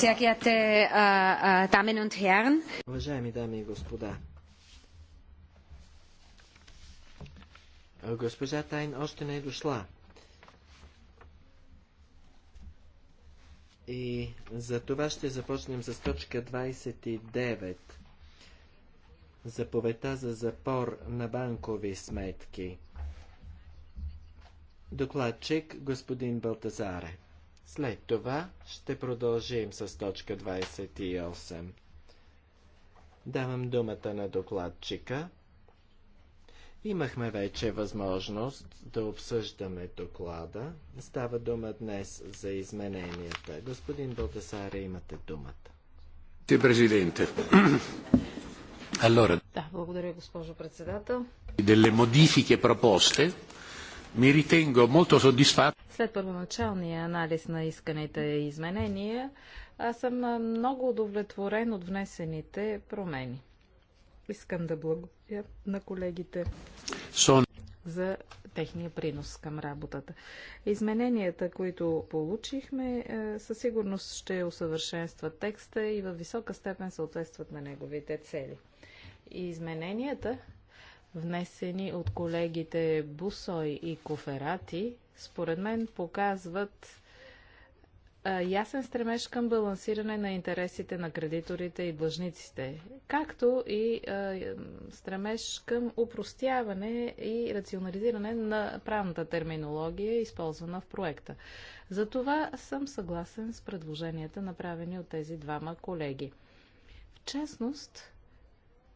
sehr geehrte äh, äh, Damen und Herren. Уважаеми дами и господа, госпожа Тайн още не е дошла. И за това ще започнем с точка 29. Заповета за запор на банкови сметки. Докладчик господин Балтазаре. След това ще продължим с точка 28. Давам думата на докладчика. Имахме вече възможност да обсъждаме доклада. Става дума днес за измененията. Господин Балтасаре, имате думата. Ти, президенте. Allora. Да, благодаря, госпожо председател. Delle modifiche proposte след първоначалния анализ на исканите изменения, аз съм много удовлетворен от внесените промени. Искам да благодаря на колегите за техния принос към работата. Измененията, които получихме, е, със сигурност ще усъвършенстват текста и във висока степен съответстват на неговите цели. И измененията, внесени от колегите Бусой и Коферати, според мен показват ясен стремеж към балансиране на интересите на кредиторите и длъжниците, както и стремеж към упростяване и рационализиране на правната терминология, използвана в проекта. Затова съм съгласен с предложенията, направени от тези двама колеги. В частност,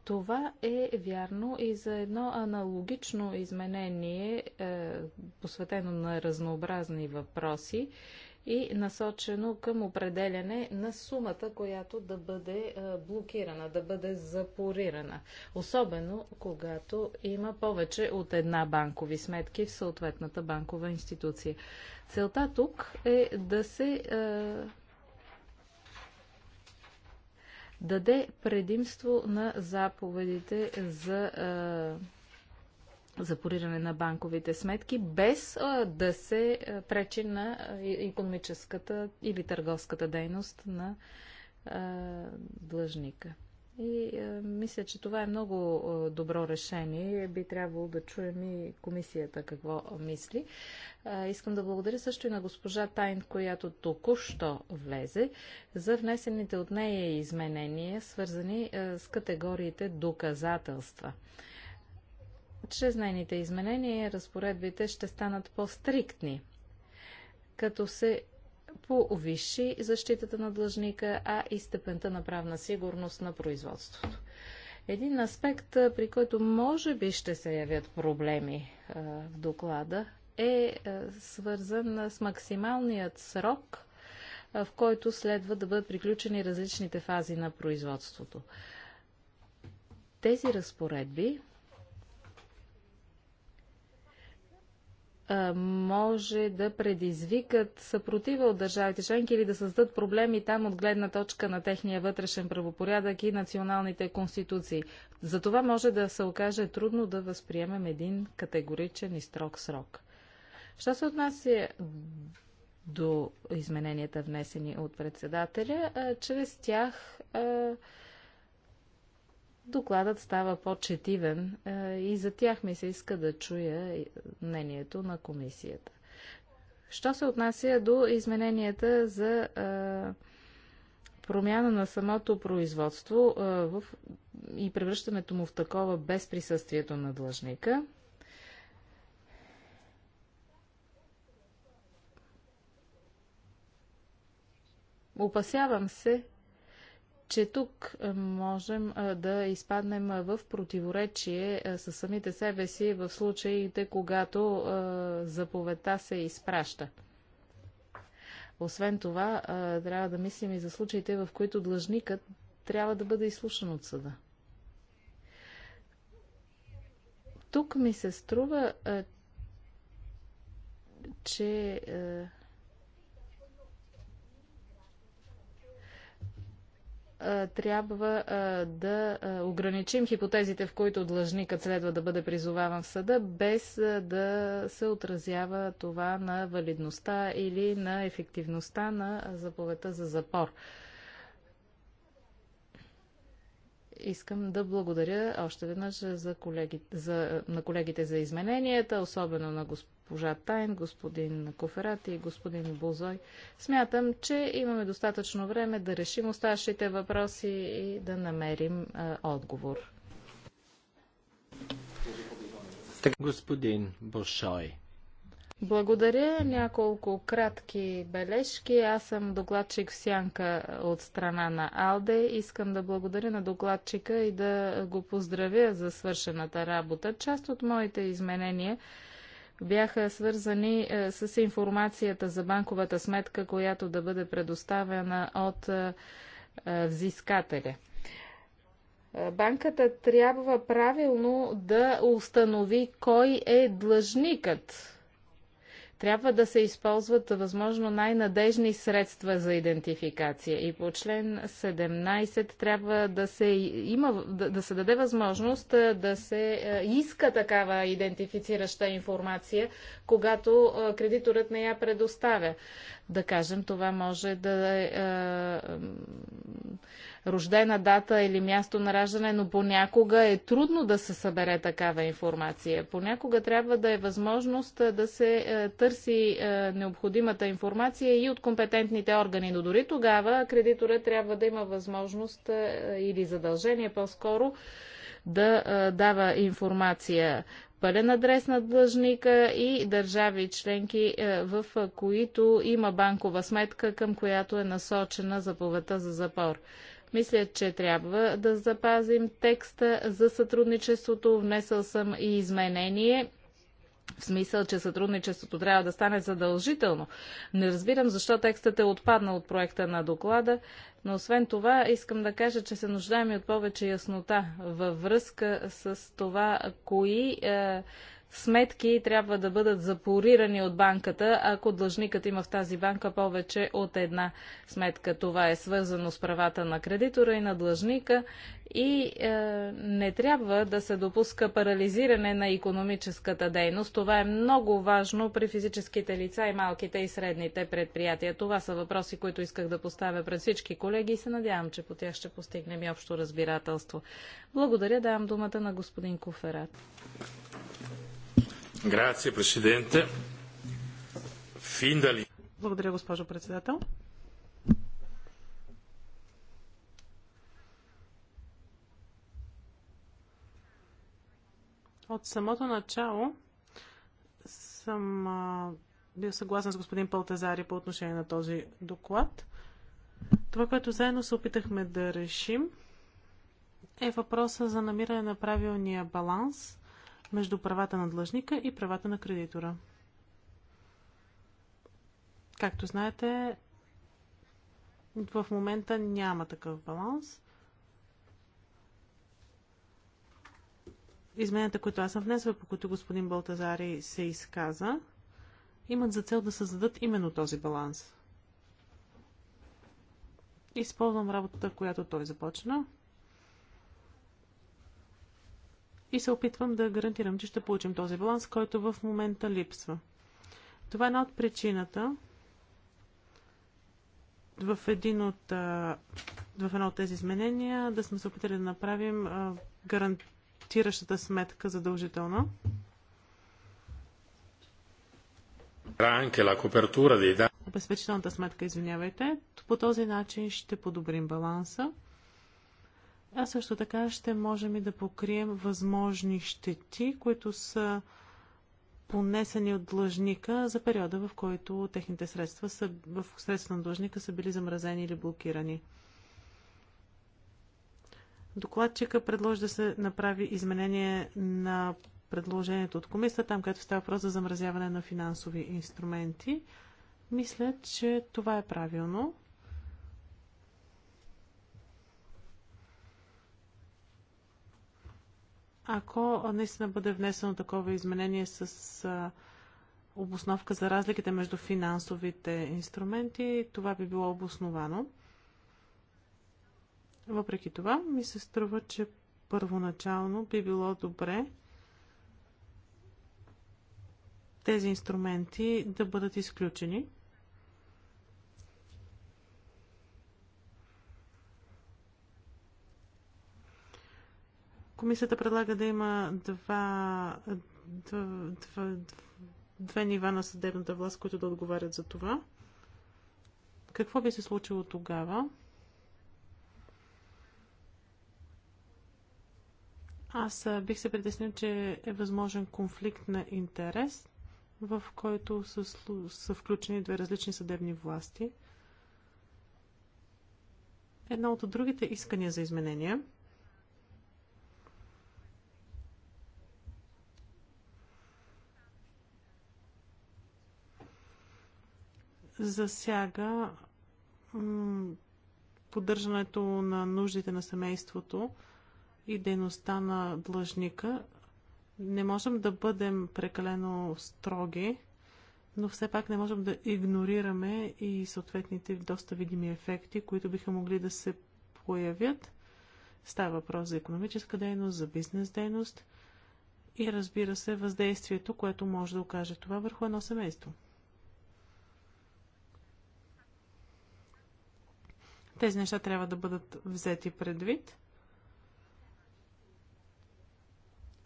това е вярно и за едно аналогично изменение, е, посветено на разнообразни въпроси и насочено към определяне на сумата, която да бъде е, блокирана, да бъде запорирана. Особено когато има повече от една банкови сметки в съответната банкова институция. Целта тук е да се е, даде предимство на заповедите за запориране на банковите сметки, без да се пречи на економическата или търговската дейност на длъжника. И а, е, мисля, че това е много а, е, добро решение. Би трябвало да чуем и комисията какво мисли. А, е, искам да благодаря също и на госпожа Тайн, която току-що влезе, за внесените от нея изменения, свързани а, с категориите доказателства. Чрез нейните изменения разпоредбите ще станат по-стриктни, като се повиши защитата на длъжника, а и степента на правна сигурност на производството. Един аспект, при който може би ще се явят проблеми в доклада, е свързан с максималният срок, в който следва да бъдат приключени различните фази на производството. Тези разпоредби може да предизвикат съпротива от държавите членки или да създадат проблеми там от гледна точка на техния вътрешен правопорядък и националните конституции. За това може да се окаже трудно да възприемем един категоричен и строг срок. Що се отнася до измененията внесени от председателя, чрез тях докладът става по-четивен е, и за тях ми се иска да чуя мнението на комисията. Що се отнася до измененията за е, промяна на самото производство е, и превръщането му в такова без присъствието на длъжника, опасявам се, че тук е, можем е, да изпаднем е, в противоречие с самите себе си в случаите, когато заповедта се изпраща. Освен това, трябва да мислим и за случаите, в които длъжникът трябва да бъде изслушан от съда. Тук ми се струва, че трябва да ограничим хипотезите, в които длъжникът следва да бъде призоваван в съда, без да се отразява това на валидността или на ефективността на заповедта за запор. Искам да благодаря още веднъж за колеги, за, на колегите за измененията, особено на госпожа Тайн, господин Коферати и господин Бузой. Смятам, че имаме достатъчно време да решим оставащите въпроси и да намерим а, отговор. Господин Бошой. Благодаря. Няколко кратки бележки. Аз съм докладчик в Сянка от страна на Алде. Искам да благодаря на докладчика и да го поздравя за свършената работа. Част от моите изменения бяха свързани е, с информацията за банковата сметка, която да бъде предоставена от е, е, взискателя. Банката трябва правилно да установи кой е длъжникът трябва да се използват възможно най-надежни средства за идентификация. И по член 17 трябва да се, има, да, да се даде възможност да се иска такава идентифицираща информация, когато кредиторът не я предоставя. Да кажем, това може да е, е рождена дата или място на раждане, но понякога е трудно да се събере такава информация. Понякога трябва да е възможност е, да се е, търси е, необходимата информация и от компетентните органи, но дори тогава кредиторът трябва да има възможност е, или задължение по-скоро да е, дава информация пълен адрес на длъжника и държави членки, е, в които има банкова сметка, към която е насочена заповедта за запор. Мисля, че трябва да запазим текста за сътрудничеството. Внесъл съм и изменение в смисъл, че сътрудничеството трябва да стане задължително. Не разбирам защо текстът е отпаднал от проекта на доклада, но освен това искам да кажа, че се нуждаем и от повече яснота във връзка с това, кои е, сметки трябва да бъдат запорирани от банката, ако длъжникът има в тази банка повече от една сметка. Това е свързано с правата на кредитора и на длъжника и е, не трябва да се допуска парализиране на економическата дейност. Това е много важно при физическите лица и малките и средните предприятия. Това са въпроси, които исках да поставя пред всички колеги и се надявам, че по тях ще постигнем и общо разбирателство. Благодаря, давам думата на господин Куферат. Благодаря, госпожо председател. От самото начало съм а, бил съгласен с господин Палтазари по отношение на този доклад. Това, което заедно се опитахме да решим, е въпроса за намиране на правилния баланс между правата на длъжника и правата на кредитора. Както знаете, в момента няма такъв баланс. Измененията, които аз съм внесла, по които господин Балтазари се изказа, имат за цел да създадат именно този баланс. Използвам работата, която той започна. и се опитвам да гарантирам, че ще получим този баланс, който в момента липсва. Това е една от причината в, един от, в едно от тези изменения да сме се опитали да направим гарантиращата сметка задължителна. Обезпечителната сметка, извинявайте. По този начин ще подобрим баланса а също така ще можем и да покрием възможни щети, които са понесени от длъжника за периода, в който техните средства са, в средства на длъжника са били замразени или блокирани. Докладчика предложи да се направи изменение на предложението от комисията, там където става въпрос за замразяване на финансови инструменти. Мисля, че това е правилно. ако наистина бъде внесено такова изменение с а, обосновка за разликите между финансовите инструменти, това би било обосновано. Въпреки това, ми се струва, че първоначално би било добре тези инструменти да бъдат изключени – Комисията предлага да има два, два, два, две нива на съдебната власт, които да отговарят за това. Какво би се случило тогава? Аз бих се притеснил, че е възможен конфликт на интерес, в който са, са включени две различни съдебни власти. Едно от другите искания за изменения – засяга поддържането на нуждите на семейството и дейността на длъжника. Не можем да бъдем прекалено строги, но все пак не можем да игнорираме и съответните доста видими ефекти, които биха могли да се появят. Става въпрос за економическа дейност, за бизнес дейност и разбира се въздействието, което може да окаже това върху едно семейство. Тези неща трябва да бъдат взети предвид,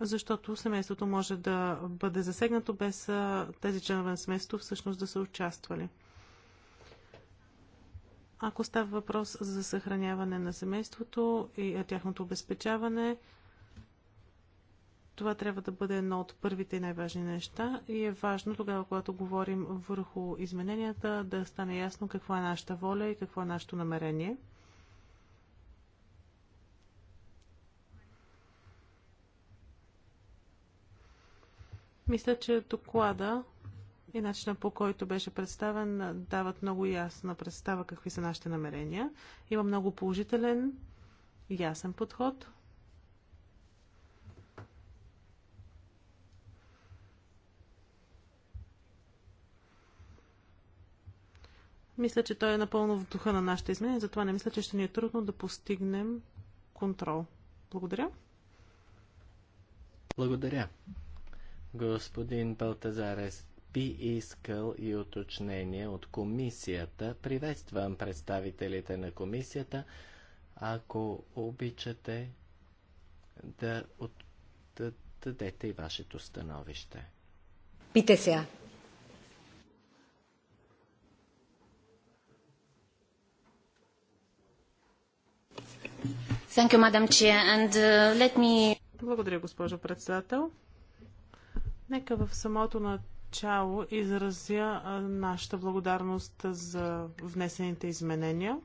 защото семейството може да бъде засегнато без тези членове на семейството всъщност да са участвали. Ако става въпрос за съхраняване на семейството и тяхното обезпечаване, това трябва да бъде едно от първите и най-важни неща и е важно тогава, когато говорим върху измененията, да стане ясно какво е нашата воля и какво е нашето намерение. Мисля, че доклада и начина по който беше представен дават много ясна представа какви са нашите намерения. Има много положителен, ясен подход – Мисля, че той е напълно в духа на нашите изменения, затова не мисля, че ще ни е трудно да постигнем контрол. Благодаря. Благодаря. Господин Балтазарес би искал и уточнение от комисията. Приветствам представителите на комисията. Ако обичате да, от, да дадете и вашето становище. Пите сега. Thank you, Madam Chair, and uh, let me... Благодаря, госпожо председател. Нека в самото начало изразя нашата благодарност за внесените изменения.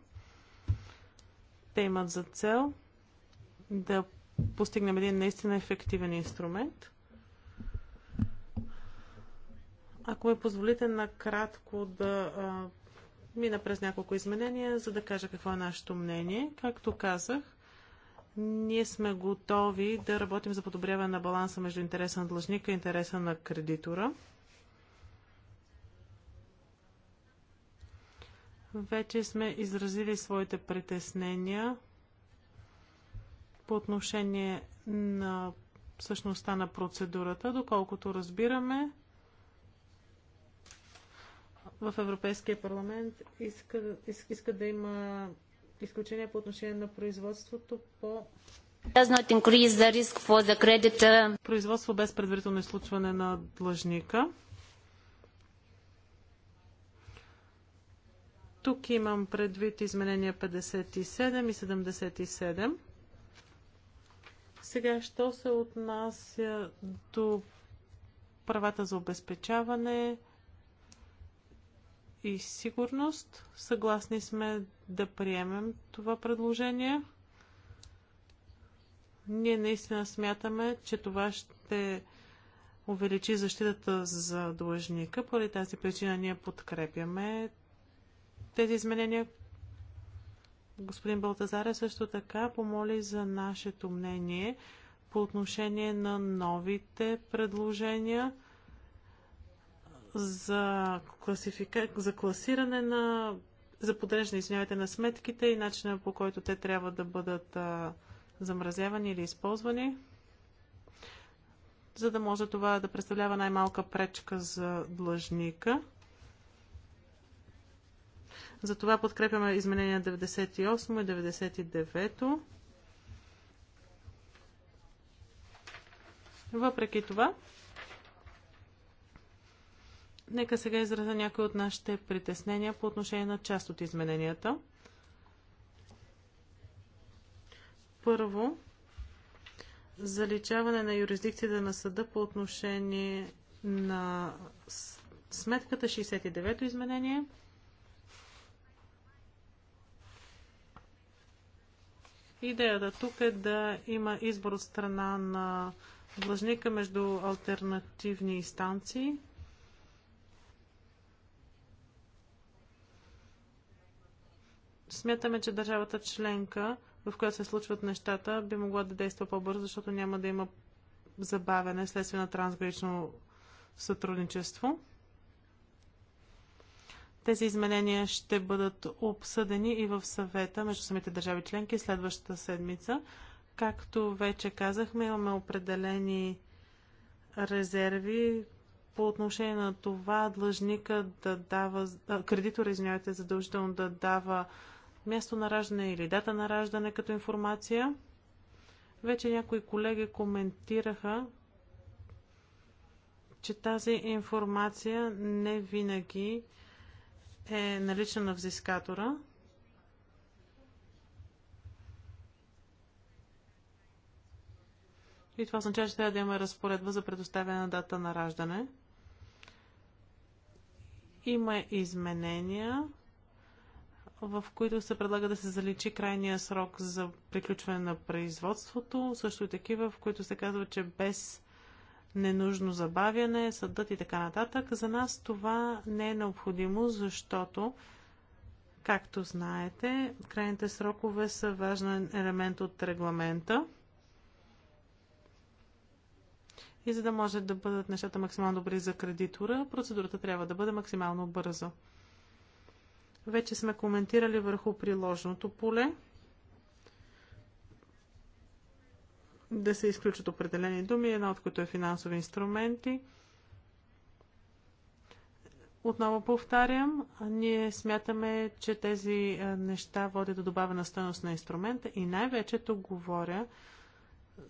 Те имат за цел да постигнем един наистина ефективен инструмент. Ако ми позволите накратко да а, мина през няколко изменения, за да кажа какво е нашето мнение. Както казах, ние сме готови да работим за подобряване на баланса между интереса на длъжника и интереса на кредитора. Вече сме изразили своите притеснения по отношение на същността на процедурата. Доколкото разбираме, в Европейския парламент иска, иска да има изключение по отношение на производството по Производство без предварително изслучване на длъжника. Тук имам предвид изменения 57 и 77. Сега, що се отнася до правата за обезпечаване, и сигурност. Съгласни сме да приемем това предложение. Ние наистина смятаме, че това ще увеличи защитата за длъжника. Поради тази причина ние подкрепяме тези изменения. Господин Балтазаре също така помоли за нашето мнение по отношение на новите предложения за, класифика... за класиране на за подреждане, извинявайте, на сметките и начина по който те трябва да бъдат а, замразявани или използвани, за да може това да представлява най-малка пречка за длъжника. Затова подкрепяме изменения 98 и 99. Въпреки това, Нека сега изразя някои от нашите притеснения по отношение на част от измененията. Първо, заличаване на юрисдикцията на съда по отношение на сметката 69-то изменение. Идеята тук е да има избор от страна на длъжника между альтернативни инстанции – Смятаме, че държавата членка, в която се случват нещата, би могла да действа по-бързо, защото няма да има забавяне следствие на трансгранично сътрудничество. Тези изменения ще бъдат обсъдени и в съвета между самите държави членки следващата седмица. Както вече казахме, имаме определени резерви по отношение на това длъжника да дава, кредитора, извинявайте, задължително да дава място на раждане или дата на раждане като информация. Вече някои колеги коментираха, че тази информация не винаги е налична на взискатора. И това означава, че трябва да имаме разпоредба за предоставяне на дата на раждане. Има изменения в които се предлага да се заличи крайния срок за приключване на производството, също и такива, в които се казва, че без ненужно забавяне, съдът и така нататък. За нас това не е необходимо, защото, както знаете, крайните срокове са важен елемент от регламента. И за да може да бъдат нещата максимално добри за кредитора, процедурата трябва да бъде максимално бърза. Вече сме коментирали върху приложното поле. Да се изключат определени думи, една от които е финансови инструменти. Отново повтарям, ние смятаме, че тези е, неща водят до добавена стоеност на инструмента и най-вече тук говоря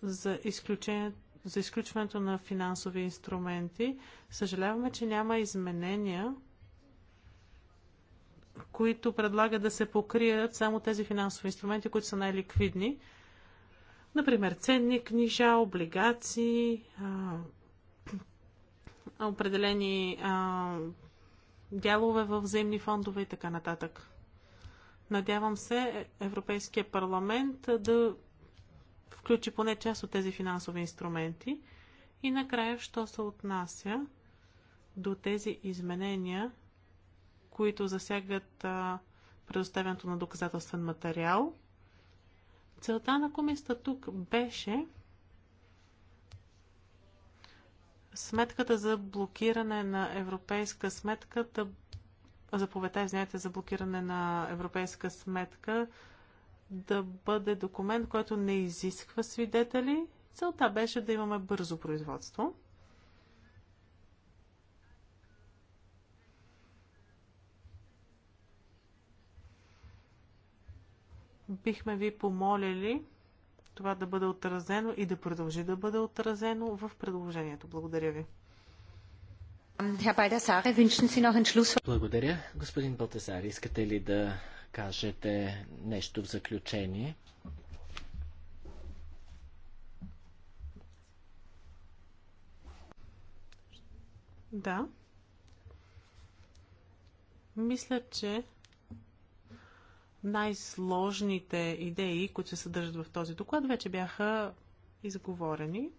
за, за изключването на финансови инструменти. Съжаляваме, че няма изменения които предлагат да се покрият само тези финансови инструменти, които са най-ликвидни. Например, ценни книжа, облигации, а, определени а, дялове в взаимни фондове и така нататък. Надявам се Европейския парламент да включи поне част от тези финансови инструменти. И накрая, що се отнася до тези изменения, които засягат предоставянето на доказателствен материал. Целта на комисията тук беше сметката за блокиране на европейска сметка заповедта, извинете, за блокиране на европейска сметка да бъде документ, който не изисква свидетели. Целта беше да имаме бързо производство. бихме ви помолили това да бъде отразено и да продължи да бъде отразено в предложението. Благодаря ви. Благодаря. Господин Балтасар, искате ли да кажете нещо в заключение? Да. Мисля, че най-сложните идеи, които се съдържат в този доклад, вече бяха изговорени.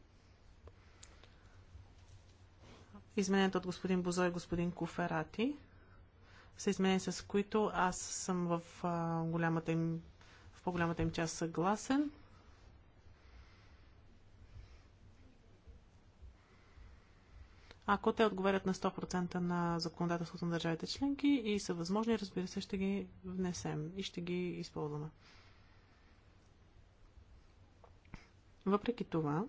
Измененията от господин Бозо и господин Куферати са изменени, с които аз съм в, голямата им, в по-голямата им част съгласен. Ако те отговарят на 100% на законодателството на държавите членки и са възможни, разбира се, ще ги внесем и ще ги използваме. Въпреки това,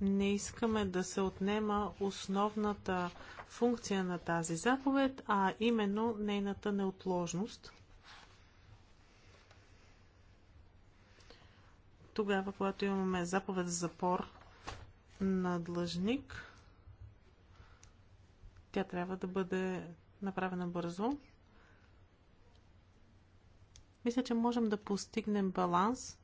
не искаме да се отнема основната функция на тази заповед, а именно нейната неотложност – тогава, когато имаме заповед за запор на длъжник, тя трябва да бъде направена бързо. Мисля, че можем да постигнем баланс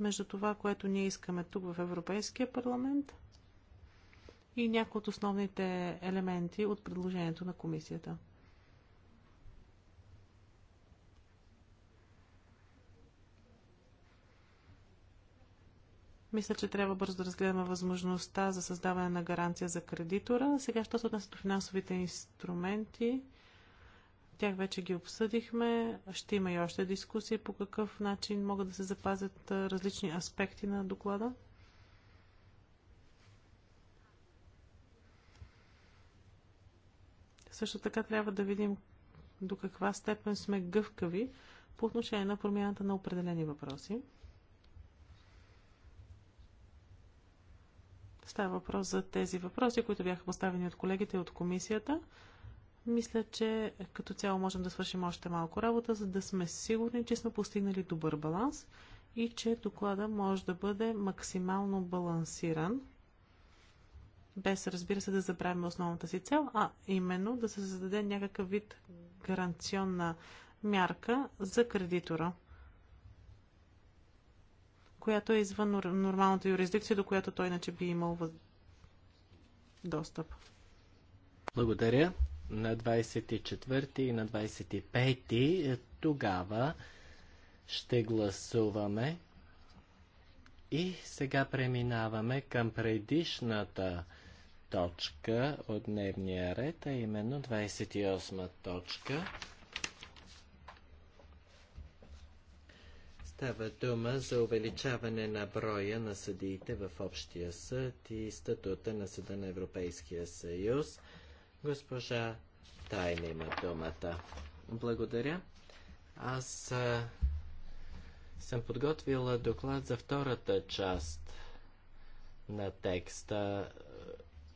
между това, което ние искаме тук в Европейския парламент и някои от основните елементи от предложението на комисията. Мисля, че трябва бързо да разгледаме възможността за създаване на гаранция за кредитора. Сега, що се отнася до финансовите инструменти, тях вече ги обсъдихме. Ще има и още дискусии по какъв начин могат да се запазят различни аспекти на доклада. Също така трябва да видим до каква степен сме гъвкави по отношение на промяната на определени въпроси. Става въпрос за тези въпроси, които бяха поставени от колегите от комисията. Мисля, че като цяло можем да свършим още малко работа, за да сме сигурни, че сме постигнали добър баланс и че доклада може да бъде максимално балансиран, без разбира се да забравим основната си цел, а именно да се зададе някакъв вид гаранционна мярка за кредитора която е извън нормалната юрисдикция, до която той иначе би имал въз... достъп. Благодаря. На 24 и на 25 е, тогава ще гласуваме. И сега преминаваме към предишната точка от дневния ред, а именно 28 точка. Става дума за увеличаване на броя на съдиите в Общия съд и статута на Съда на Европейския съюз. Госпожа Тайна има думата. Благодаря. Аз а, съм подготвила доклад за втората част на текста.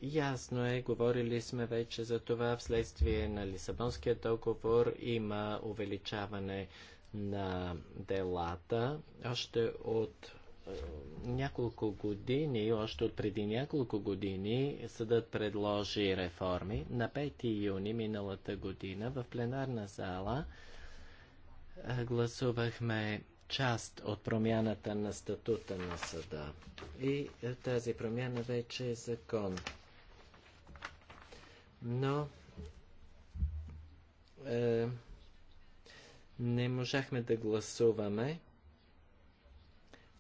Ясно е, говорили сме вече за това, вследствие на Лисабонския договор има увеличаване на делата още от е, няколко години, още от преди няколко години, съдът предложи реформи. На 5 юни миналата година в пленарна зала е, гласувахме част от промяната на статута на съда. И е, тази промяна вече е закон. Но е, не можахме да гласуваме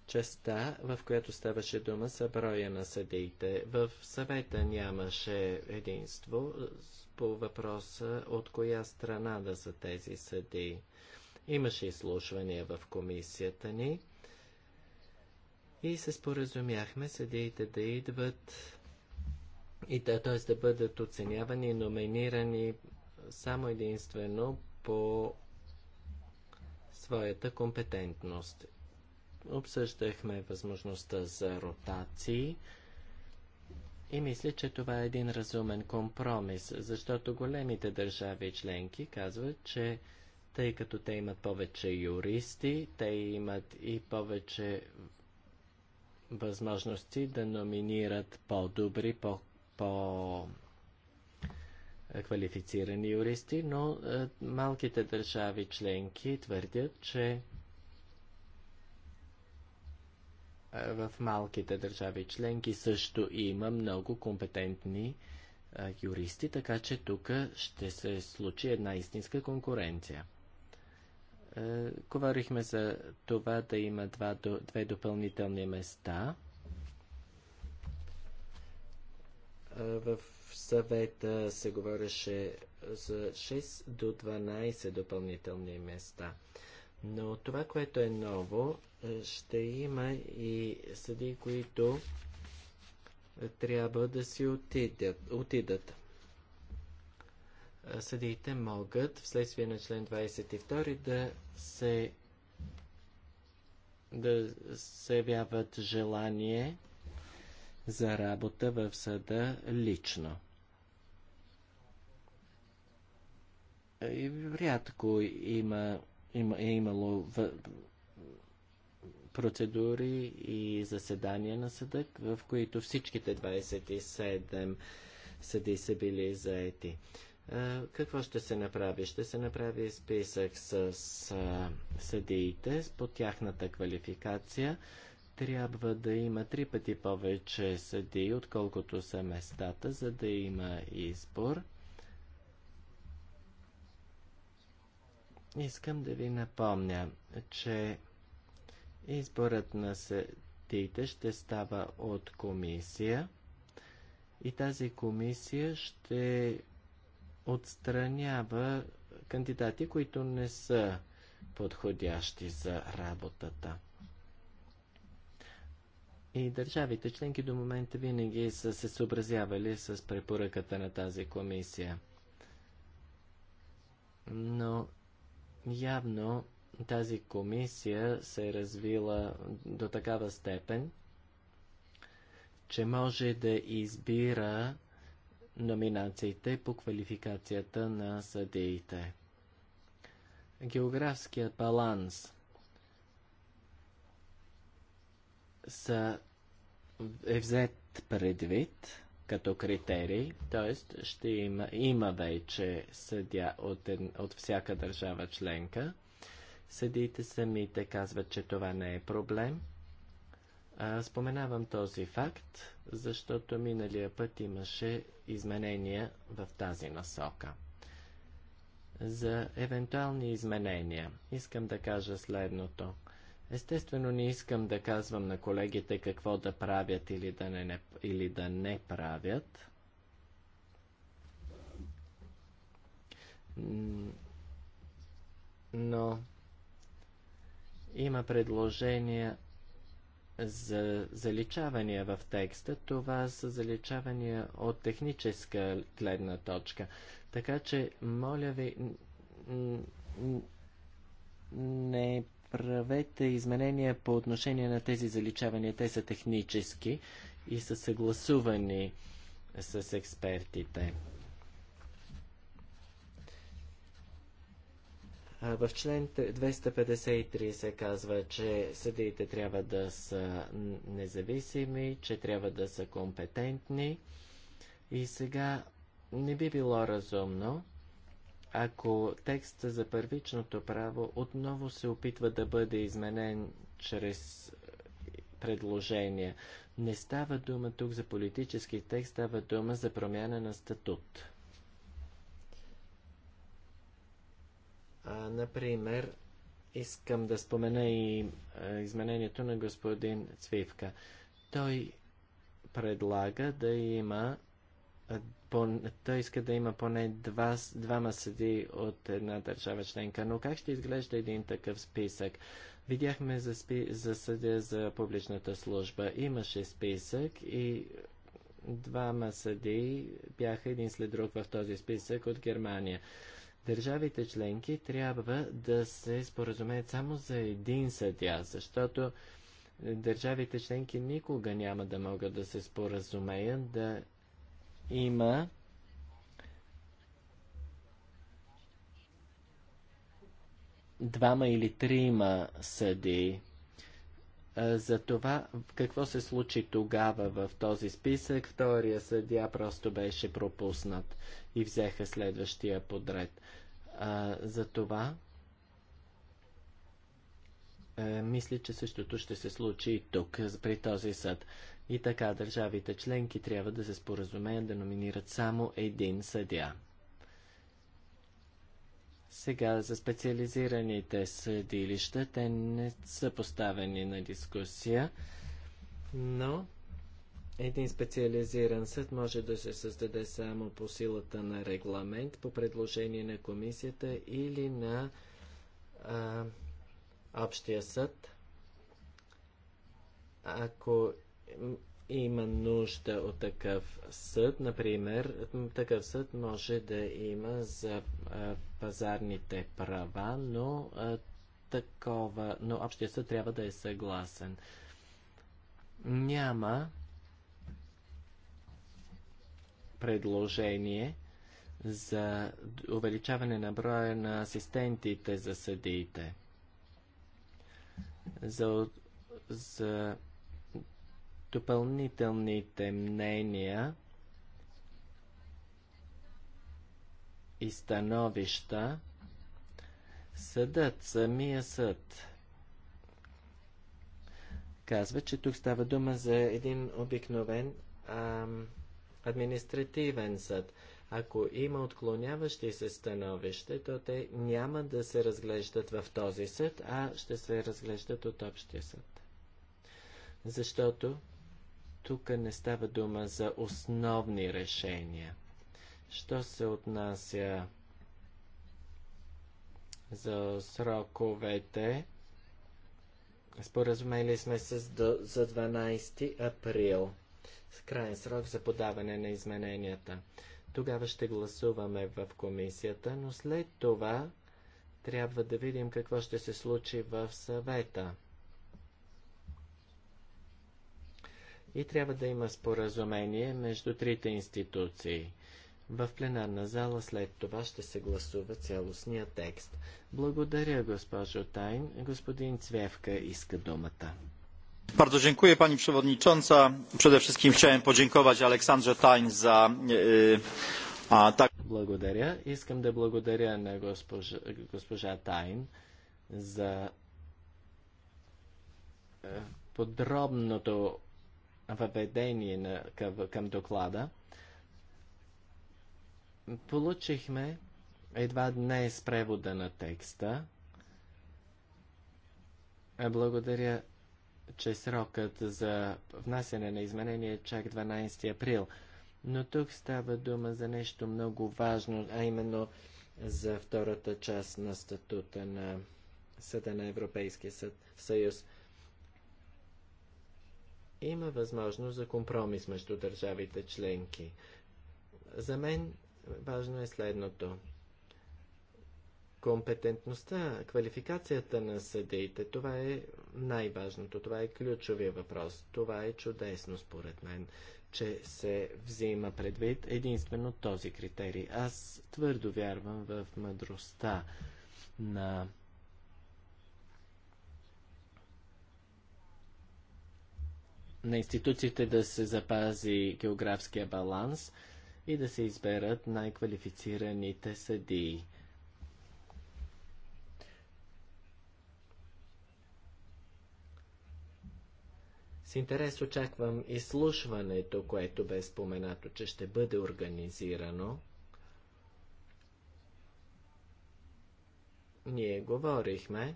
частта, в която ставаше дума за броя на съдиите. В съвета нямаше единство по въпроса от коя страна да са тези съдии. Имаше изслушвания в комисията ни и се споразумяхме съдиите да идват и да, т.е. да бъдат оценявани и номинирани само единствено по своята компетентност. Обсъждахме възможността за ротации и мисля, че това е един разумен компромис, защото големите държави членки казват, че тъй като те имат повече юристи, те имат и повече възможности да номинират по-добри, по, по е, квалифицирани юристи, но е, малките държави членки твърдят, че е, в малките държави членки също има много компетентни юристи, така че тук ще се случи една истинска конкуренция. Говорихме за това да има два, две допълнителни места в съвета се говореше за 6 до 12 допълнителни места. Но това, което е ново, ще има и съди, които трябва да си отидят. отидат. Съдиите могат вследствие на член 22 да се да се явяват желание за работа в съда лично. И рядко има, има, е имало в, процедури и заседания на съда, в които всичките 27 съди са били заети. Какво ще се направи? Ще се направи списък с съдиите, по тяхната квалификация, трябва да има три пъти повече съдии, отколкото са местата, за да има избор. Искам да ви напомня, че изборът на съдиите ще става от комисия и тази комисия ще отстранява кандидати, които не са подходящи за работата. И държавите членки до момента винаги са се съобразявали с препоръката на тази комисия. Но явно тази комисия се е развила до такава степен, че може да избира номинациите по квалификацията на съдеите. Географският баланс – са, е взет предвид като критерий, т.е. ще има, има вече съдя от, от всяка държава членка. Съдиите самите казват, че това не е проблем. А, споменавам този факт, защото миналия път имаше изменения в тази насока. За евентуални изменения искам да кажа следното – Естествено, не искам да казвам на колегите какво да правят или да не, не, или да не правят. Но има предложения за заличавания в текста. Това са заличавания от техническа гледна точка. Така че, моля ви, не правете изменения по отношение на тези заличавания. Те са технически и са съгласувани с експертите. В член 253 се казва, че съдиите трябва да са независими, че трябва да са компетентни. И сега не би било разумно ако текста за първичното право отново се опитва да бъде изменен чрез е, предложения. Не става дума тук за политически текст, става дума за промяна на статут. А, например, искам да спомена и е, изменението на господин Цвивка. Той предлага да има е, той иска да има поне два, двама съди от една държава членка. Но как ще изглежда един такъв списък? Видяхме за, спи, за съдя за публичната служба. Имаше списък и двама съди бяха един след друг в този списък от Германия. Държавите членки трябва да се споразумеят само за един съдя, защото държавите членки никога няма да могат да се споразумеят да има двама или трима съди. За това какво се случи тогава в този списък, втория съдия просто беше пропуснат и взеха следващия подред. За това е, мисля, че същото ще се случи и тук, при този съд. И така държавите членки трябва да се споразумеят да номинират само един съдя. Сега за специализираните съдилища, те не са поставени на дискусия, но един специализиран съд може да се създаде само по силата на регламент, по предложение на комисията или на а, общия съд. Ако има нужда от такъв съд. Например, такъв съд може да има за пазарните права, но такова, но общия съд трябва да е съгласен. Няма предложение за увеличаване на броя на асистентите за съдиите. За, за допълнителните мнения и становища, съдът, самия съд, казва, че тук става дума за един обикновен ам, административен съд. Ако има отклоняващи се становище, то те няма да се разглеждат в този съд, а ще се разглеждат от общия съд. Защото тук не става дума за основни решения. Що се отнася за сроковете, споразумели сме се за 12 април с крайен срок за подаване на измененията. Тогава ще гласуваме в комисията, но след това трябва да видим какво ще се случи в съвета. и трябва да има споразумение между трите институции. В пленарна зала след това ще се гласува цялостния текст. Благодаря, госпожо Тайн. Господин Цвевка иска думата. Bardzo dziękuję Pani Przewodnicząca. Przede wszystkim chciałem podziękować Aleksandrze Tajn za e, tak. Благодаря. Искам да благодаря на госпожа, госпожа Тайн за е, подробното въведение на, към, към доклада. Получихме едва днес превода на текста. Е, благодаря, че срокът за внасяне на изменение е чак 12 април. Но тук става дума за нещо много важно, а именно за втората част на статута на Съда на Европейския съд, съюз има възможност за компромис между държавите членки. За мен важно е следното. Компетентността, квалификацията на съдиите, това е най-важното, това е ключовия въпрос. Това е чудесно, според мен, че се взима предвид единствено този критерий. Аз твърдо вярвам в мъдростта на на институциите да се запази географския баланс и да се изберат най-квалифицираните съдии. С интерес очаквам изслушването, което бе споменато, че ще бъде организирано. Ние говорихме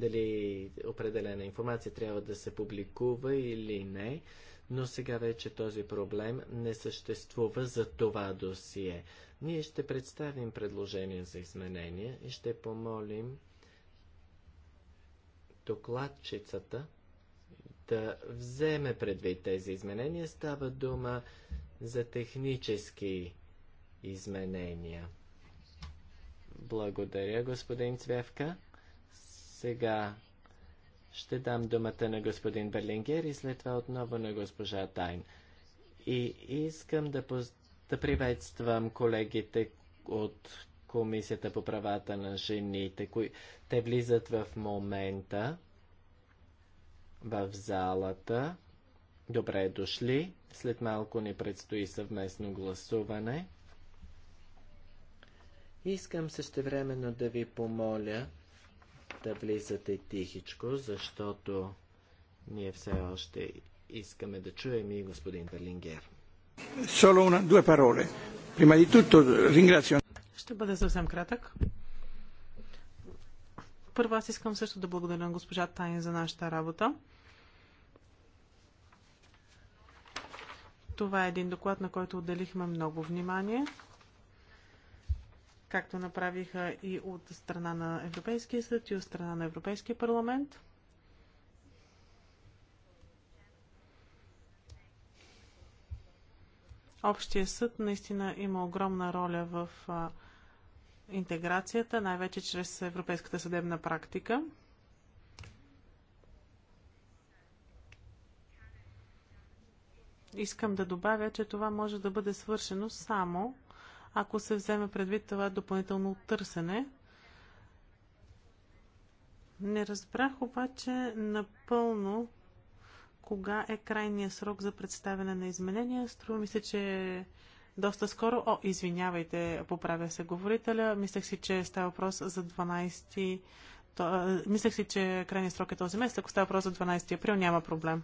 дали определена информация трябва да се публикува или не, но сега вече този проблем не съществува за това досие. Ние ще представим предложение за изменения и ще помолим докладчицата да вземе предвид тези изменения. Става дума за технически изменения. Благодаря, господин Цвевка. Сега ще дам думата на господин Берлингер и след това отново на госпожа Тайн. И искам да, поз... да приветствам колегите от Комисията по правата на жените, кои... те влизат в момента в залата. Добре дошли. След малко ни предстои съвместно гласуване. Искам същевременно да ви помоля да влизате тихичко, защото ние все още искаме да чуем и господин Берлингер. Solo una, due parole. Prima di tutto ringrazio. Ще бъде съвсем кратък. Първо аз искам също да благодаря на госпожа Тайн за нашата работа. Това е един доклад, на който отделихме много внимание както направиха и от страна на Европейския съд и от страна на Европейския парламент. Общия съд наистина има огромна роля в интеграцията, най-вече чрез европейската съдебна практика. Искам да добавя, че това може да бъде свършено само ако се вземе предвид това допълнително търсене. Не разбрах обаче напълно кога е крайният срок за представяне на изменения. Струва ми се, че е доста скоро. О, извинявайте, поправя се говорителя. Мислех си, че става въпрос за 12 то, мислех си, че крайният срок е този месец. Ако става въпрос за 12 април, няма проблем.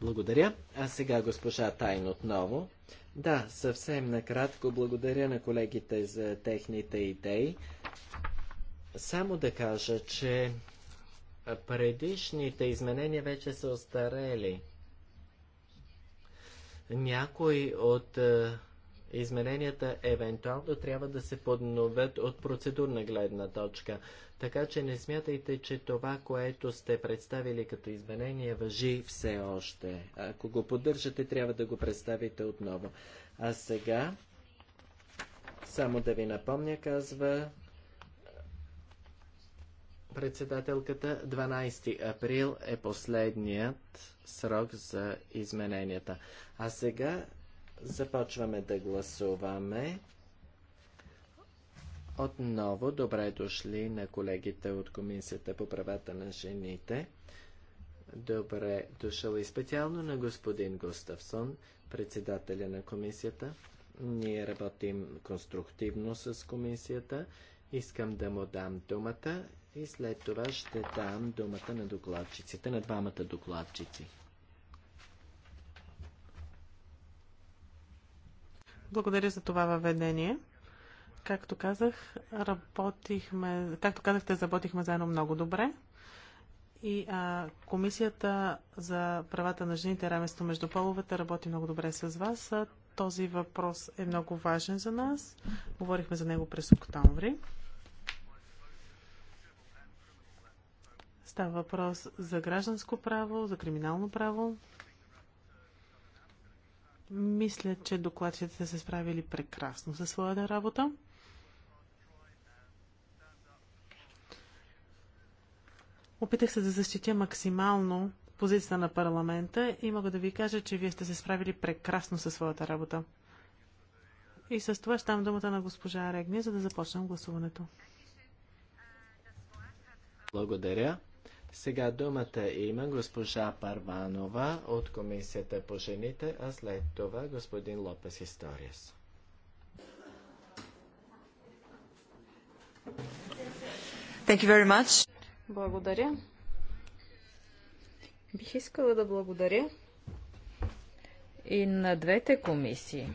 Благодаря. А сега госпожа Тайн отново. Да, съвсем накратко благодаря на колегите за техните идеи. Само да кажа, че предишните изменения вече са остарели. Някои от е, Измененията евентуално трябва да се подновят от процедурна гледна точка. Така че не смятайте, че това, което сте представили като изменение, въжи все още. Ако го поддържате, трябва да го представите отново. А сега, само да ви напомня, казва председателката, 12 април е последният срок за измененията. А сега Започваме да гласуваме. Отново добре дошли на колегите от Комисията по правата на жените. Добре дошъл и специално на господин Густавсон, председателя на комисията. Ние работим конструктивно с комисията. Искам да му дам думата и след това ще дам думата на докладчиците, на двамата докладчици. Благодаря за това въведение. Както казах, работихме, както казахте, работихме заедно много добре. И а, Комисията за правата на жените и равенство между половете работи много добре с вас. Този въпрос е много важен за нас. Говорихме за него през октомври. Става въпрос за гражданско право, за криминално право. Мисля, че докладчите са се справили прекрасно със своята работа. Опитах се да защитя максимално позицията на парламента и мога да ви кажа, че вие сте се справили прекрасно със своята работа. И с това ще дам думата на госпожа Регни, за да започнем гласуването. Благодаря. Сега думата има госпожа Парванова от Комисията по жените, а след това господин Лопес Историас. Thank you very much. Благодаря. Бих искала да благодаря и на двете комисии,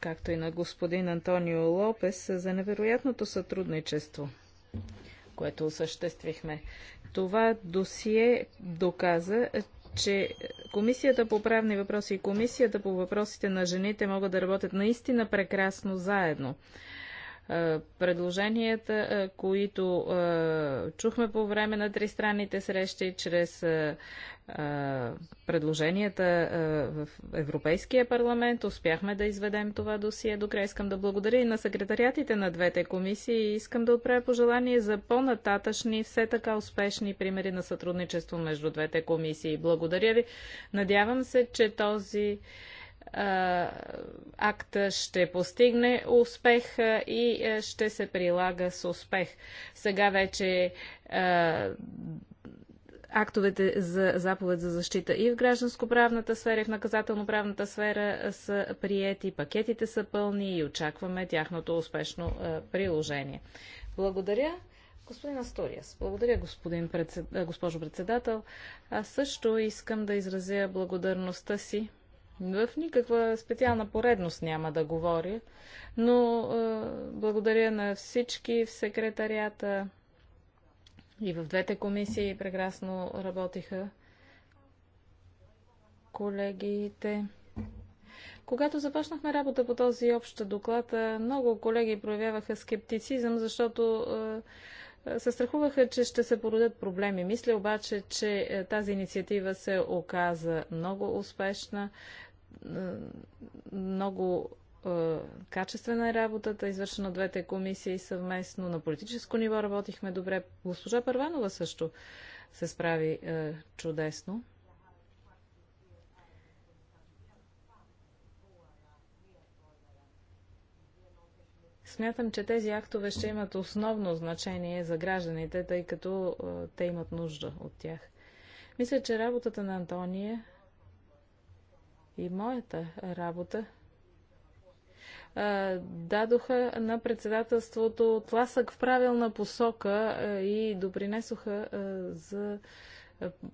както и на господин Антонио Лопес за невероятното сътрудничество – което осъществихме. Това досие доказа, че Комисията по правни въпроси и Комисията по въпросите на жените могат да работят наистина прекрасно заедно. Е, предложенията, е, които е, чухме по време на тристранните срещи, чрез предложенията в Европейския парламент, успяхме да изведем това досие до край. Искам да благодаря и на секретариатите на двете комисии и искам да отправя пожелание за по-нататъчни, все така успешни примери на сътрудничество между двете комисии. Благодаря ви. Надявам се, че този Акта ще постигне успех и ще се прилага с успех. Сега вече актовете за заповед за защита и в гражданско-правната сфера, и в наказателно-правната сфера са приети, пакетите са пълни и очакваме тяхното успешно приложение. Благодаря. Господин Асториас, благодаря, господин председ... госпожо председател. Аз също искам да изразя благодарността си в никаква специална поредност няма да говоря, но е, благодаря на всички в секретарията и в двете комисии прекрасно работиха колегите. Когато започнахме работа по този общ доклад, много колеги проявяваха скептицизъм, защото е, се страхуваха, че ще се породят проблеми. Мисля обаче, че е, тази инициатива се оказа много успешна много е, качествена е работата, извършена от двете комисии съвместно. На политическо ниво работихме добре. Госпожа Първанова също се справи е, чудесно. Смятам, че тези актове ще имат основно значение за гражданите, тъй като е, те имат нужда от тях. Мисля, че работата на Антония и моята работа дадоха на председателството тласък в правилна посока и допринесоха за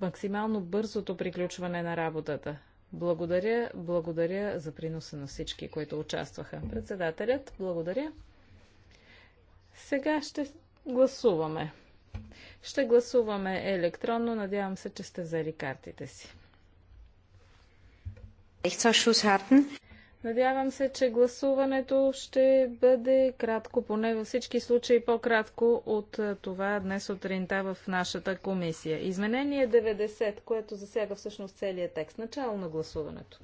максимално бързото приключване на работата. Благодаря, благодаря за приноса на всички, които участваха. Председателят, благодаря. Сега ще гласуваме. Ще гласуваме електронно. Надявам се, че сте взели картите си. Надявам се, че гласуването ще бъде кратко, поне във всички случаи по-кратко от това днес сутринта в нашата комисия. Изменение 90, което засяга всъщност целият текст. Начало на гласуването.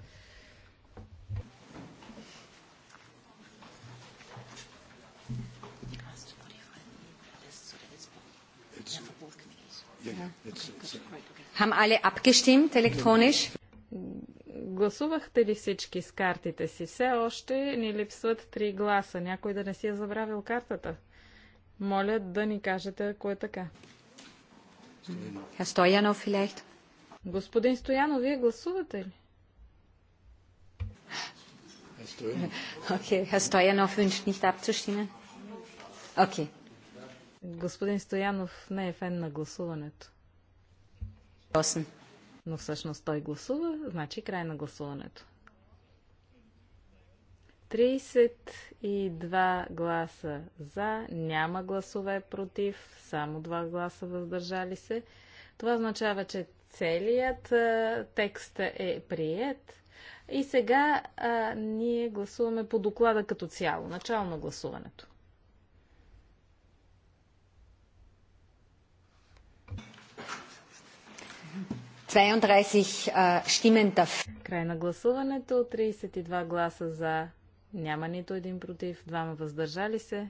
Haben alle abgestimmt elektronisch? Гласувахте ли всички с картите си? Все още ни липсват три гласа. Някой да не си е забравил картата. Моля да ни кажете, ако е така. Стоянов, Господин Стоянов, вие гласувате ли? Господин Стоянов не е фен на гласуването. 8. Но всъщност той гласува, значи край на гласуването. 32 гласа за, няма гласове против, само 2 гласа въздържали се. Това означава, че целият а, текст е прият. И сега а, ние гласуваме по доклада като цяло, начало на гласуването. 32 Stimmen dafür. Край на гласуването. 32 гласа за. Няма нито един против. Двама въздържали се.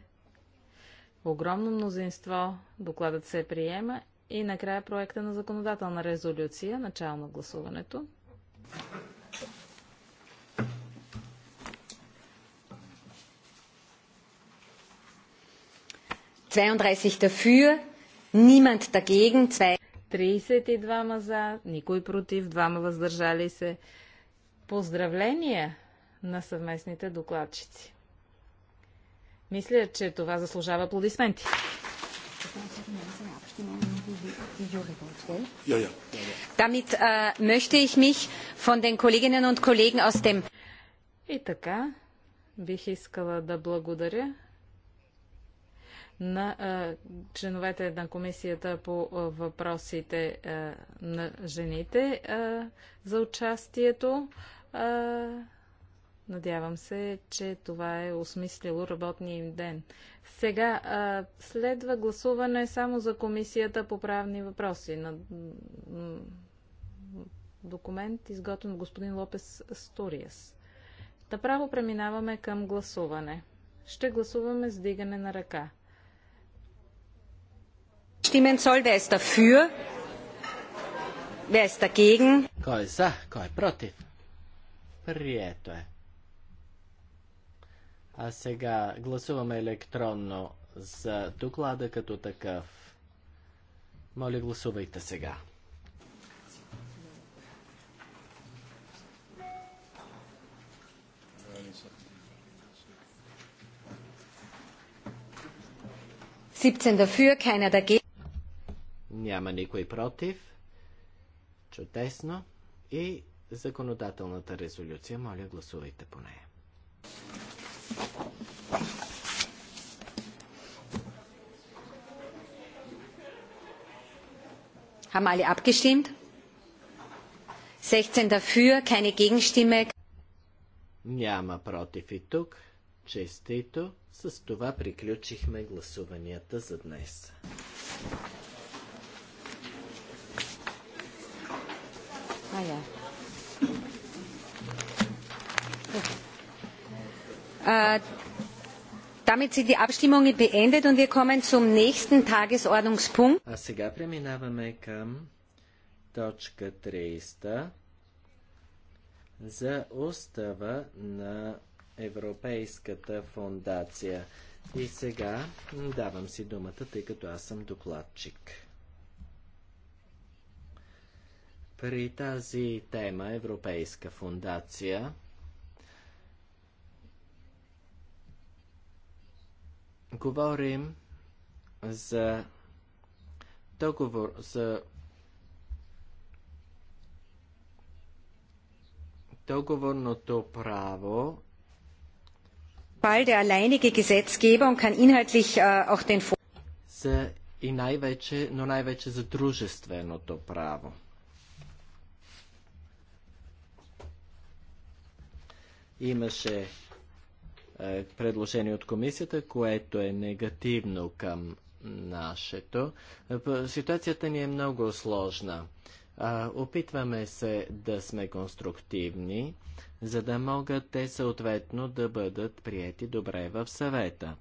Огромно мнозинство. Докладът се приема. И накрая проекта на законодателна резолюция. Начало на гласуването. Dafür, niemand dagegen, zwei 32 за, никой против, двама въздържали се. Поздравления на съвместните докладчици. Мисля, че това заслужава аплодисменти. Damit äh, möchte ich mich von den Kolleginnen und Kollegen aus dem И така, бих искала да благодаря на членовете на комисията по въпросите на жените за участието. Надявам се, че това е осмислило работния им ден. Сега а, следва гласуване само за комисията по правни въпроси на документ, изготвен от господин Лопес Сториас. Направо преминаваме към гласуване. Ще гласуваме с дигане на ръка abstimmen soll. Wer ist dafür? Wer ist dagegen? Кой е за, кой е против? Прието е. А сега гласуваме електронно за доклада като такъв. Моля, гласувайте сега. Siebzehn dafür, keiner dagegen. Няма никой против. Чудесно. И законодателната резолюция, моля, гласувайте по нея. Хамали alle abgestimmt? 16 dafür, keine Gegenstimme. Няма против и тук. Честито. С това приключихме гласуванията за днес. Ah ja. Damit sind die Abstimmungen beendet und wir kommen zum nächsten Tagesordnungspunkt. А сега преминаваме към точка 300 за устава на Европейската фондация. И сега давам си думата, тъй като аз съм докладчик. при тази тема Европейска фундация говорим за договор за договорното право der alleinige Gesetzgeber und kann inhaltlich äh, auch den Vor- за и най-вече, но най-вече за дружественото право. Имаше е, предложение от комисията, което е негативно към нашето. Е, ситуацията ни е много сложна. опитваме се да сме конструктивни, за да могат те съответно да бъдат приети добре в съвета.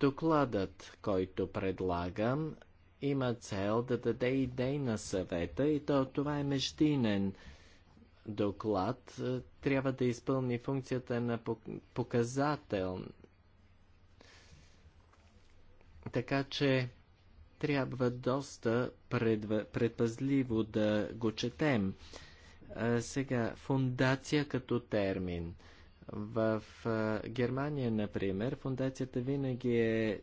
Докладът, който предлагам, има цел да даде идеи на съвета и то това е междинен доклад е, трябва да изпълни функцията на показател. Така че трябва доста предпазливо да го четем. Е, сега, фундация като термин. В е, Германия, например, фундацията винаги е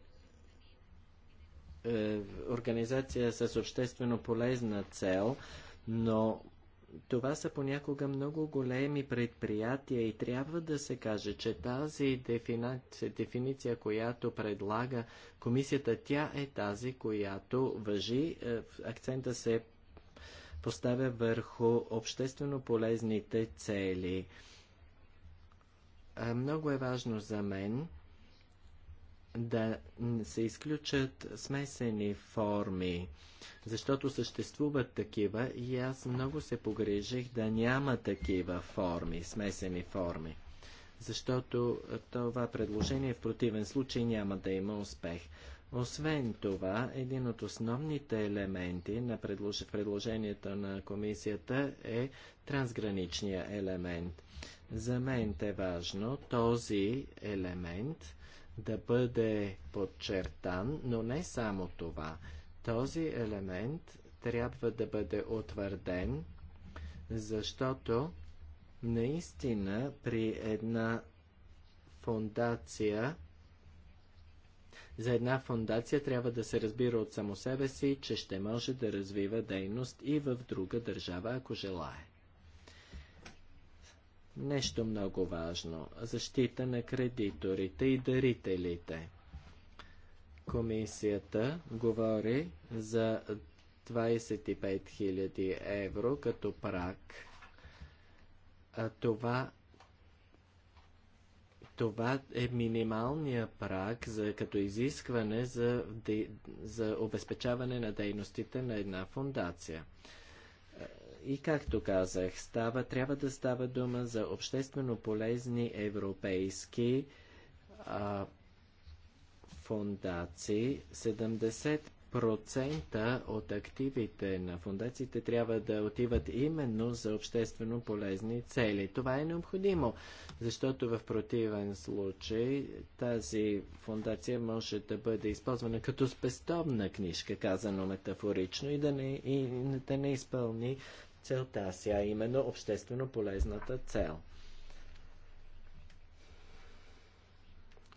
организация с обществено полезна цел, но това са понякога много големи предприятия и трябва да се каже, че тази дефиниция, дефиниция, която предлага комисията, тя е тази, която въжи. Е, акцента се поставя върху обществено полезните цели. Е, много е важно за мен да се изключат смесени форми, защото съществуват такива и аз много се погрежих да няма такива форми, смесени форми, защото това предложение в противен случай няма да има успех. Освен това, един от основните елементи на предлож... предложението на комисията е трансграничния елемент. За мен е важно този елемент да бъде подчертан, но не само това. Този елемент трябва да бъде утвърден, защото наистина при една фундация за една фундация трябва да се разбира от само себе си, че ще може да развива дейност и в друга държава, ако желае. Нещо много важно. Защита на кредиторите и дарителите. Комисията говори за 25 000 евро като прак. А това това е минималният прак за, като изискване за, за обезпечаване на дейностите на една фундация. И както казах, става, трябва да става дума за обществено полезни европейски а, фундации. 70% от активите на фундациите трябва да отиват именно за обществено полезни цели. Това е необходимо, защото в противен случай тази фундация може да бъде използвана като спестовна книжка, казано метафорично, и да не, и да не изпълни целта си, а е именно обществено полезната цел.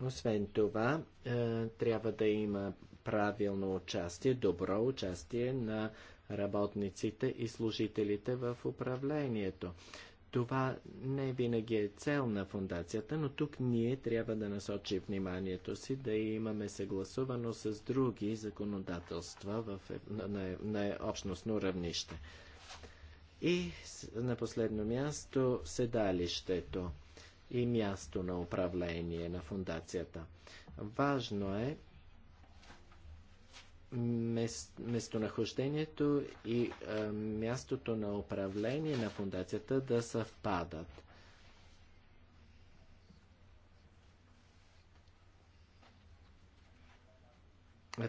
Освен това, е, трябва да има правилно участие, добро участие на работниците и служителите в управлението. Това не винаги е цел на фундацията, но тук ние трябва да насочим вниманието си да имаме съгласувано с други законодателства в, на, на, на общностно равнище. И на последно място седалището и място на управление на фундацията. Важно е местонахождението и мястото на управление на фундацията да съвпадат.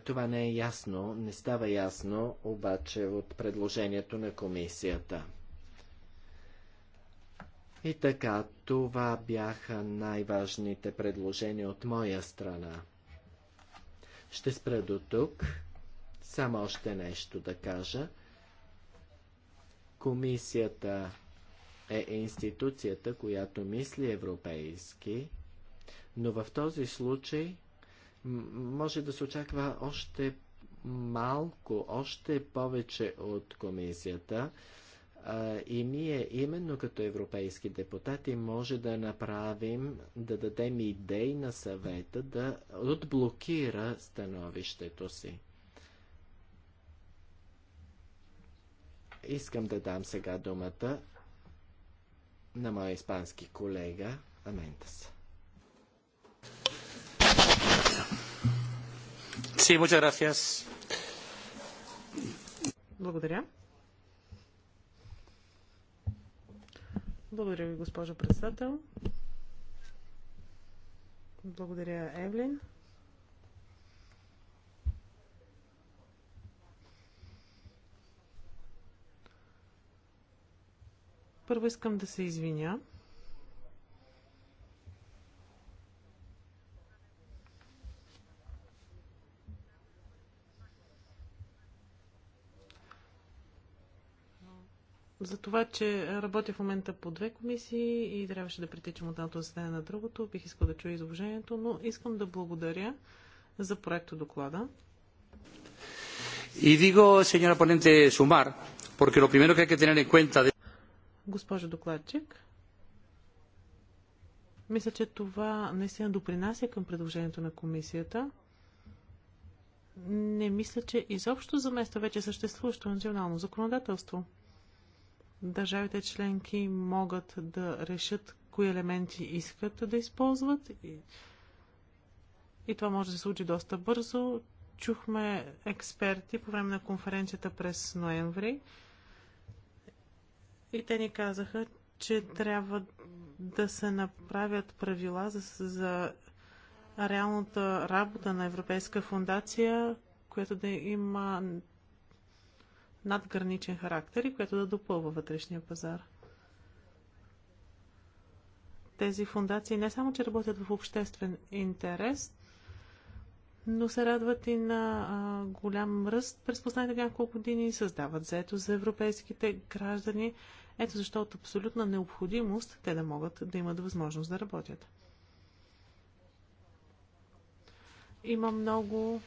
Това не е ясно, не става ясно обаче от предложението на комисията. И така, това бяха най-важните предложения от моя страна. Ще спра до тук. Само още нещо да кажа. Комисията е институцията, която мисли европейски, но в този случай може да се очаква още малко, още повече от комисията. и ние, именно като европейски депутати, може да направим, да дадем идеи на съвета да отблокира становището си. Искам да дам сега думата на моя испански колега Аментаса. Благодаря. Благодаря ви, госпожо председател. Благодаря, Евлин. Първо искам да се извиня. за това, че работя в момента по две комисии и трябваше да притичам от едното заседание на другото. Бих искал да чуя изложението, но искам да благодаря за проекто доклада. И диго, сеньора ponente, Сумар, porque lo primero que hay que tener en cuenta... De... Госпожо докладчик, мисля, че това наистина допринася към предложението на комисията. Не мисля, че изобщо замества вече съществуващо национално законодателство. Държавите членки могат да решат кои елементи искат да използват и, и това може да се случи доста бързо. Чухме експерти по време на конференцията през ноември и те ни казаха, че трябва да се направят правила за, за реалната работа на Европейска фундация, която да има надграничен характер и която да допълва вътрешния пазар. Тези фундации не само, че работят в обществен интерес, но се радват и на а, голям ръст през последните няколко години, създават заето за европейските граждани. Ето защо от абсолютна необходимост те да могат да имат възможност да работят. Има много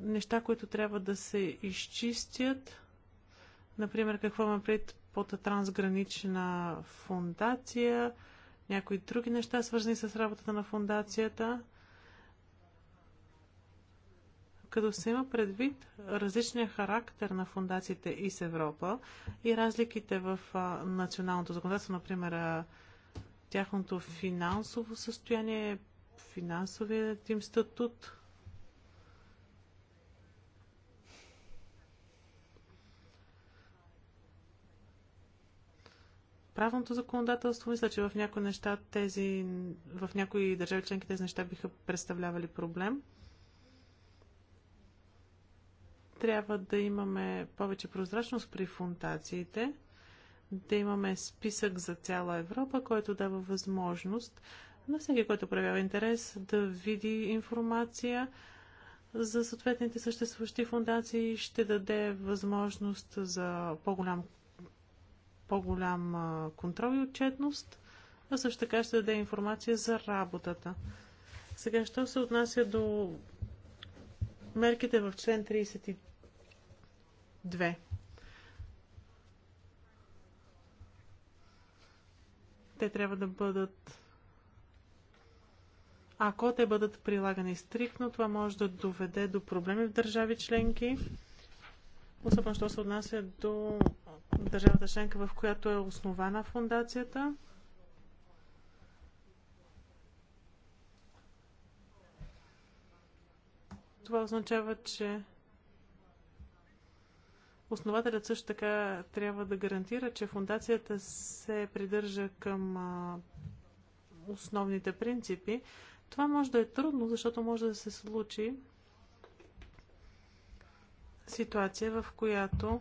неща, които трябва да се изчистят. Например, какво има пред под трансгранична фундация, някои други неща, свързани с работата на фундацията. Като се има предвид различния характер на фундациите из Европа и разликите в националното законодателство, например тяхното финансово състояние, финансовият им статут – правното законодателство. Мисля, че в някои неща тези, в някои държави членки тези неща биха представлявали проблем. Трябва да имаме повече прозрачност при фундациите, да имаме списък за цяла Европа, който дава възможност на всеки, който проявява интерес, да види информация за съответните съществуващи фундации, ще даде възможност за по-голям по-голям контрол и отчетност, а също така ще даде информация за работата. Сега, що се отнася до мерките в член 32? Те трябва да бъдат ако те бъдат прилагани стриктно, това може да доведе до проблеми в държави членки, особено що се отнася до държавата членка, в която е основана фундацията. Това означава, че основателят също така трябва да гарантира, че фундацията се придържа към основните принципи. Това може да е трудно, защото може да се случи ситуация, в която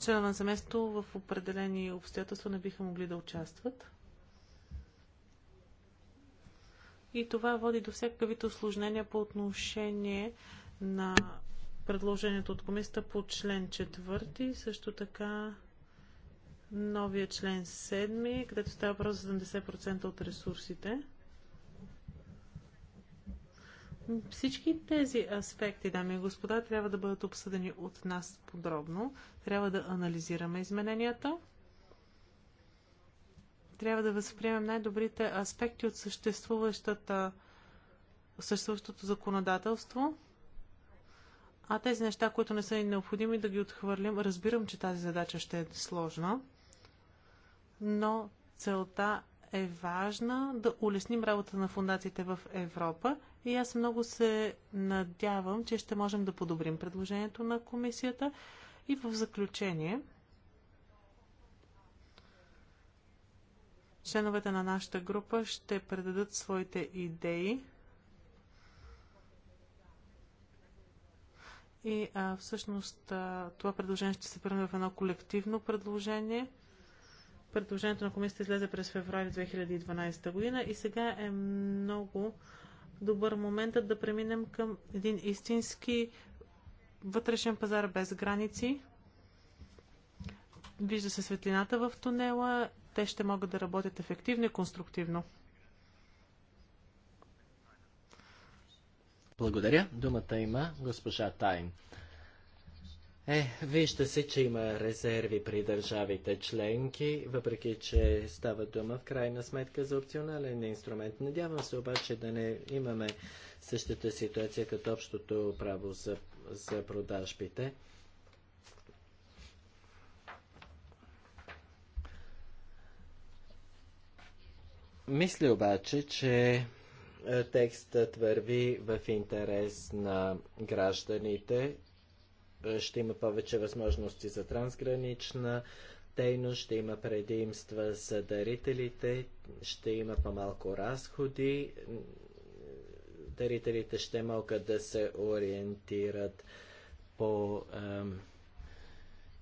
членове на семейството в определени обстоятелства не биха могли да участват. И това води до всякакъв вид осложнения по отношение на предложението от комисията по член 4, също така новия член 7, където става въпрос за 70% от ресурсите. Всички тези аспекти, дами и господа, трябва да бъдат обсъдени от нас подробно. Трябва да анализираме измененията. Трябва да възприемем най-добрите аспекти от съществуващата, съществуващото законодателство. А тези неща, които не са необходими, да ги отхвърлим. Разбирам, че тази задача ще е сложна, но целта е важна да улесним работата на фундациите в Европа и аз много се надявам, че ще можем да подобрим предложението на комисията. И в заключение, членовете на нашата група ще предадат своите идеи. И а, всъщност а, това предложение ще се превърне в едно колективно предложение. Предложението на комисията излезе през февруари 2012 година и сега е много добър момент е да преминем към един истински вътрешен пазар без граници. Вижда се светлината в тунела, те ще могат да работят ефективно и конструктивно. Благодаря. Думата има госпожа Тайн. Е, вижда се, че има резерви при държавите членки, въпреки че става дума в крайна сметка за опционален инструмент. Надявам се обаче да не имаме същата ситуация като общото право за, за продажбите. Мисля обаче, че е, текстът върви в интерес на гражданите е, ще има повече възможности за трансгранична дейност, ще има предимства за дарителите, ще има по-малко разходи, дарителите ще могат да се ориентират по ем,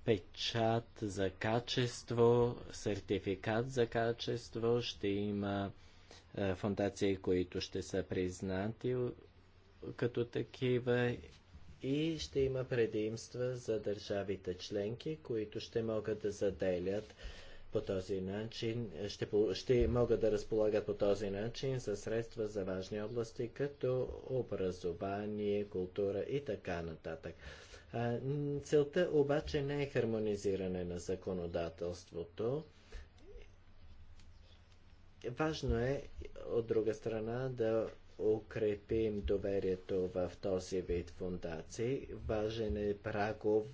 печат за качество, сертификат за качество, ще има е, фундации, които ще са признати като такива и ще има предимства за държавите членки, които ще могат да заделят по този начин, ще, ще могат да разполагат по този начин за средства за важни области, като образование, култура и така нататък. Целта обаче не е хармонизиране на законодателството. Важно е, от друга страна, да укрепим доверието в този вид фундации. Важен е прагов,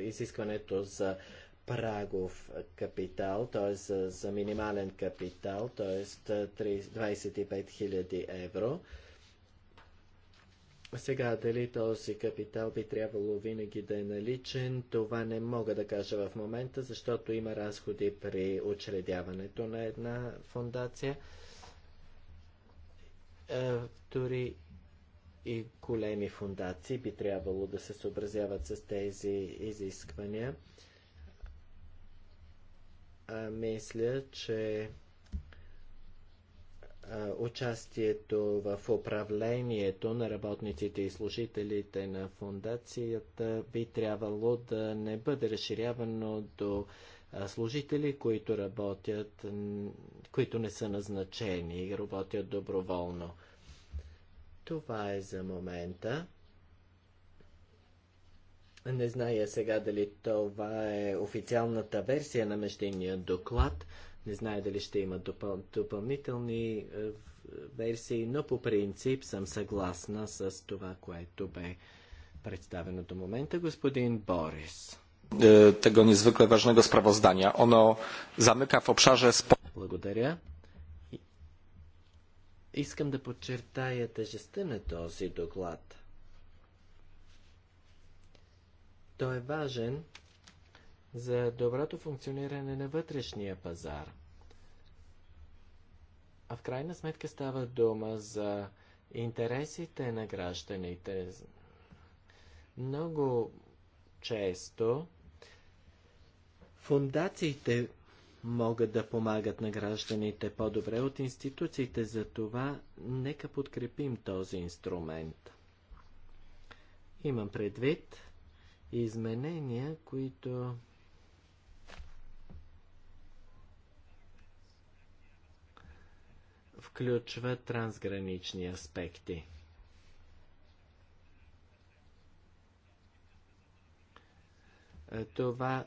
изискването за прагов капитал, т.е. За, за минимален капитал, т.е. 25 000 евро. Сега, дали този капитал би трябвало винаги да е наличен, това не мога да кажа в момента, защото има разходи при учредяването на една фундация. Е, дори и големи фундации би трябвало да се съобразяват с тези изисквания. А, мисля, че а, участието в управлението на работниците и служителите на фундацията би трябвало да не бъде разширявано до служители, които работят, които не са назначени и работят доброволно. Това е за момента. Не зная сега дали това е официалната версия на междинния доклад. Не зная дали ще има допъл... допълнителни е, версии, но по принцип съм съгласна с това, което бе представено до момента господин Борис tego niezwykle ważnego sprawozdania. Ono zamyka w obszarze... Благодаря. Искам да подчертая тежестта на този доклад. Той е важен за доброто функциониране на вътрешния пазар. А в крайна сметка става дума за интересите на гражданите. Много често Фундациите могат да помагат на гражданите по-добре от институциите, за това нека подкрепим този инструмент. Имам предвид изменения, които включват трансгранични аспекти. Е, това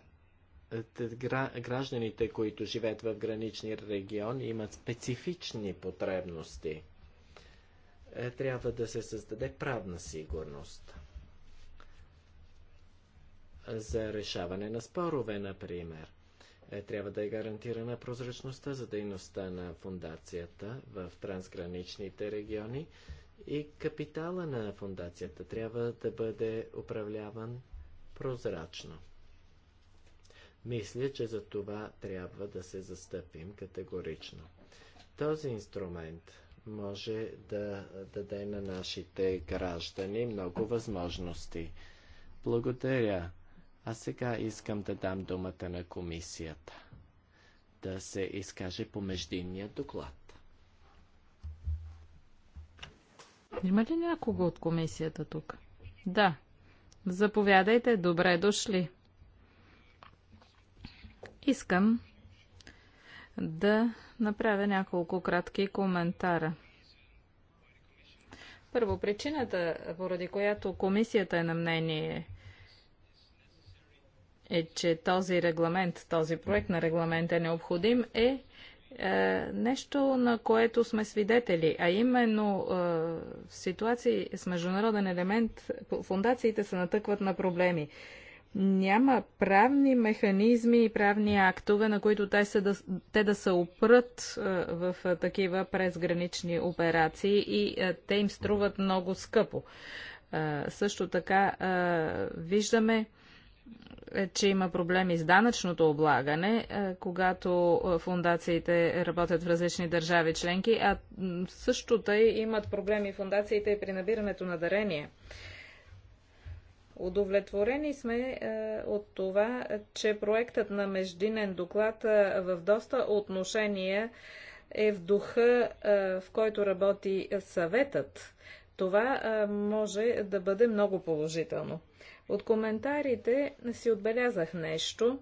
гражданите, които живеят в гранични региони, имат специфични потребности. Е, трябва да се създаде правна сигурност. За решаване на спорове, например, е, трябва да е гарантирана прозрачността за дейността на фундацията в трансграничните региони и капитала на фундацията трябва да бъде управляван прозрачно. Мисля, че за това трябва да се застъпим категорично. Този инструмент може да даде на нашите граждани много възможности. Благодаря. А сега искам да дам думата на комисията да се изкаже по междинния доклад. Има ли някого от комисията тук? Да. Заповядайте, добре дошли. Искам да направя няколко кратки коментара. Първо, причината, поради която комисията е на мнение, е, че този регламент, този проект на регламент е необходим, е, е нещо, на което сме свидетели, а именно е, в ситуации с международен елемент фундациите се натъкват на проблеми няма правни механизми и правни актове, на които те, се да, те да се опрат в такива презгранични операции и те им струват много скъпо. Също така виждаме, е, че има проблеми с данъчното облагане, когато фундациите работят в различни държави членки, а също тъй имат проблеми фундациите и при набирането на дарения. Удовлетворени сме е, от това, че проектът на междинен доклад е, в доста отношения е в духа, е, в който работи съветът. Това може да бъде много положително. От коментарите си отбелязах нещо.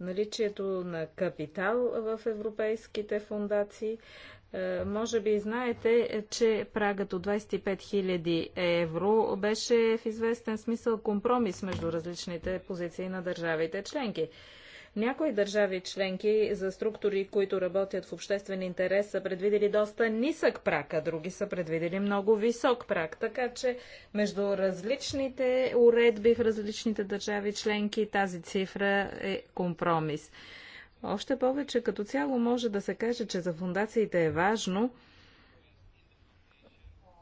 Наличието на капитал в европейските фундации. Е, може би знаете, че прагът от 25 000 евро беше в известен смисъл компромис между различните позиции на държавите членки. Някои държави членки за структури, които работят в обществен интерес, са предвидели доста нисък прак, а други са предвидели много висок прак. Така че между различните уредби в различните държави членки тази цифра е компромис. Още повече като цяло може да се каже, че за фундациите е важно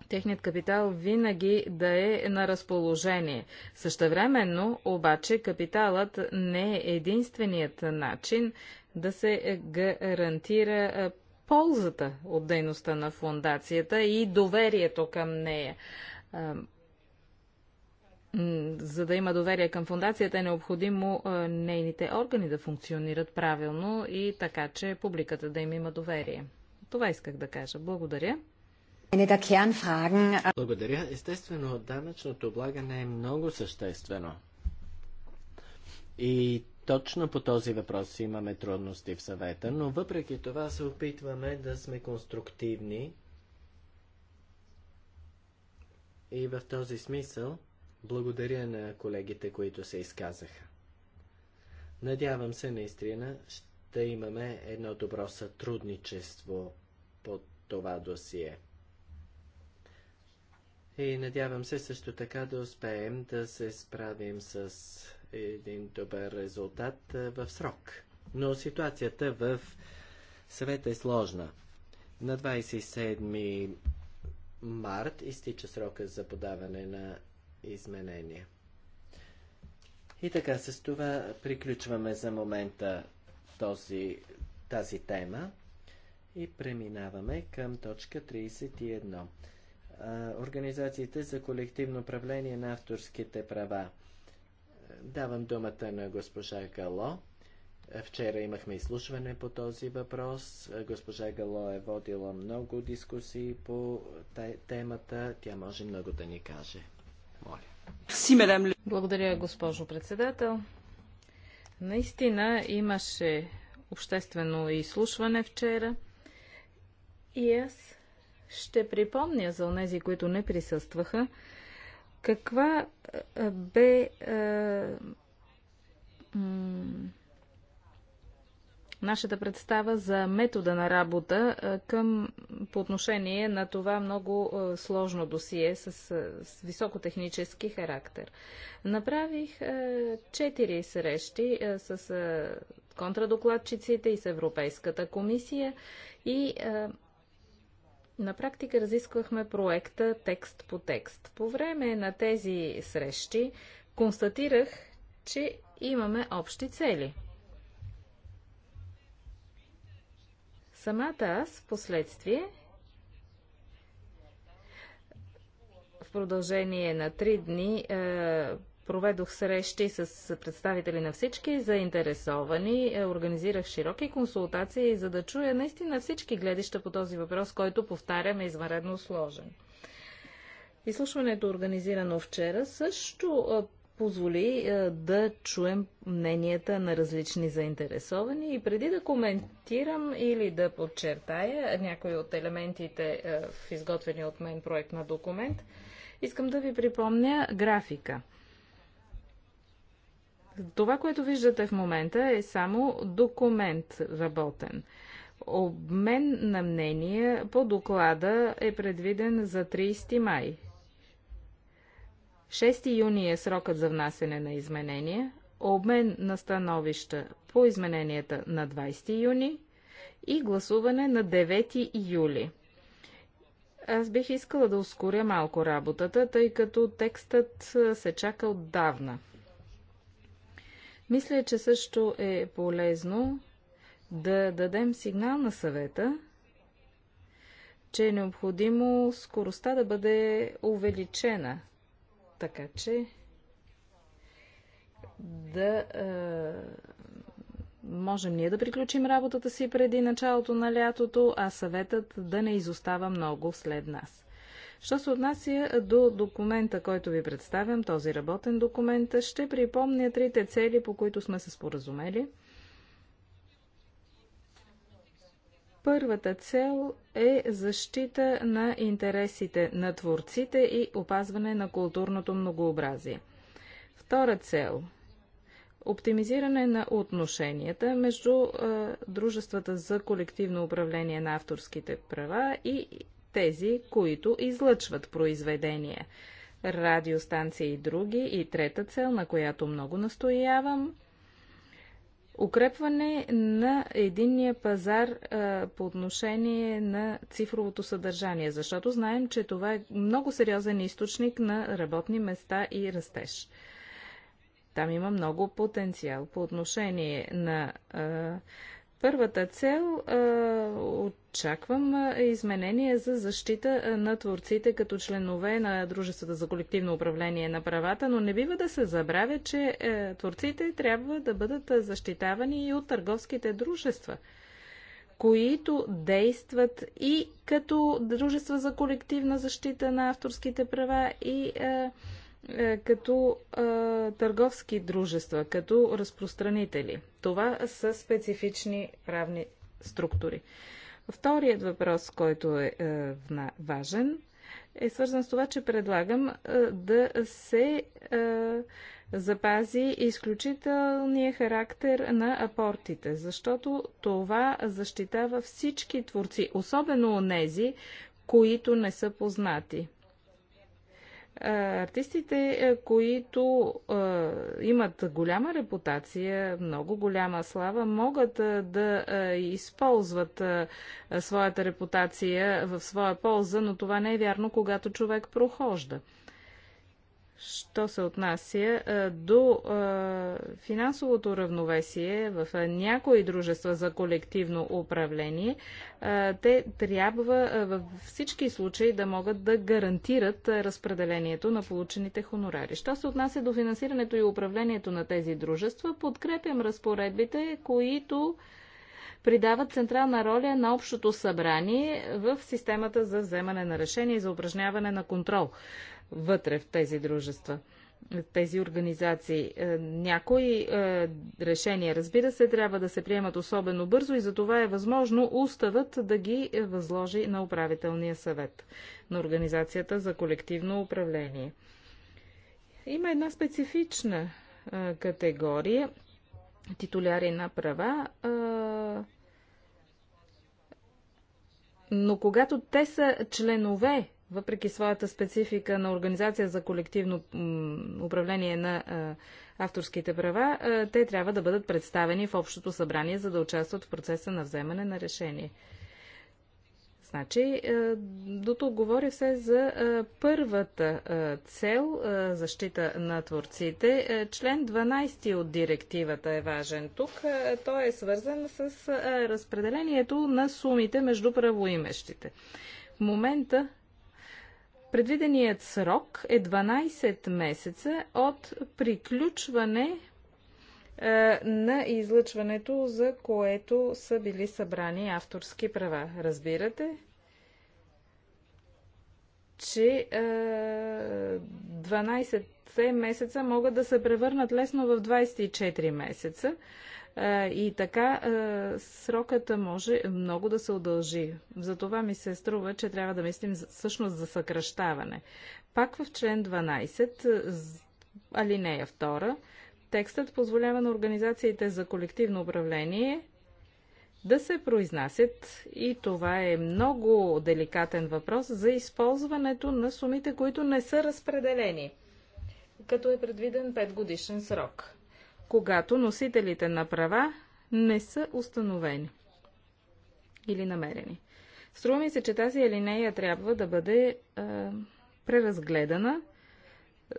техният капитал винаги да е на разположение. Същевременно обаче капиталът не е единственият начин да се гарантира ползата от дейността на фундацията и доверието към нея за да има доверие към фундацията, е необходимо нейните органи да функционират правилно и така, че публиката да им има доверие. Това исках да кажа. Благодаря. Благодаря. Естествено, данъчното облагане е много съществено. И точно по този въпрос имаме трудности в съвета, но въпреки това се опитваме да сме конструктивни. И в този смисъл благодаря на колегите, които се изказаха. Надявам се наистина ще имаме едно добро сътрудничество по това досие. И надявам се също така да успеем да се справим с един добър резултат в срок. Но ситуацията в съвета е сложна. На 27 март изтича срока за подаване на изменение. И така, с това приключваме за момента този, тази тема и преминаваме към точка 31. Организациите за колективно управление на авторските права. Давам думата на госпожа Гало. Вчера имахме изслушване по този въпрос. Госпожа Гало е водила много дискусии по темата. Тя може много да ни каже. Моля. Благодаря, госпожо председател. Наистина имаше обществено изслушване вчера и аз ще припомня за тези, които не присъстваха, каква бе нашата представа за метода на работа към, по отношение на това много сложно досие с, с високотехнически характер. Направих четири срещи с контрадокладчиците и с Европейската комисия и на практика разисквахме проекта текст по текст. По време на тези срещи констатирах, че имаме общи цели – Самата аз в последствие в продължение на три дни е, проведох срещи с представители на всички заинтересовани, е, организирах широки консултации, за да чуя наистина всички гледища по този въпрос, който повтарям е извънредно сложен. Изслушването, организирано вчера, също е, позволи е, да чуем мненията на различни заинтересовани. И преди да коментирам или да подчертая някои от елементите е, в изготвения от мен проект на документ, искам да ви припомня графика. Това, което виждате в момента е само документ работен. Обмен на мнения по доклада е предвиден за 30 май. 6 юни е срокът за внасене на изменения, обмен на становища по измененията на 20 юни и гласуване на 9 юли. Аз бих искала да ускоря малко работата, тъй като текстът се чака отдавна. Мисля, че също е полезно да дадем сигнал на съвета, че е необходимо скоростта да бъде увеличена – така че да можем ние да приключим работата си преди началото на лятото, а съветът да не изостава много след нас. Що се отнася до документа, който ви представям, този работен документ, ще припомня трите цели, по които сме се споразумели – Първата цел е защита на интересите на творците и опазване на културното многообразие. Втора цел оптимизиране на отношенията между а, дружествата за колективно управление на авторските права и тези, които излъчват произведения радиостанции и други. И трета цел, на която много настоявам Укрепване на единния пазар а, по отношение на цифровото съдържание, защото знаем, че това е много сериозен източник на работни места и растеж. Там има много потенциал по отношение на а, Първата цел очаквам е изменение за защита на творците като членове на Дружествата за колективно управление на правата, но не бива да се забравя, че е, творците трябва да бъдат защитавани и от търговските дружества които действат и като дружества за колективна защита на авторските права и А, е, е, като а, е, търговски дружества, като разпространители. Това са специфични правни структури. Вторият въпрос, който е, е важен, е свързан с това, че предлагам е, да се е, запази изключителния характер на апортите, защото това защитава всички творци, особено онези, които не са познати артистите, е, които имат голяма репутация, много голяма слава, могат да използват своята репутация в своя полза, но това не е вярно, когато човек прохожда що се отнася до финансовото равновесие в някои дружества за колективно управление, те трябва във всички случаи да могат да гарантират разпределението на получените хонорари. Що се отнася до финансирането и управлението на тези дружества, подкрепям разпоредбите, които придават централна роля на общото събрание в системата за вземане на решение и за упражняване на контрол вътре в тези дружества, в тези организации. Е, някои е, решения, разбира се, трябва да се приемат особено бързо и за това е възможно уставът да ги възложи на управителния съвет на Организацията за колективно управление. Има една специфична е, категория титуляри на права, но когато те са членове въпреки своята специфика на Организация за колективно управление на авторските права, те трябва да бъдат представени в Общото събрание, за да участват в процеса на вземане на решение. Значи, до тук говори все за първата цел защита на творците. Член 12 от директивата е важен тук. Той е свързан с разпределението на сумите между правоимещите. В момента Предвиденият срок е 12 месеца от приключване е, на излъчването, за което са били събрани авторски права. Разбирате, че 12 е, месеца могат да се превърнат лесно в 24 месеца. Е, и така е, срокът може много да се удължи. Затова ми се струва, че трябва да мислим всъщност за съкръщаване. Пак в член 12, е, алинея 2, текстът позволява на организациите за колективно управление да се произнасят, и това е много деликатен въпрос, за използването на сумите, които не са разпределени, като е предвиден 5 годишен срок когато носителите на права не са установени или намерени. Струва ми се, че тази алинея трябва да бъде а, е, преразгледана,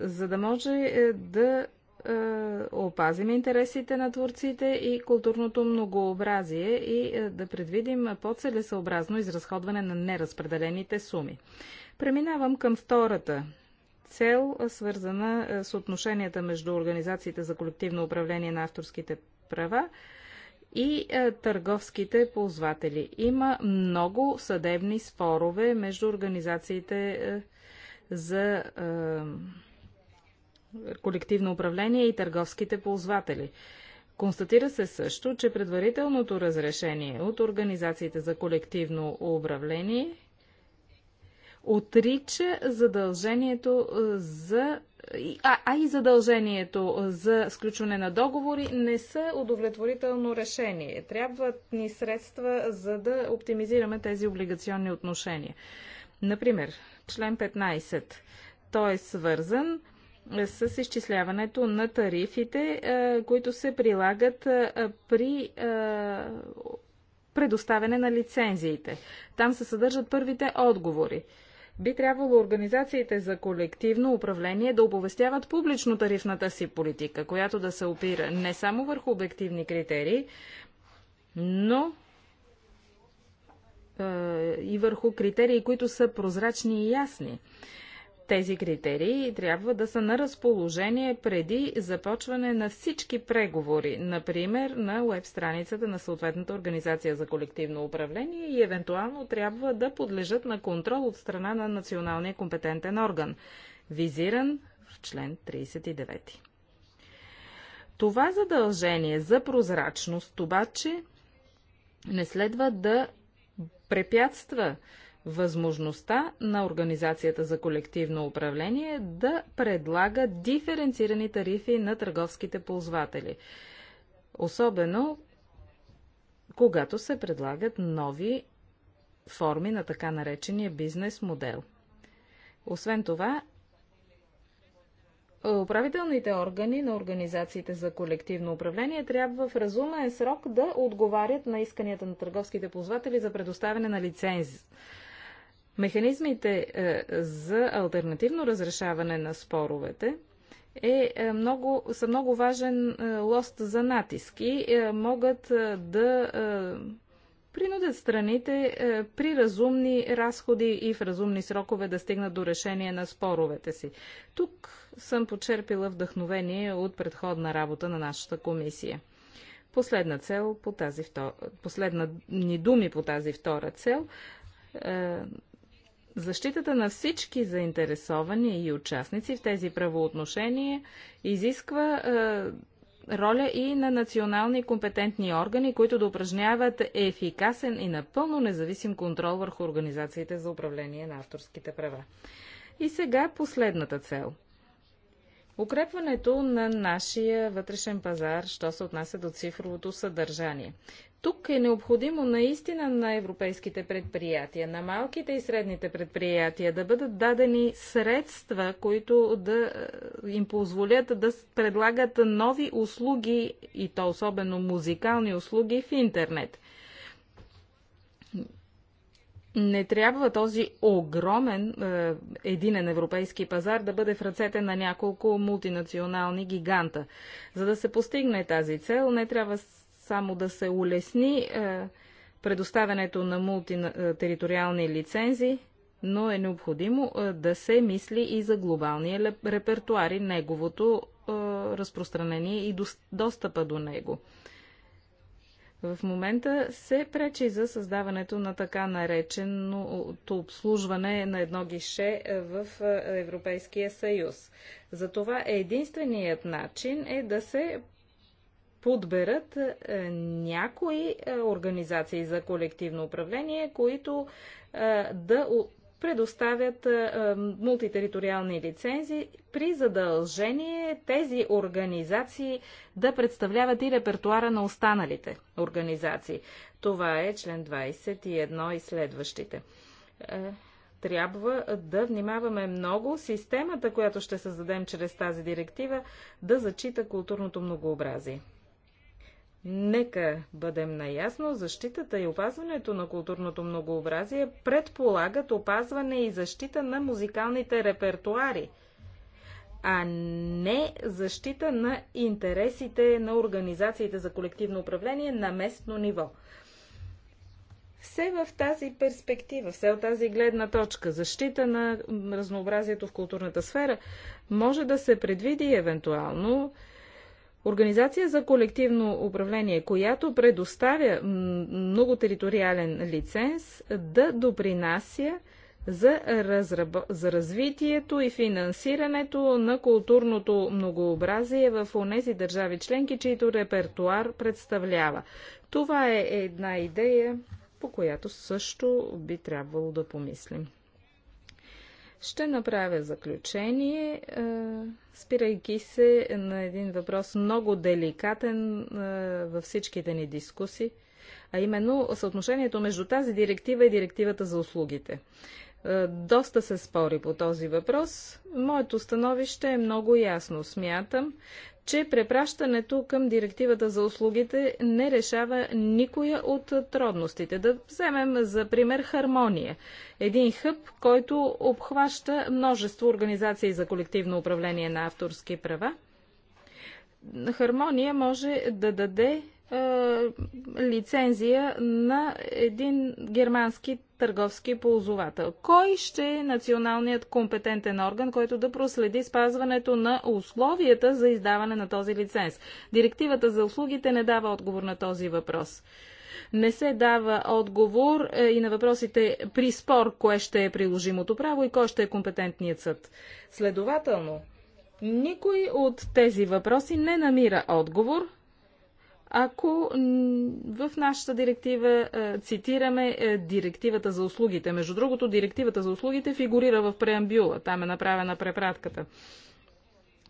за да може е, да а, е, опазим интересите на творците и културното многообразие и а, е, да предвидим по-целесъобразно изразходване на неразпределените суми. Преминавам към втората цел, свързана с отношенията между организациите за колективно управление на авторските права и търговските ползватели. Има много съдебни спорове между организациите за колективно управление и търговските ползватели. Констатира се също, че предварителното разрешение от организациите за колективно управление отрича задължението е, за а, а и задължението за сключване на договори не са удовлетворително решение. Трябват ни средства, за да оптимизираме тези облигационни отношения. Например, член 15. Той е свързан е, с изчисляването на тарифите, е, които се прилагат при предоставяне на лицензиите. Там се съдържат първите отговори би трябвало организациите за колективно управление да оповестяват публично тарифната си политика, която да се опира не само върху обективни критерии, но е, и върху критерии, които са прозрачни и ясни тези критерии трябва да са на разположение преди започване на всички преговори, например на веб страницата на съответната организация за колективно управление и евентуално трябва да подлежат на контрол от страна на националния компетентен орган, визиран в член 39. Това задължение за прозрачност обаче не следва да препятства възможността на Организацията за колективно управление да предлага диференцирани тарифи на търговските ползватели. Особено когато се предлагат нови форми на така наречения бизнес модел. Освен това, управителните органи на организациите за колективно управление трябва в разумен срок да отговарят на исканията на търговските ползватели за предоставяне на лиценз Механизмите е, за альтернативно разрешаване на споровете е, е много, са много важен е, лост за натиски. могат да принудят страните при разумни разходи и в разумни срокове да стигнат до решение на споровете си. Тук съм почерпила вдъхновение от предходна работа на нашата комисия. Последна цел по тази втор... последна ни думи по тази втора цел Защитата на всички заинтересовани и участници в тези правоотношения изисква е, роля и на национални компетентни органи, които да упражняват ефикасен и напълно независим контрол върху организациите за управление на авторските права. И сега последната цел – Укрепването на нашия вътрешен пазар, що се отнася до цифровото съдържание. Тук е необходимо наистина на европейските предприятия, на малките и средните предприятия да бъдат дадени средства, които да е, им позволят да предлагат нови услуги и то особено музикални услуги в интернет. Не трябва този огромен е, единен европейски пазар да бъде в ръцете на няколко мултинационални гиганта. За да се постигне тази цел, не трябва само да се улесни е, предоставянето на мултитериториални лицензи, но е необходимо е, да се мисли и за глобалния репертуар и неговото е, разпространение и достъпа до него. В момента се пречи за създаването на така нареченото обслужване на едно гише в Европейския съюз. Затова единственият начин е да се подберат е, някои е, организации за колективно управление, които е, да предоставят мултитериториални лицензии при задължение тези организации да представляват и репертуара на останалите организации. Това е член 21 и следващите трябва да внимаваме много системата, която ще създадем чрез тази директива, да зачита културното многообразие. Нека бъдем наясно, защитата и опазването на културното многообразие предполагат опазване и защита на музикалните репертуари, а не защита на интересите на организациите за колективно управление на местно ниво. Все в тази перспектива, все от тази гледна точка, защита на разнообразието в културната сфера може да се предвиди евентуално Организация за колективно управление, която предоставя многотериториален лиценз да допринася за, разраб... за развитието и финансирането на културното многообразие в онези държави членки, чието репертуар представлява. Това е една идея, по която също би трябвало да помислим. Ще направя заключение, е, спирайки се на един въпрос много деликатен е, във всичките ни дискусии, а именно съотношението между тази директива и директивата за услугите. Е, доста се спори по този въпрос. Моето становище е много ясно. Смятам, че препращането към директивата за услугите не решава никоя от трудностите. Да вземем за пример хармония. Един хъб, който обхваща множество организации за колективно управление на авторски права. Хармония може да даде лицензия на един германски търговски ползовател. Кой ще е националният компетентен орган, който да проследи спазването на условията за издаване на този лиценз? Директивата за услугите не дава отговор на този въпрос. Не се дава отговор е, и на въпросите при спор, кое ще е приложимото право и кой ще е компетентният съд. Следователно, никой от тези въпроси не намира отговор, ако в нашата директива е, цитираме е, директивата за услугите. Между другото, директивата за услугите фигурира в преамбюла. Там е направена препратката.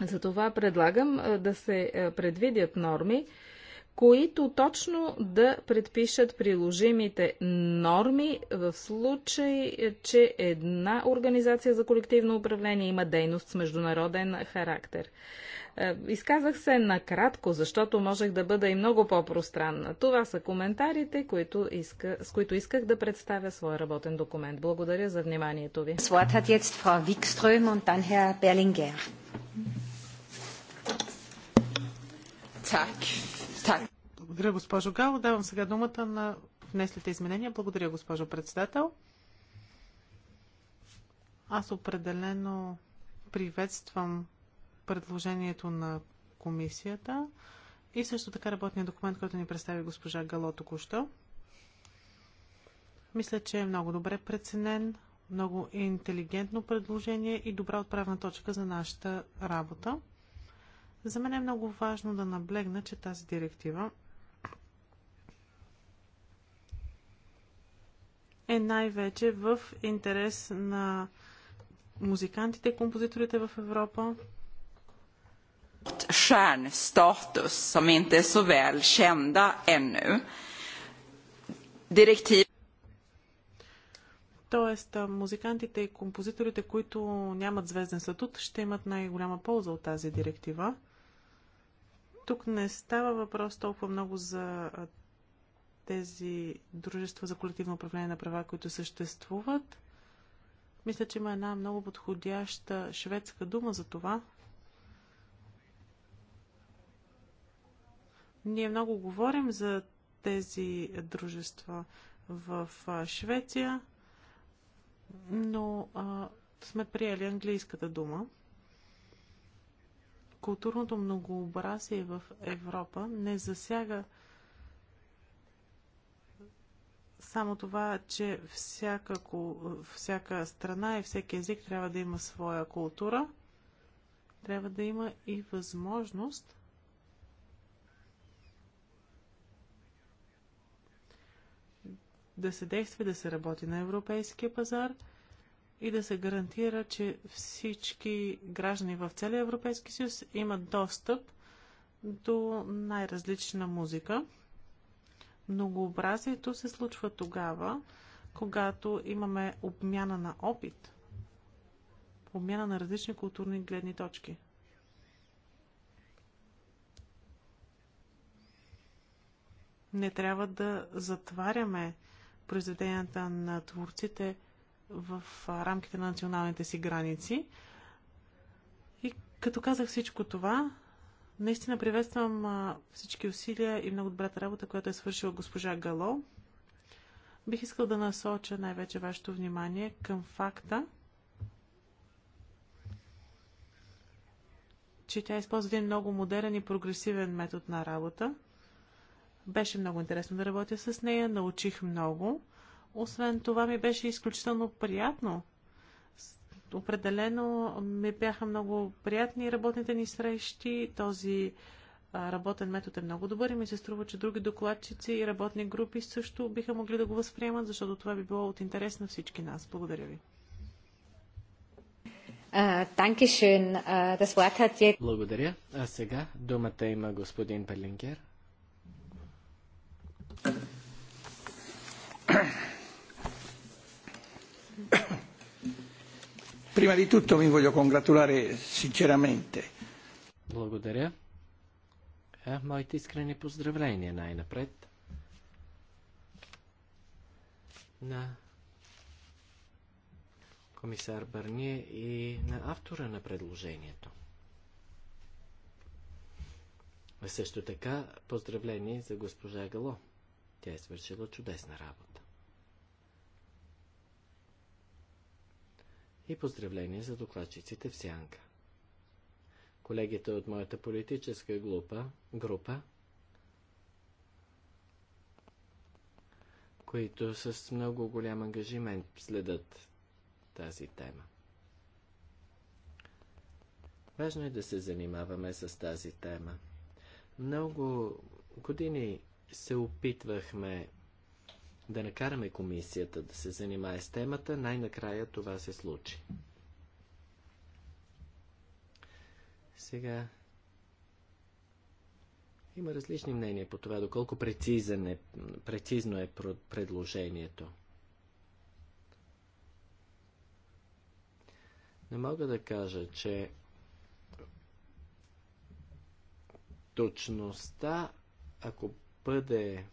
Затова предлагам е, да се предвидят норми, които точно да предпишат приложимите норми в случай, че една организация за колективно управление има дейност с международен характер. Е, изказах се накратко, защото можех да бъда и много по-пространна. Това са коментарите, които иска, с които исках да представя своя работен документ. Благодаря за вниманието ви. Благодаря, госпожо Гало. Давам сега думата на внеслите изменения. Благодаря, госпожо председател. Аз определено приветствам предложението на комисията и също така работния документ, който ни представи госпожа Гало току-що. Мисля, че е много добре преценен, много интелигентно предложение и добра отправна точка за нашата работа. За мен е много важно да наблегна, че тази директива е най-вече в интерес на музикантите и композиторите в Европа, stjärnstatus som inte är så väl kända ännu. Директив... Тоест, музикантите и композиторите, които нямат звезден статут, ще имат най-голяма полза от тази директива. Тук не става въпрос толкова много за тези дружества за колективно управление на права, които съществуват. Мисля, че има една много подходяща шведска дума за това – Ние много говорим за тези дружества в Швеция, но а, сме приели английската дума. Културното многообразие в Европа не засяга само това, че всяка, всяка страна и всеки език трябва да има своя култура, трябва да има и възможност да се действа, да се работи на европейския пазар и да се гарантира, че всички граждани в целия Европейски съюз имат достъп до най-различна музика. Многообразието се случва тогава, когато имаме обмяна на опит, обмяна на различни културни гледни точки. Не трябва да затваряме произведенията на творците в рамките на националните си граници. И като казах всичко това, наистина приветствам всички усилия и много добрата работа, която е свършила госпожа Гало. Бих искал да насоча най-вече вашето внимание към факта, че тя използва един много модерен и прогресивен метод на работа. Беше много интересно да работя с нея, научих много. Освен това ми беше изключително приятно. Определено ми бяха много приятни работните ни срещи. Този работен метод е много добър и ми се струва, че други докладчици и работни групи също биха могли да го възприемат, защото това би било от интерес на всички нас. Благодаря ви. Благодаря. А сега думата има господин Пелингер. Prima di tutto mi voglio congratulare sinceramente. Благодаря. А, моите искрени поздравления най-напред на комисар Барние и на автора на предложението. А също така поздравление за госпожа Гало. Тя е свършила чудесна работа. И поздравление за докладчиците в Сянка. Колегите от моята политическа група, група които с много голям ангажимент следят тази тема. Важно е да се занимаваме с тази тема. Много години се опитвахме да накараме комисията да се занимае с темата, най-накрая това се случи. Сега има различни мнения по това, доколко прецизен е, прецизно е предложението. Не мога да кажа, че точността, ако бъде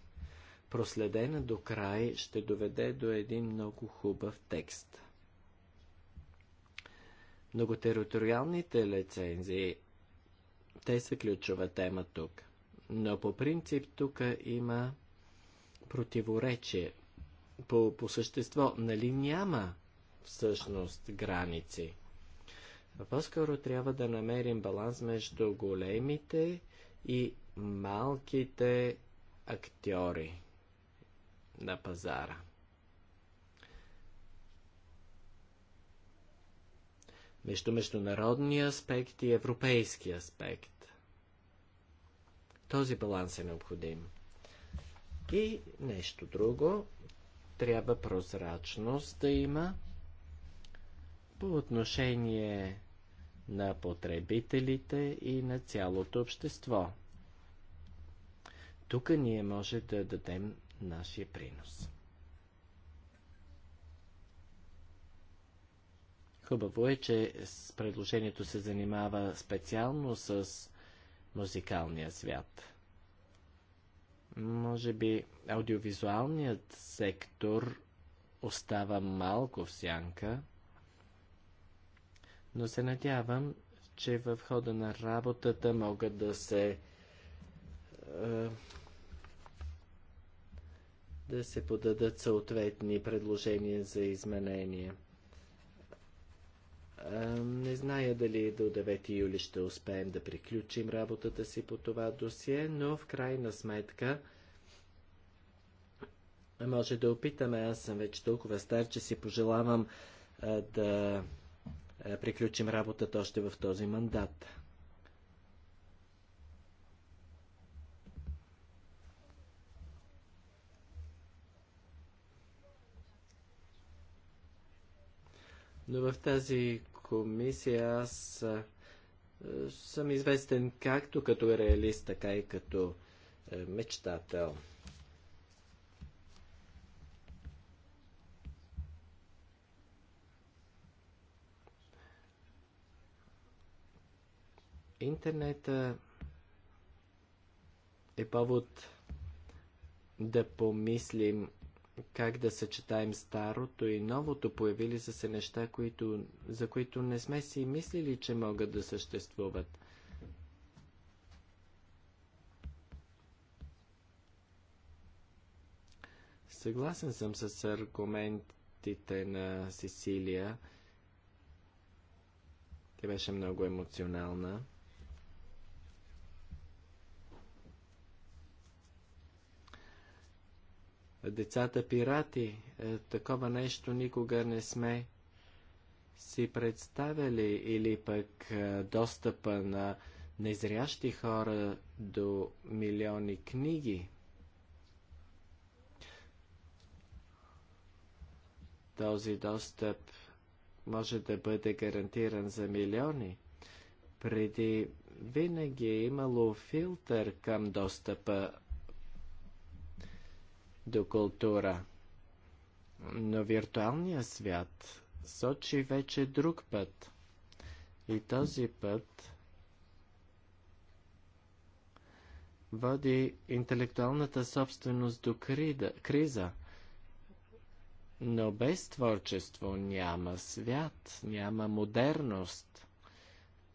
проследена до край, ще доведе до един много хубав текст. Многотериториалните лицензии, те са ключова тема тук. Но по принцип тук има противоречие. По, по същество, нали няма всъщност граници? По-скоро трябва да намерим баланс между големите и малките актьори на пазара. Между международния аспект и европейски аспект. Този баланс е необходим. И нещо друго. Трябва прозрачност да има по отношение на потребителите и на цялото общество тук ние може да дадем нашия принос. Хубаво е, че предложението се занимава специално с музикалния свят. Може би аудиовизуалният сектор остава малко в сянка, но се надявам, че в хода на работата могат да се е, да се подадат съответни предложения за изменение. Не зная дали до 9 юли ще успеем да приключим работата си по това досие, но в крайна сметка може да опитаме. Аз съм вече толкова стар, че си пожелавам да приключим работата още в този мандат. Но в тази комисия аз съм известен както като реалист, така и като е, мечтател. Интернета е повод да помислим как да съчетаем старото и новото. Появили са се неща, които, за които не сме си мислили, че могат да съществуват. Съгласен съм с аргументите на Сесилия. Тя беше много емоционална. децата пирати. Е, такова нещо никога не сме си представяли или пък е, достъпа на незрящи хора до милиони книги. Този достъп може да бъде гарантиран за милиони. Преди винаги е имало филтър към достъпа до култура. Но виртуалният свят сочи вече друг път. И този път води интелектуалната собственост до крида, криза. Но без творчество няма свят, няма модерност.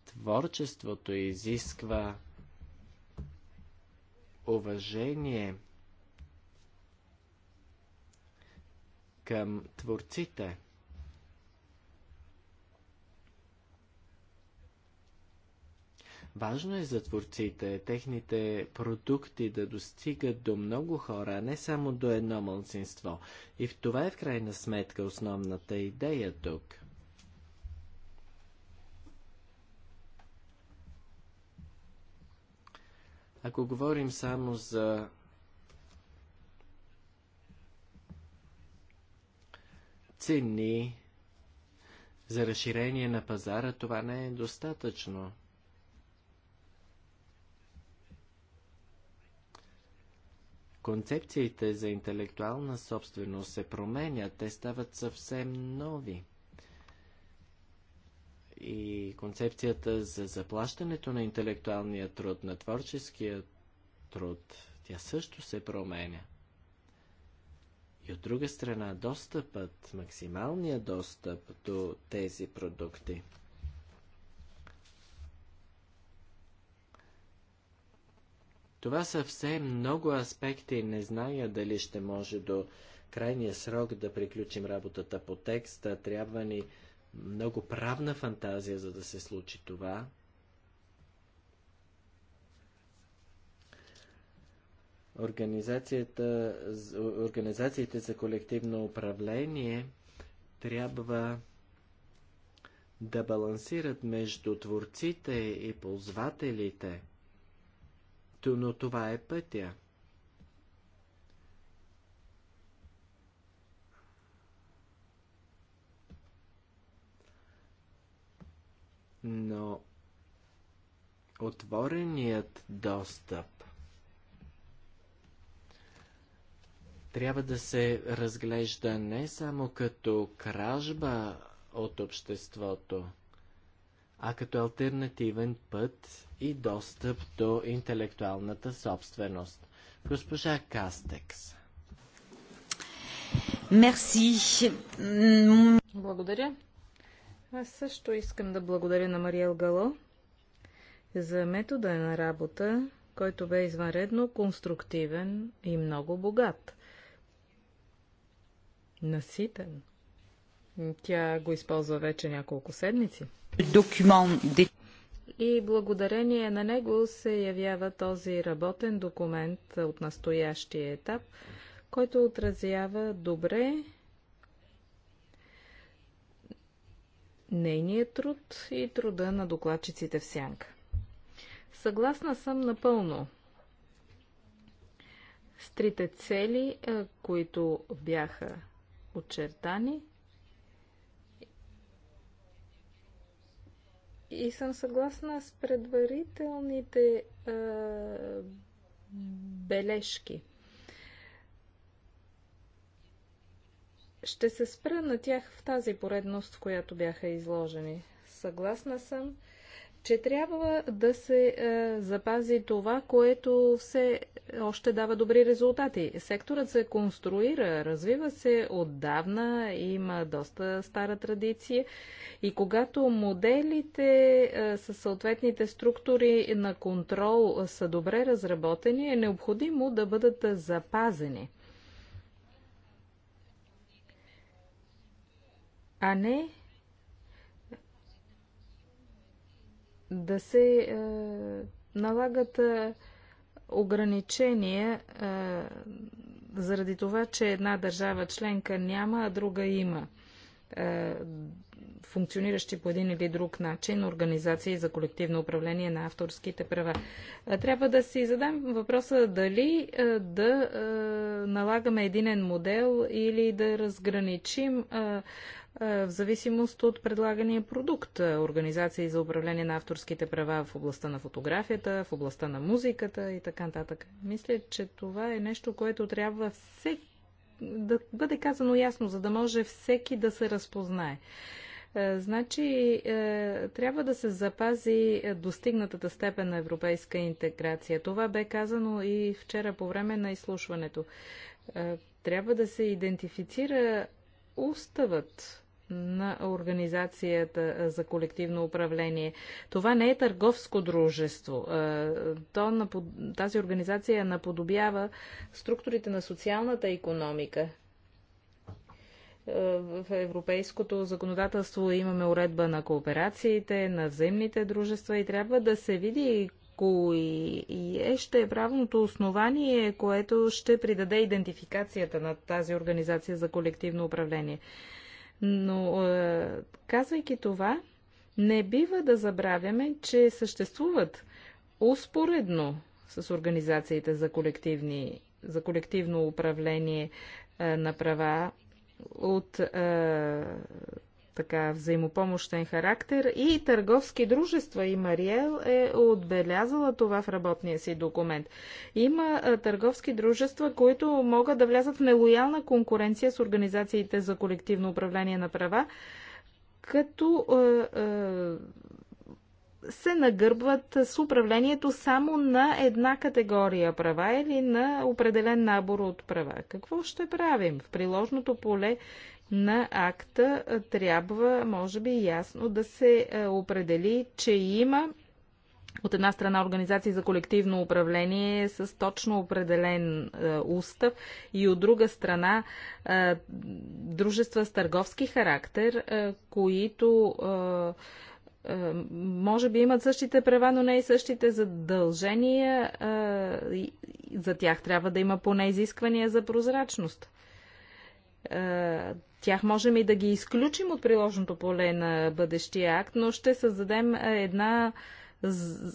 Творчеството изисква уважение – към творците. Важно е за творците техните продукти да достигат до много хора, а не само до едно мълцинство. И в това е в крайна сметка основната идея тук. Ако говорим само за цени за разширение на пазара, това не е достатъчно. Концепциите за интелектуална собственост се променят, те стават съвсем нови. И концепцията за заплащането на интелектуалния труд, на творческия труд, тя също се променя. И от друга страна, достъпът, максималният достъп до тези продукти. Това са все много аспекти. Не зная дали ще може до крайния срок да приключим работата по текста. Трябва ни много правна фантазия, за да се случи това. организациите за колективно управление трябва да балансират между творците и ползвателите. Но това е пътя. Но отвореният достъп трябва да се разглежда не само като кражба от обществото, а като альтернативен път и достъп до интелектуалната собственост. Госпожа Кастекс. Мерси. Благодаря. Аз също искам да благодаря на Мариел Гало за метода на работа, който бе извънредно конструктивен и много богат наситен. Тя го използва вече няколко седмици. Документ. И благодарение на него се явява този работен документ от настоящия етап, който отразява добре нейния труд и труда на докладчиците в сянка. Съгласна съм напълно с трите цели, които бяха очертани. И съм съгласна с предварителните е, бележки. Ще се спра на тях в тази поредност, в която бяха изложени. Съгласна съм, че трябва да се е, запази това, което все още дава добри резултати. Секторът се конструира, развива се отдавна, има доста стара традиция и когато моделите е, с съответните структури на контрол са добре разработени, е необходимо да бъдат запазени. А не да се е, налагат е, ограничения е, заради това, че една държава членка няма, а друга има е, функциониращи по един или друг начин организации за колективно управление на авторските права. Е, трябва да си задам въпроса дали е, да налагаме единен модел или да разграничим е, в зависимост от предлагания продукт. Е, организации за управление на авторските права в областта на фотографията, в областта на музиката и така нататък. Мисля, че това е нещо, което трябва все да бъде казано ясно, за да може всеки да се разпознае. Е, значи, трябва да се запази достигнатата степен на европейска интеграция. Това бе казано и вчера по време на изслушването. Трябва да се идентифицира уставът на Организацията за колективно управление. Това не е търговско дружество. То напод... Тази организация наподобява структурите на социалната економика. В европейското законодателство имаме уредба на кооперациите, на взаимните дружества и трябва да се види кои е ще е правното основание, което ще придаде идентификацията на тази организация за колективно управление. Но е, казвайки това, не бива да забравяме, че съществуват успоредно с организациите за, колективни, за колективно управление е, на права от е, така взаимопомощен характер и търговски дружества. И Мариел е отбелязала това в работния си документ. Има търговски дружества, които могат да влязат в нелоялна конкуренция с организациите за колективно управление на права, като се нагърбват с управлението само на една категория права или на определен набор от права. Какво ще правим? В приложното поле на акта трябва, може би, ясно да се определи, че има от една страна организации за колективно управление с точно определен е, устав и от друга страна е, дружества с търговски характер, е, които е, е, може би имат същите права, но не и същите задължения. Е, за тях трябва да има поне изисквания за прозрачност. Е, тях можем и да ги изключим от приложното поле на бъдещия акт, но ще създадем една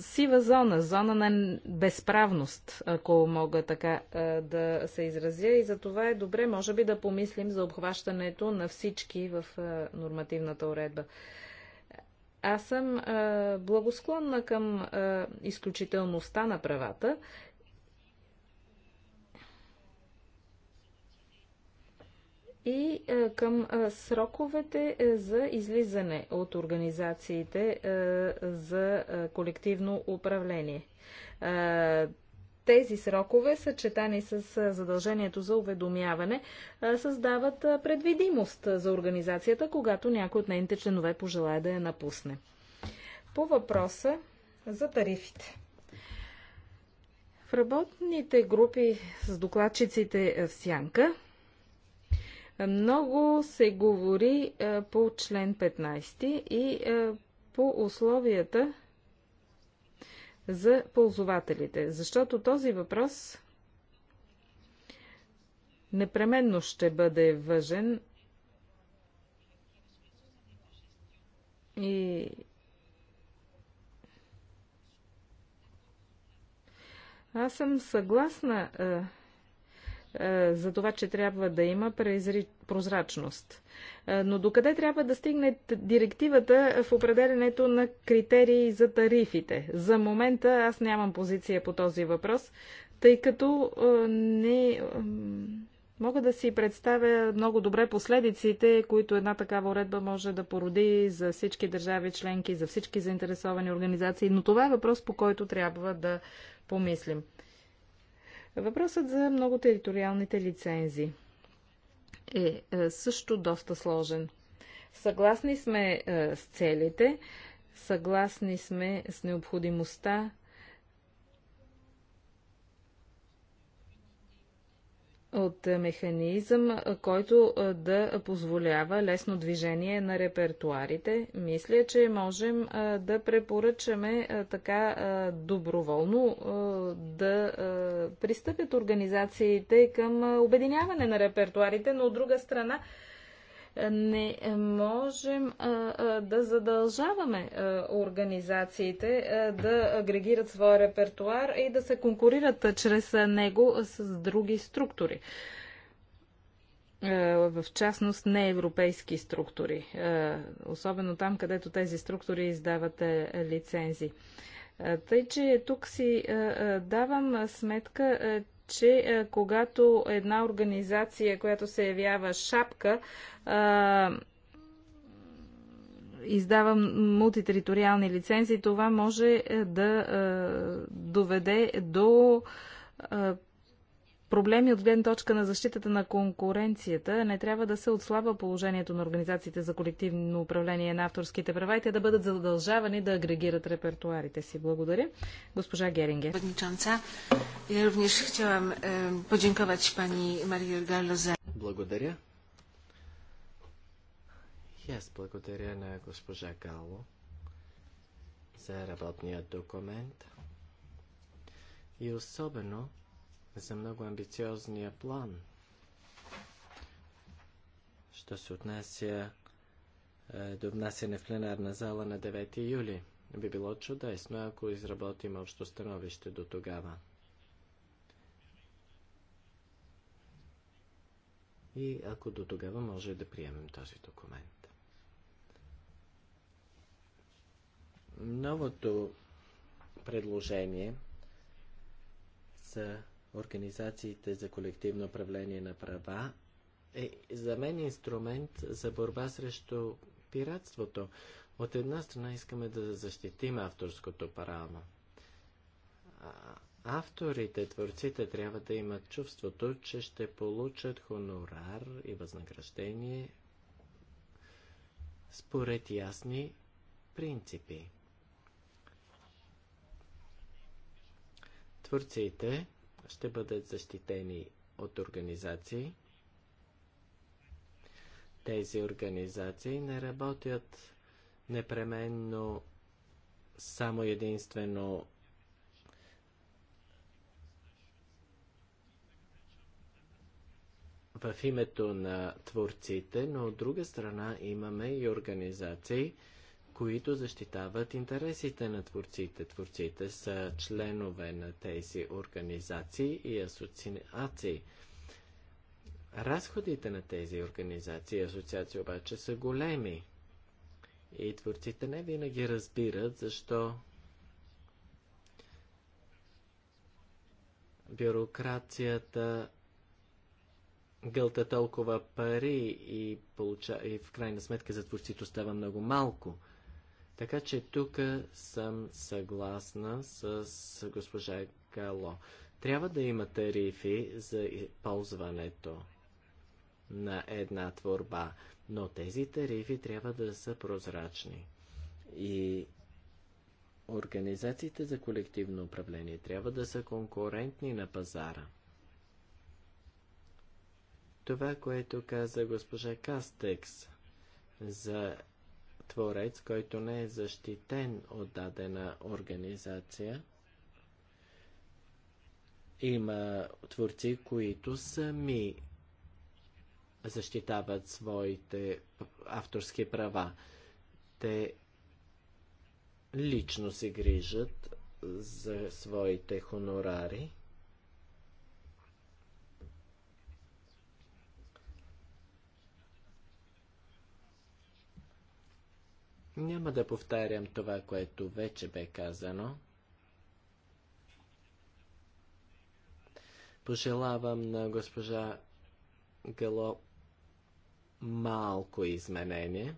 сива зона, зона на безправност, ако мога така е, да се изразя. И за това е добре, може би, да помислим за обхващането на всички в е, нормативната уредба. Аз съм благосклонна към изключителността на правата и е, към е, сроковете е, за излизане от организациите за колективно управление. Тези срокове, съчетани с задължението за уведомяване, създават предвидимост за организацията, когато някой от нейните членове пожелая да я напусне. По въпроса за тарифите. В работните групи с докладчиците в Сянка много се говори е, по член 15 и е, по условията за ползвателите, защото този въпрос непременно ще бъде въжен и аз съм съгласна е, е, за това, че трябва да има прозрачност. Е, но докъде трябва да стигне директивата в определенето на критерии за тарифите? За момента аз нямам позиция по този въпрос, тъй като е, не мога да си представя много добре последиците, които една такава уредба може да породи за всички държави членки, за всички заинтересовани организации, но това е въпрос, по който трябва да помислим. Въпросът за много териториалните лицензи е, е също доста сложен. Съгласни сме е, с целите, съгласни сме с необходимостта от механизъм, който да позволява лесно движение на репертуарите. Мисля, че можем да препоръчаме така доброволно да пристъпят организациите към обединяване на репертуарите, но от друга страна не можем да задължаваме организациите да агрегират своя репертуар и да се конкурират чрез него с други структури в частност не европейски структури, особено там, където тези структури издават лицензи. Тъй, че тук си давам сметка, че е, когато една организация, която се явява шапка, е, издава мултитериториални лицензии, това може е, да доведе до проблеми от гледна точка на защитата на конкуренцията. Не трябва да се отслабва положението на организациите за колективно управление на авторските права и те да бъдат задължавани да агрегират репертуарите си. Благодаря. Госпожа Геринге. Е, е, благодаря. И аз благодаря на госпожа Гало за работния документ и особено за много амбициозния план, що се отнася е, до внасяне в пленарна зала на 9 юли. Би било чудесно, ако изработим общо становище до тогава. И ако до тогава може да приемем този документ. Новото предложение за организациите за колективно управление на права е за мен инструмент за борба срещу пиратството. От една страна искаме да защитим авторското право. Авторите, творците трябва да имат чувството, че ще получат хонорар и възнаграждение според ясни принципи. Творците ще бъдат защитени от организации. Тези организации не работят непременно само единствено в името на творците, но от друга страна имаме и организации, които защитават интересите на творците. Творците са членове на тези организации и асоциации. Разходите на тези организации и асоциации обаче са големи. И творците не винаги разбират защо бюрокрацията гълта толкова пари и, получа... и в крайна сметка за творците става много малко – така че тук съм съгласна с госпожа Гало. Трябва да има тарифи за ползването на една творба, но тези тарифи трябва да са прозрачни. И организациите за колективно управление трябва да са конкурентни на пазара. Това, което каза госпожа Кастекс за творец, който не е защитен от дадена организация. Има творци, които сами защитават своите авторски права. Те лично се грижат за своите хонорари. Няма да повтарям това, което вече бе казано. Пожелавам на госпожа Гало малко изменение.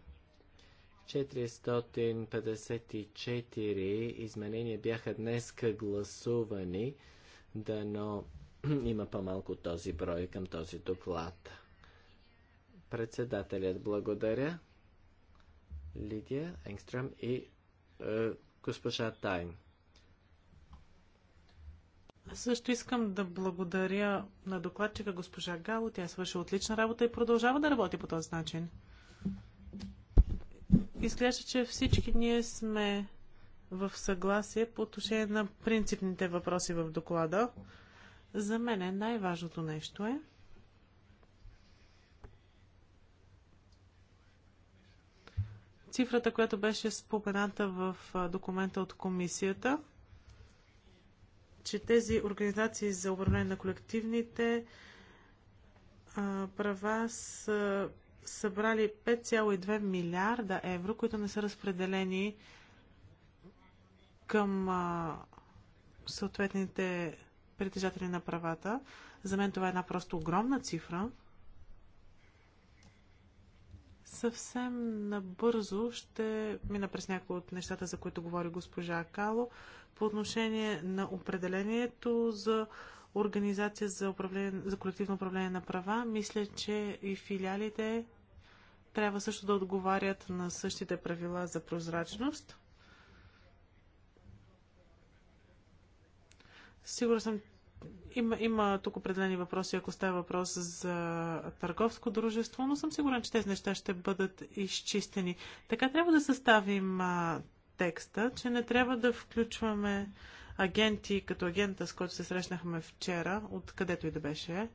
454 изменения бяха днеска гласувани, да но има по-малко този брой към този доклад. Председателят благодаря. Лидия Енгстрем и е, госпожа Тайн. Аз също искам да благодаря на докладчика госпожа Гало. Тя свърши отлична работа и продължава да работи по този начин. Изглежда, че всички ние сме в съгласие по отношение на принципните въпроси в доклада. За мен най-важното нещо е, цифрата, която беше спомената в документа от комисията, че тези организации за управление на колективните права са събрали 5,2 милиарда евро, които не са разпределени към съответните притежатели на правата. За мен това е една просто огромна цифра. Съвсем набързо ще мина през някои от нещата, за които говори госпожа Кало. По отношение на определението за организация за, управление, за колективно управление на права, мисля, че и филиалите трябва също да отговарят на същите правила за прозрачност. Сигурна съм, има, има тук определени въпроси, ако става въпрос за търговско дружество, но съм сигурен, че тези неща ще бъдат изчистени. Така трябва да съставим а, текста, че не трябва да включваме агенти, като агента, с който се срещнахме вчера, откъдето и да беше,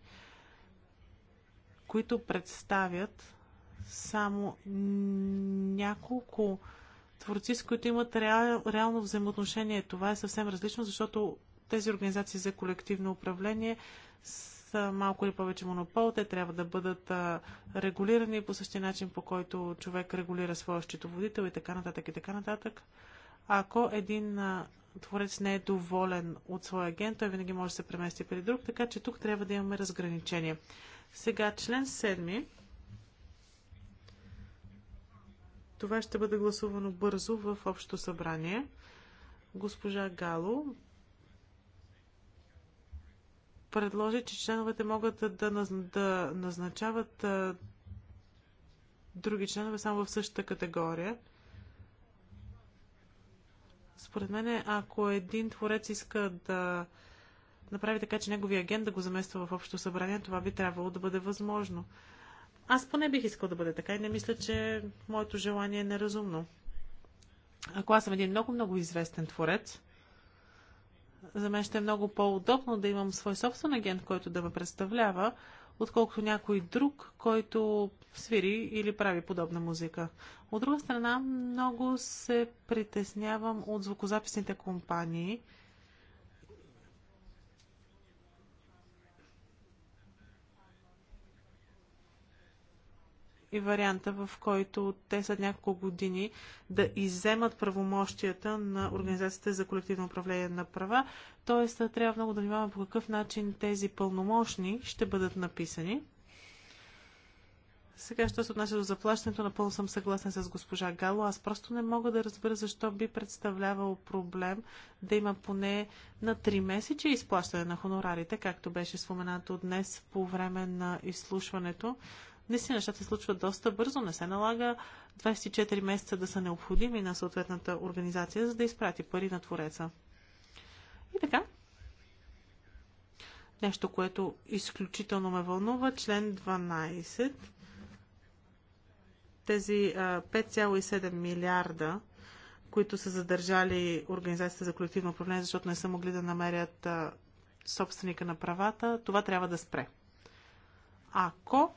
които представят само няколко творци, с които имат реал, реално взаимоотношение. Това е съвсем различно, защото тези организации за колективно управление са малко или повече монопол. Те трябва да бъдат регулирани по същия начин, по който човек регулира своя счетоводител и така нататък и така нататък. Ако един творец не е доволен от своя агент, той винаги може да се премести при друг, така че тук трябва да имаме разграничение. Сега член 7. Това ще бъде гласувано бързо в Общото събрание. Госпожа Гало предложи, че членовете могат да, наз... да назначават а, други членове само в същата категория. Според мен, ако един творец иска да направи така, че неговия агент да го замества в общо събрание, това би трябвало да бъде възможно. Аз поне бих искал да бъде така и не мисля, че моето желание е неразумно. Ако аз съм един много-много известен творец, за мен ще е много по-удобно да имам свой собствен агент, който да ме представлява, отколкото някой друг, който свири или прави подобна музика. От друга страна, много се притеснявам от звукозаписните компании – и варианта, в който те след няколко години да иземат правомощията на Организацията за колективно управление на права. Тоест, трябва много да внимаваме по какъв начин тези пълномощни ще бъдат написани. Сега, що се отнася до заплащането, напълно съм съгласен с госпожа Гало. Аз просто не мога да разбера защо би представлявал проблем да има поне на 3 месече изплащане на хонорарите, както беше споменато днес по време на изслушването. Наистина нещата се случват доста бързо, не се налага 24 месеца да са необходими на съответната организация, за да изпрати пари на Твореца. И така. Нещо, което изключително ме вълнува, член 12. Тези 5,7 милиарда, които са задържали Организацията за колективно управление, защото не са могли да намерят собственика на правата, това трябва да спре. Ако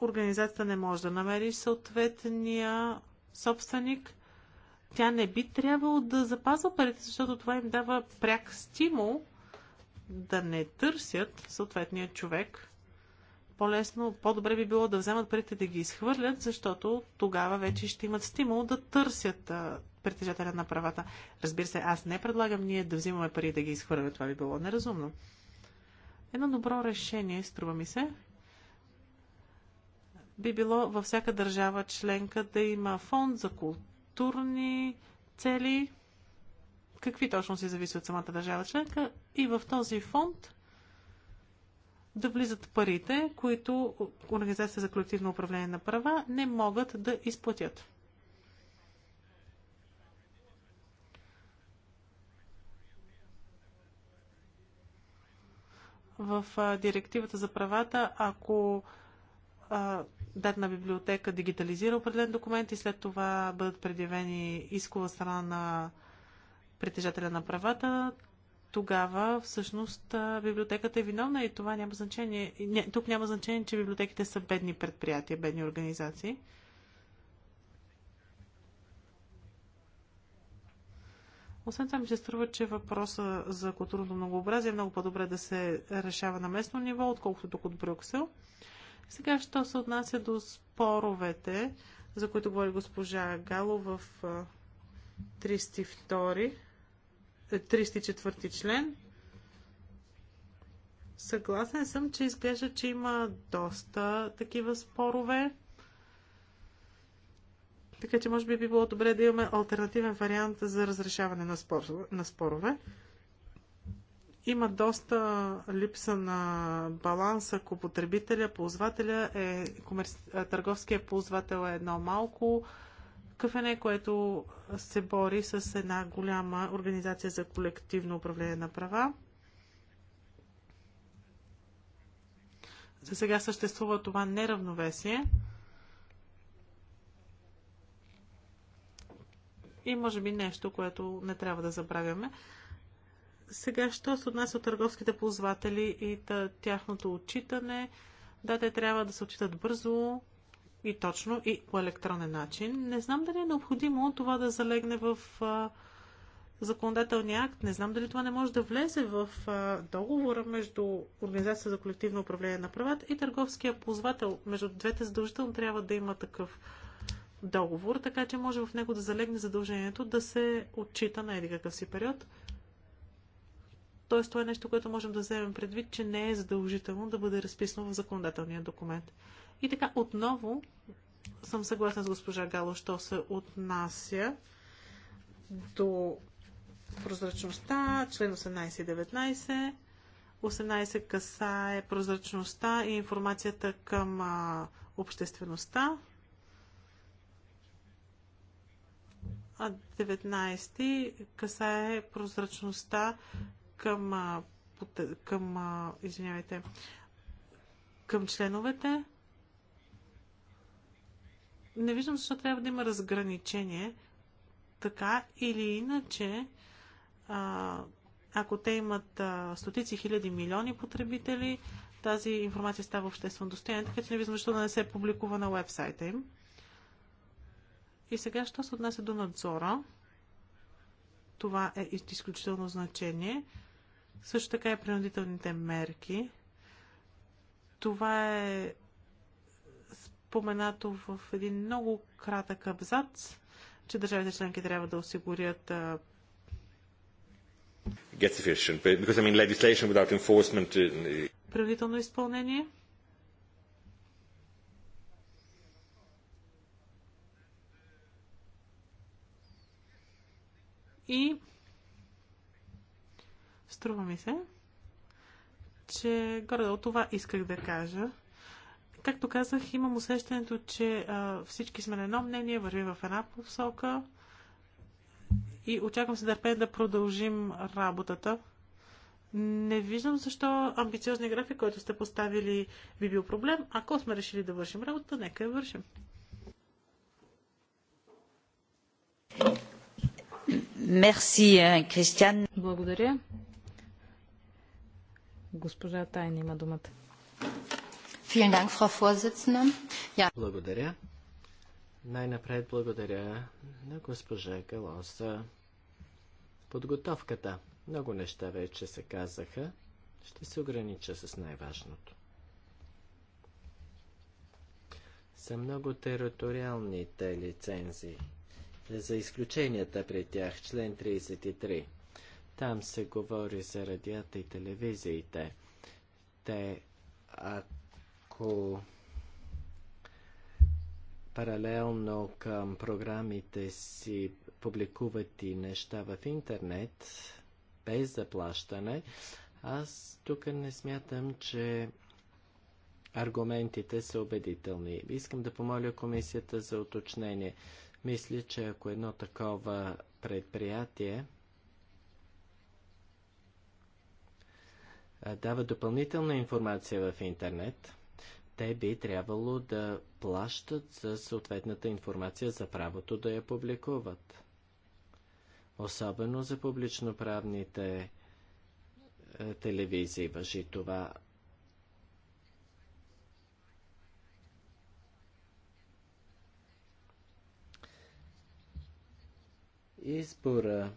организацията не може да намери съответния собственик, тя не би трябвало да запазва парите, защото това им дава пряк стимул да не търсят съответния човек. По-лесно, по-добре би било да вземат парите да ги изхвърлят, защото тогава вече ще имат стимул да търсят а, притежателя на правата. Разбира се, аз не предлагам ние да взимаме пари да ги изхвърлят, Това би било неразумно. Едно добро решение, струва ми се, би било във всяка държава членка да има фонд за културни цели, какви точно си зависи от самата държава членка, и в този фонд да влизат парите, които Организацията за колективно управление на права не могат да изплатят. В директивата за правата, ако дадена библиотека дигитализира определен документ и след това бъдат предявени искова страна на притежателя на правата, тогава всъщност библиотеката е виновна и това няма значение. тук няма значение, че библиотеките са бедни предприятия, бедни организации. Освен това ми се струва, че въпроса за културното многообразие е много по-добре да се решава на местно ниво, отколкото тук от Брюксел. Сега, що се отнася до споровете, за които говори госпожа Гало в 32, 34 е, член, съгласен съм, че изглежда, че има доста такива спорове. Така че може би би било добре да имаме альтернативен вариант за разрешаване на спорове. Има доста липса на баланс, ако потребителя, ползвателя е, комерци... Е, търговския ползвател е едно малко кафене, което се бори с една голяма организация за колективно управление на права. За сега съществува това неравновесие. И може би нещо, което не трябва да забравяме. Сега, що се отнася от търговските ползватели и тяхното отчитане? Да, те трябва да се отчитат бързо и точно и по електронен начин. Не знам дали е необходимо това да залегне в а, законодателния акт. Не знам дали това не може да влезе в а, договора между Организацията за колективно управление на правата и търговския ползвател. Между двете задължително трябва да има такъв договор, така че може в него да залегне задължението да се отчита на един какъв си период Тоест, това е нещо, което можем да вземем предвид, че не е задължително да бъде разписано в законодателния документ. И така, отново съм съгласна с госпожа Гало, що се отнася до прозрачността, член 18 и 19. 18 касае прозрачността и информацията към а, обществеността. А 19 касае прозрачността към, към извинявайте, към членовете. Не виждам защо трябва да има разграничение. Така или иначе, а, ако те имат а, стотици хиляди милиони потребители, тази информация става обществено достояние, така че не виждам защо да не се публикува на вебсайта им. И сега, що се отнася до надзора, това е изключително значение. Също така и принудителните мерки. Това е споменато в един много кратък абзац, че държавите членки трябва да осигурят gets efficient. Because I mean, legislation without enforcement. Uh, uh, правително изпълнение. И Струва ми се, че горе от това исках да кажа. Както казах, имам усещането, че а, всички сме на едно мнение, върви в една посока и очаквам се дърпен да продължим работата. Не виждам защо амбициозния график, който сте поставили, би бил проблем. Ако сме решили да вършим работа, нека я вършим. Благодаря, Госпожа Тайна има думата. Благодаря. Най-напред благодаря на госпожа Гало за подготовката. Много неща вече се казаха. Ще се огранича с най-важното. Са много териториалните лицензии. За изключенията при тях, член 33. Там се говори за радията и телевизиите. Те, ако паралелно към програмите си публикуват и неща в интернет, без заплащане, аз тук не смятам, че аргументите са убедителни. Искам да помоля комисията за уточнение. Мисля, че ако едно такова предприятие Дава допълнителна информация в интернет, те би трябвало да плащат за съответната информация за правото да я публикуват. Особено за публичноправните е, телевизии въжи това. Избора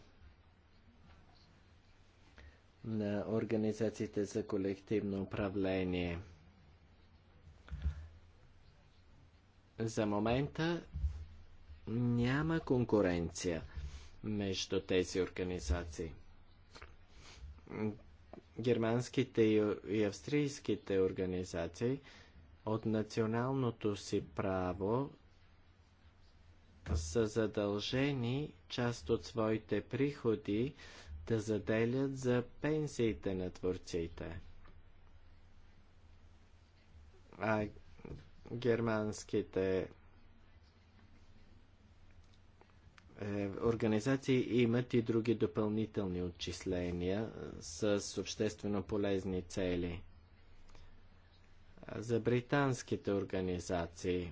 на организациите за колективно управление. За момента няма конкуренция между тези организации. Германските и австрийските организации от националното си право са задължени част от своите приходи да заделят за пенсиите на творците. А германските е, организации имат и други допълнителни отчисления с обществено полезни цели. За британските организации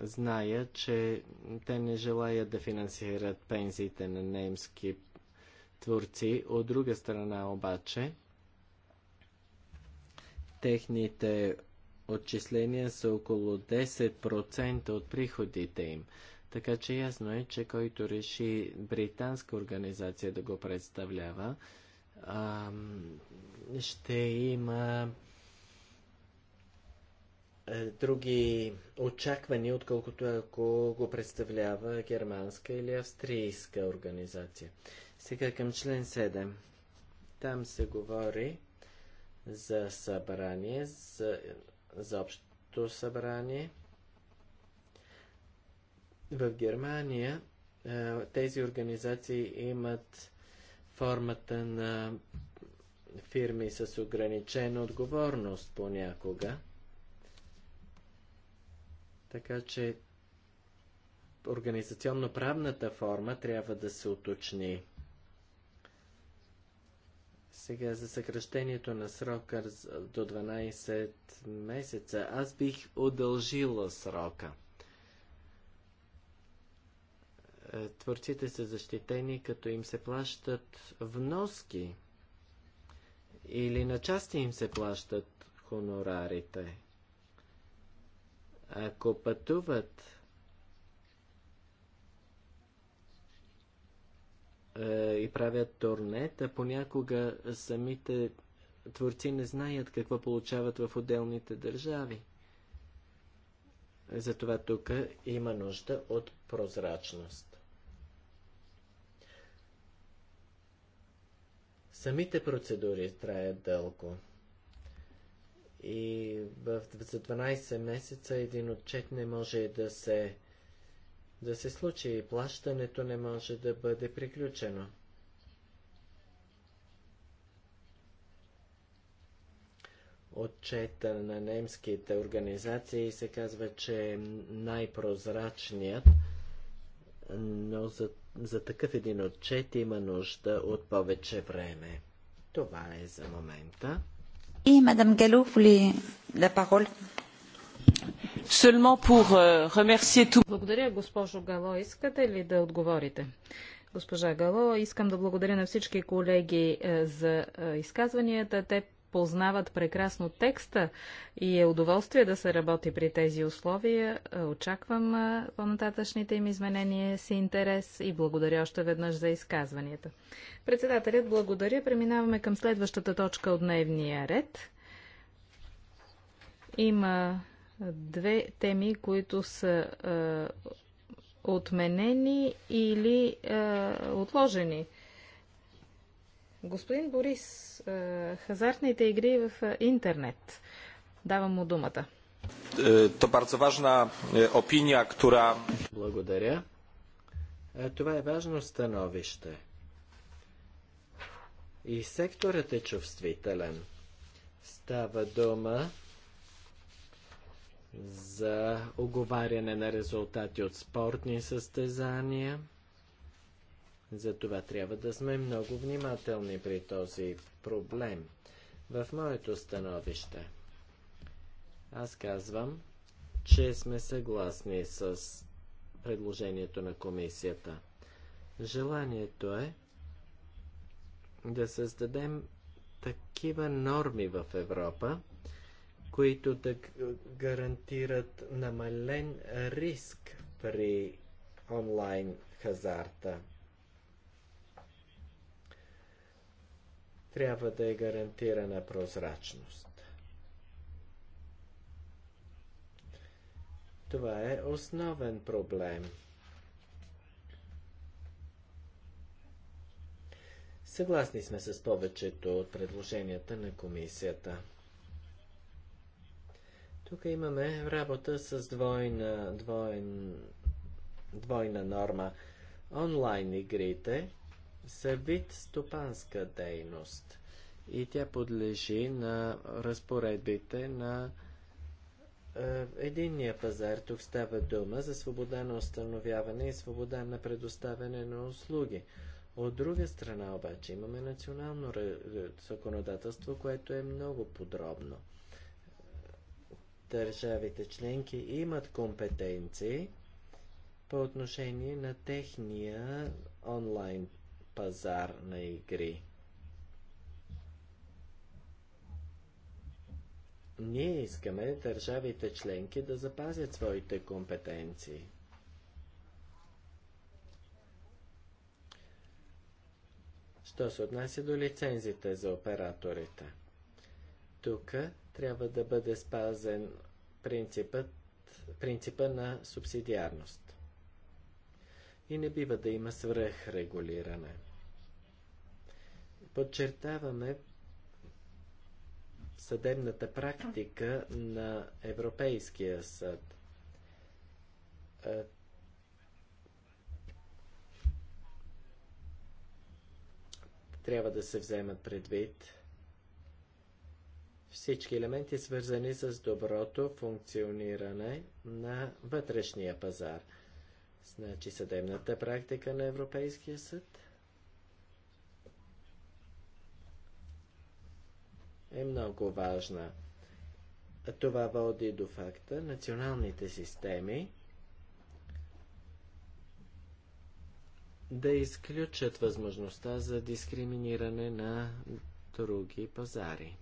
зная, че те не желаят да финансират пензиите на немски творци. От друга страна обаче, техните отчисления са около 10% от приходите им. Така че ясно е, че който реши британска организация да го представлява, а, ще има е, други очаквания, отколкото ако го представлява германска или австрийска организация. Сега към член 7. Там се говори за събрание, за, за общото събрание. В Германия е, тези организации имат формата на фирми с ограничена отговорност понякога. Така че организационно-правната форма трябва да се уточни. Сега за съкръщението на срока до 12 месеца. Аз бих удължила срока. Е, творците са защитени, като им се плащат вноски или на части им се плащат хонорарите. Ако пътуват Е, и правят турнета, понякога самите творци не знаят какво получават в отделните държави. Затова тук има нужда от прозрачност. Самите процедури траят дълго. И в, за 12 месеца един отчет не може да се да се случи и плащането не може да бъде приключено. Отчета на немските организации се казва, че е най-прозрачният, но за, за такъв един отчет има нужда от повече време. Това е за момента. И мадам Галуф ли да пароль? Seulement pour euh, remercier tout... Благодаря, госпожо Гало. Искате ли да отговорите? Госпожа Гало, искам да благодаря на всички колеги е, за е, изказванията. Те познават прекрасно текста и е удоволствие да се работи при тези условия. Е, очаквам по-нататъчните им изменения с интерес и благодаря още веднъж за изказванията. Председателят, благодаря. Преминаваме към следващата точка от дневния ред. Има две теми, които са отменени или отложени. Господин Борис, хазартните игри в интернет. Давам му думата. Е, то bardzo важна опиния, е, która... Благодаря. Е, това е важно становище. И секторът е чувствителен. Става дума за оговаряне на резултати от спортни състезания. Затова трябва да сме много внимателни при този проблем. В моето становище аз казвам, че сме съгласни с предложението на комисията. Желанието е да създадем такива норми в Европа, които да гарантират намален риск при онлайн хазарта. Трябва да е гарантирана прозрачност. Това е основен проблем. Съгласни сме с повечето от предложенията на комисията. Тук имаме работа с двойна, двойн, двойна норма. Онлайн игрите са вид стопанска дейност и тя подлежи на разпоредбите на е, единния пазар. Тук става дума за свобода на установяване и свобода на предоставяне на услуги. От друга страна обаче имаме национално законодателство, което е много подробно – държавите членки имат компетенции по отношение на техния онлайн пазар на игри. Ние искаме държавите членки да запазят своите компетенции. Що се отнася до лицензите за операторите? Тук трябва да бъде спазен принципът, принципа на субсидиарност. И не бива да има свръхрегулиране. Подчертаваме съдебната практика на Европейския съд. Трябва да се вземат предвид всички елементи, свързани с доброто функциониране на вътрешния пазар. Значи съдебната практика на Европейския съд е много важна. Това води до факта националните системи да изключат възможността за дискриминиране на други пазари.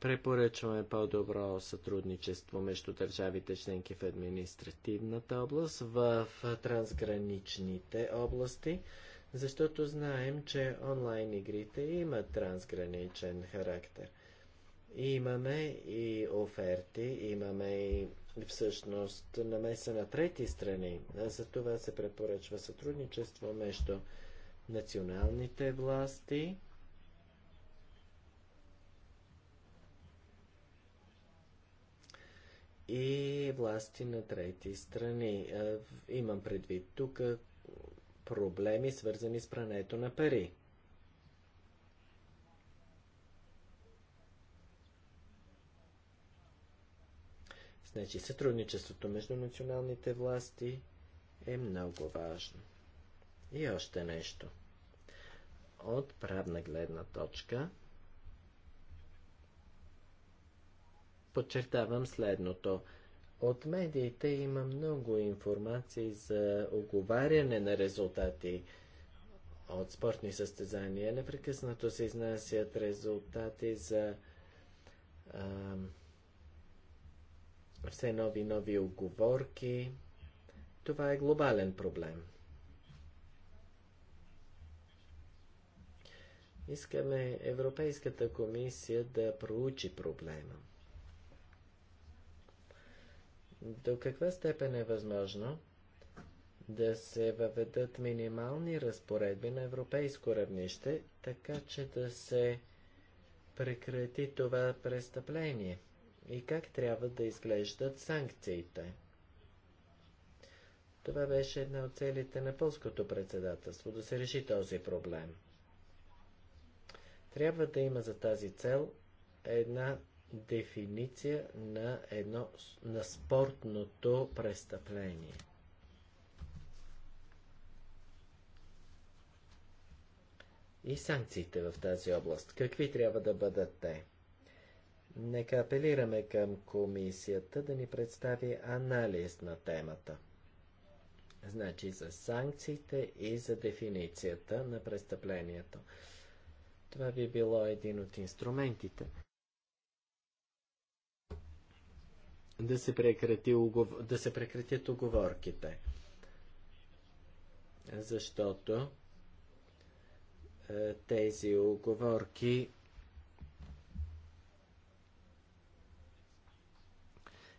Препоръчваме по-добро сътрудничество между държавите членки в административната област, в трансграничните области, защото знаем, че онлайн игрите имат трансграничен характер. Имаме и оферти, имаме и всъщност намеса на трети страни. За това се препоръчва сътрудничество между националните власти, и власти на трети страни. Имам предвид тук проблеми, свързани с прането на пари. Значи сътрудничеството между националните власти е много важно. И още нещо. От правна гледна точка – подчертавам следното. От медиите има много информации за оговаряне на резултати от спортни състезания. Непрекъснато се изнасят резултати за а, все нови нови оговорки. Това е глобален проблем. Искаме Европейската комисия да проучи проблема. До каква степен е възможно да се въведат минимални разпоредби на европейско равнище, така че да се прекрати това престъпление? И как трябва да изглеждат санкциите? Това беше една от целите на полското председателство да се реши този проблем. Трябва да има за тази цел една дефиниция на, едно, на спортното престъпление. И санкциите в тази област. Какви трябва да бъдат те? Нека апелираме към комисията да ни представи анализ на темата. Значи за санкциите и за дефиницията на престъплението. Това би било един от инструментите – да се, прекрати, да се прекратят оговорките. Защото е, тези оговорки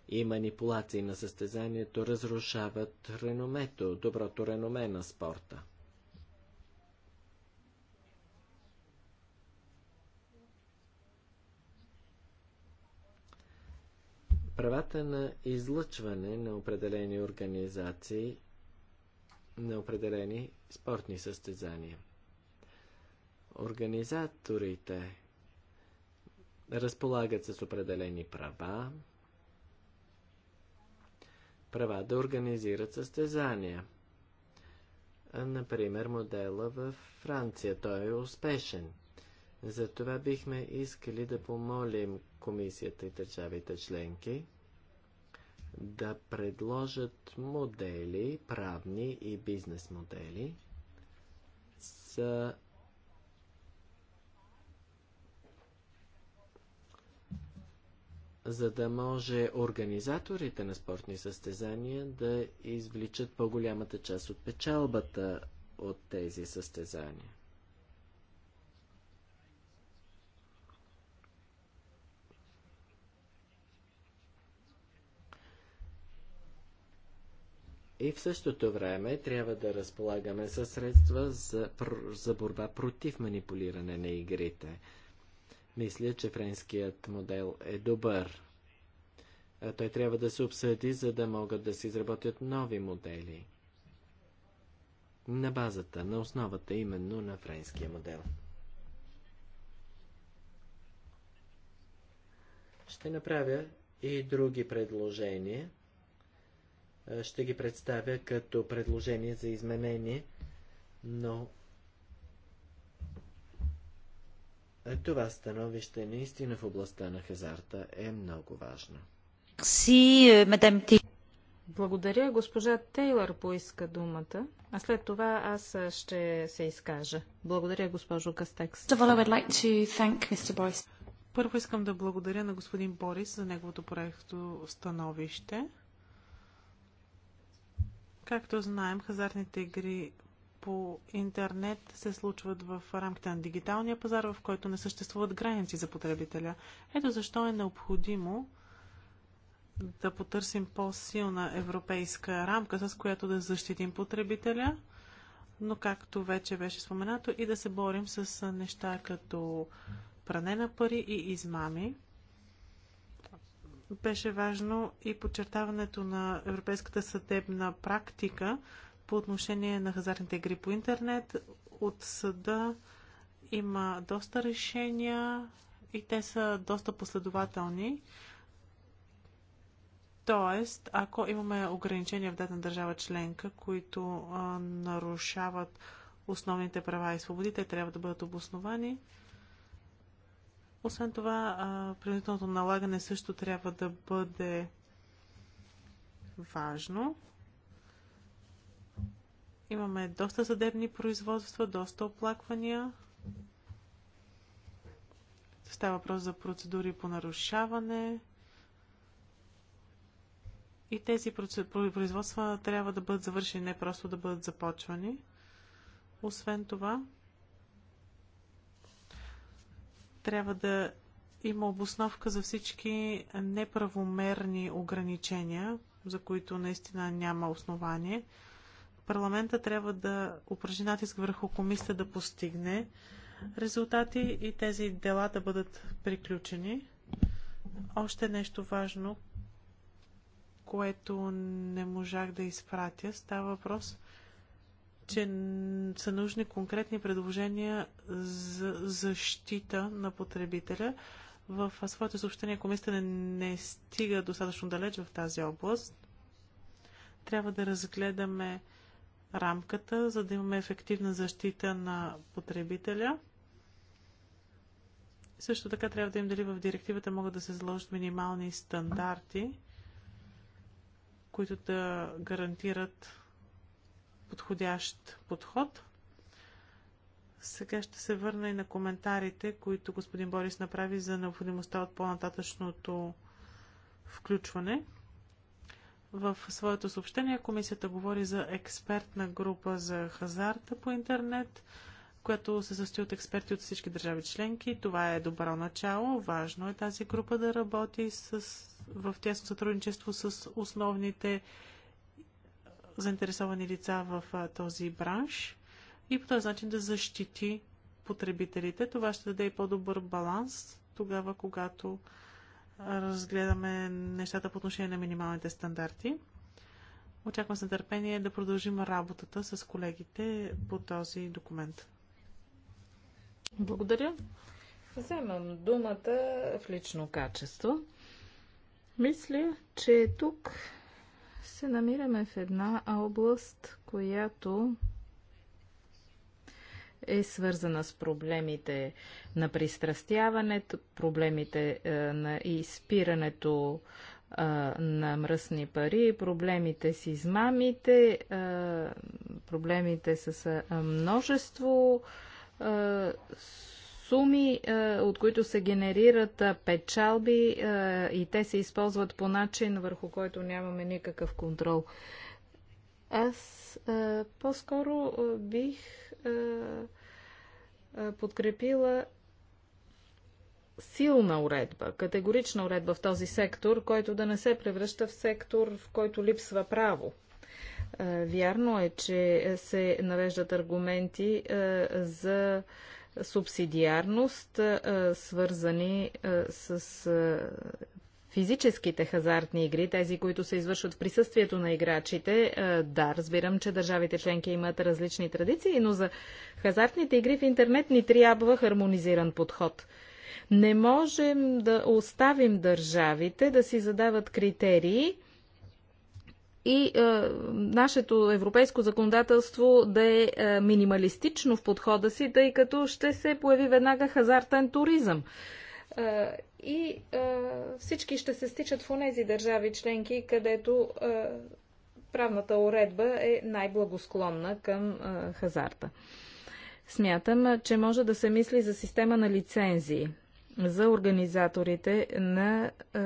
и манипулации на състезанието разрушават реномето, доброто реноме на спорта. Правата на излъчване на определени организации на определени спортни състезания. Организаторите разполагат с определени права, права да организират състезания. Например, модела в Франция. Той е успешен. Затова бихме искали да помолим комисията и държавите членки да предложат модели, правни и бизнес модели за за да може организаторите на спортни състезания да извличат по-голямата част от печалбата от тези състезания. И в същото време трябва да разполагаме със средства за, за борба против манипулиране на игрите. Мисля, че френският модел е добър. Той трябва да се обсъди, за да могат да се изработят нови модели. На базата, на основата именно на френския модел. Ще направя и други предложения – е, ще ги представя като предложение за изменение, но е, това становище наистина в областта на хазарта е много важно. Е, благодаря. Госпожа Тейлър поиска думата, а след това аз ще се изкажа. Благодаря, госпожо Кастекс. Първо искам да благодаря на господин Борис за неговото проекто становище. Както знаем, хазартните игри по интернет се случват в рамките на дигиталния пазар, в който не съществуват граници за потребителя. Ето защо е необходимо да потърсим по-силна европейска рамка, с която да защитим потребителя, но както вече беше споменато, и да се борим с неща като пране на пари и измами. Беше важно и подчертаването на европейската съдебна практика по отношение на хазарните игри по интернет. От съда има доста решения и те са доста последователни. Тоест, ако имаме ограничения в дадена държава членка, които а, нарушават основните права и свободи, те трябва да бъдат обосновани. Освен това, принудителното налагане също трябва да бъде важно. Имаме доста съдебни производства, доста оплаквания. Става въпрос за процедури по нарушаване. И тези производства трябва да бъдат завършени, не просто да бъдат започвани. Освен това, трябва да има обосновка за всички неправомерни ограничения, за които наистина няма основание. Парламента трябва да упражни натиск върху комисията да постигне резултати и тези дела да бъдат приключени. Още нещо важно, което не можах да изпратя, става въпрос – че са нужни конкретни предложения за защита на потребителя. В своето съобщение комисията не, не стига достатъчно далеч в тази област. Трябва да разгледаме рамката, за да имаме ефективна защита на потребителя. Също така трябва да им дали в директивата могат да се заложат минимални стандарти, които да гарантират подходящ подход. Сега ще се върна и на коментарите, които господин Борис направи за необходимостта от по-нататъчното включване. В своето съобщение комисията говори за експертна група за хазарта по интернет, която се състои от експерти от всички държави членки. Това е добро начало. Важно е тази група да работи с, в тясно сътрудничество с основните заинтересовани лица в този бранш и по този начин да защити потребителите. Това ще даде и по-добър баланс тогава, когато разгледаме нещата по отношение на минималните стандарти. Очаквам с нетърпение да продължим работата с колегите по този документ. Благодаря. Вземам думата в лично качество. Мисля, че тук се намираме в една област, която е свързана с проблемите на пристрастяването, проблемите е, на изпирането е, на мръсни пари, проблемите с измамите, е, проблемите с е, множество е, суми, е, от които се генерират е, печалби е, и те се използват по начин, върху който нямаме никакъв контрол. Аз по-скоро бих подкрепила силна уредба, категорична уредба в този сектор, който да не се превръща в сектор, в който липсва право. Вярно е, че се навеждат аргументи за субсидиарност, свързани с физическите хазартни игри, тези, които се извършват в присъствието на играчите, да, разбирам, че държавите членки имат различни традиции, но за хазартните игри в интернет ни трябва хармонизиран подход. Не можем да оставим държавите да си задават критерии, и е, нашето европейско законодателство да е, е минималистично в подхода си, тъй като ще се появи веднага хазартен туризъм. Е, и е, всички ще се стичат в тези държави членки, където е, правната уредба е най-благосклонна към е, хазарта. Смятам, е, че може да се мисли за система на лицензии за организаторите на е,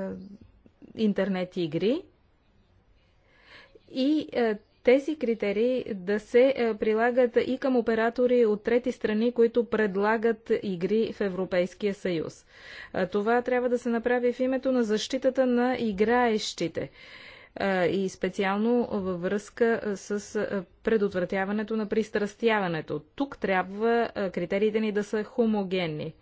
интернет игри и е, тези критерии да се е, прилагат и към оператори от трети страни, които предлагат игри в Европейския съюз. Е, това трябва да се направи в името на защитата на играещите и специално във връзка с предотвратяването на пристрастяването. Тук трябва критериите ни да са хомогенни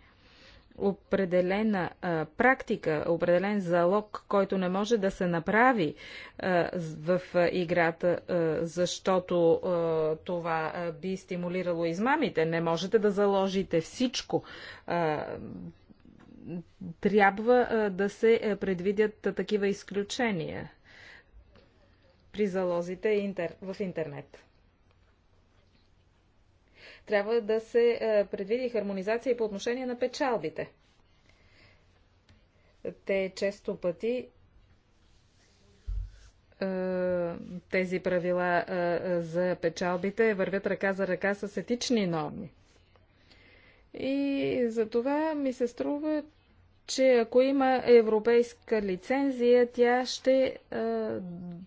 определена а, практика, определен залог, който не може да се направи а, в а, играта, а, защото а, това а, би стимулирало измамите. Не можете да заложите всичко. А, трябва а, да се предвидят а, такива изключения при залозите интер... в интернет. Трябва да се е, предвиди хармонизация и по отношение на печалбите. Те често пъти е, тези правила е, за печалбите вървят ръка за ръка с етични норми. И за това ми се струва, че ако има европейска лицензия, тя ще а, е,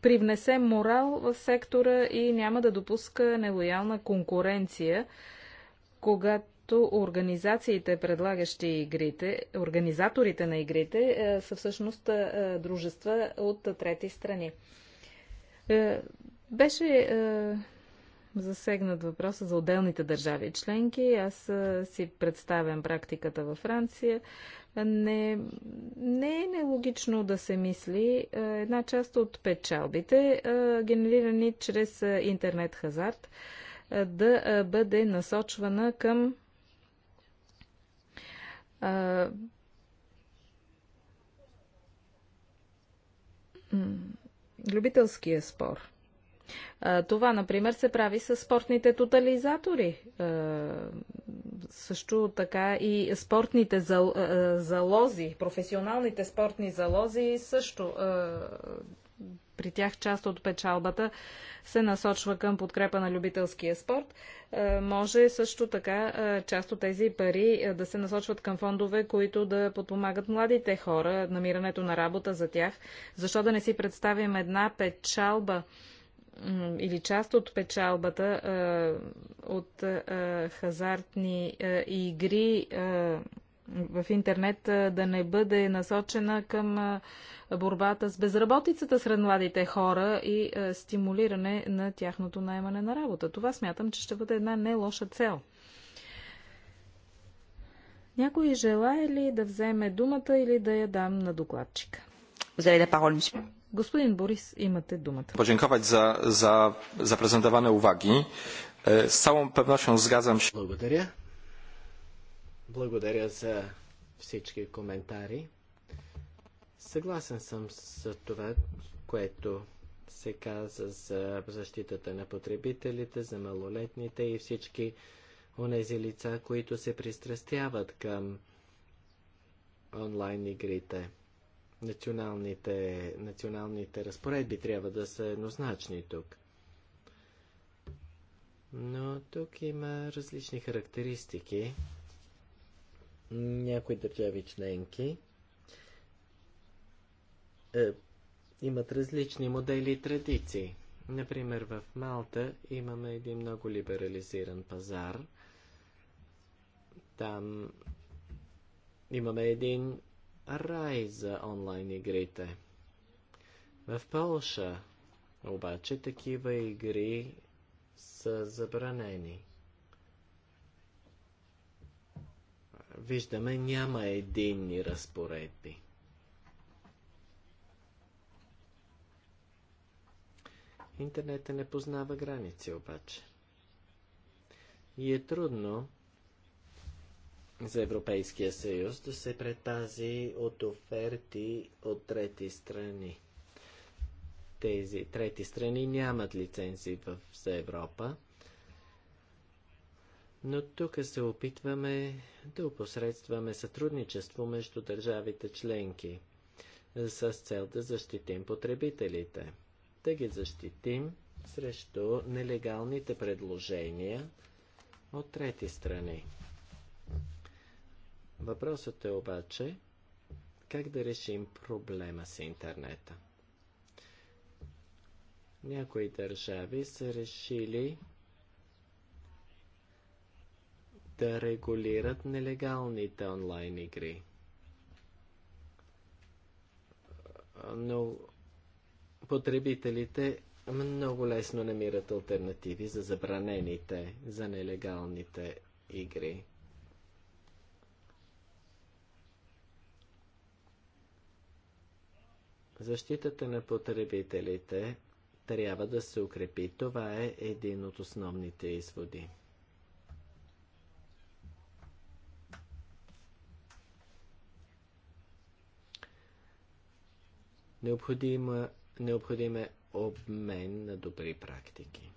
привнесе морал в сектора и няма да допуска нелоялна конкуренция, когато организациите, предлагащи игрите, организаторите на игрите е, са всъщност е, е дружества от трети страни. Е, беше е, засегнат въпроса за отделните държави членки. Аз си представям практиката във Франция не, не е нелогично да се мисли е, една част от печалбите, е, генерирани чрез е, интернет хазарт, да бъде насочвана към любителския спор. Това, например, се прави с спортните тотализатори също така и спортните зал, е, залози, професионалните спортни залози също е, при тях част от печалбата се насочва към подкрепа на любителския спорт. Е, може също така част от тези пари да се насочват към фондове, които да подпомагат младите хора, намирането на работа за тях. Защо да не си представим една печалба? или част от печалбата от хазартни игри в интернет да не бъде насочена към борбата с безработицата сред младите хора и стимулиране на тяхното найемане на работа. Това смятам, че ще бъде една не лоша цел. Някой желая ли да вземе думата или да я дам на докладчика? Взели да la мисля. Господин Борис, имате думата. Podziękować за, за, за презентоване уваги. С цялом певношен zgadzam Благодаря. Благодаря за всички коментари. Съгласен съм с това, което се каза за защитата на потребителите, за малолетните и всички онези лица, които се пристрастяват към онлайн игрите националните, националните разпоредби трябва да са еднозначни тук. Но тук има различни характеристики. Някои държави членки е, имат различни модели и традиции. Например, в Малта имаме един много либерализиран пазар. Там имаме един рай за онлайн игрите. В Полша обаче такива игри са забранени. Виждаме, няма единни разпоредби. Интернетът не познава граници обаче. И е трудно за Европейския съюз да се предпази от оферти от трети страни. Тези трети страни нямат лицензии в, за Европа, но тук се опитваме да опосредстваме сътрудничество между държавите членки с цел да защитим потребителите, да ги защитим срещу нелегалните предложения от трети страни. Въпросът е обаче как да решим проблема с интернета. Някои държави са решили да регулират нелегалните онлайн игри. Но потребителите много лесно намират альтернативи за забранените, за нелегалните игри. Защитата на потребителите трябва да се укрепи. Това е един от основните изводи. Необходима, необходим е обмен на добри практики.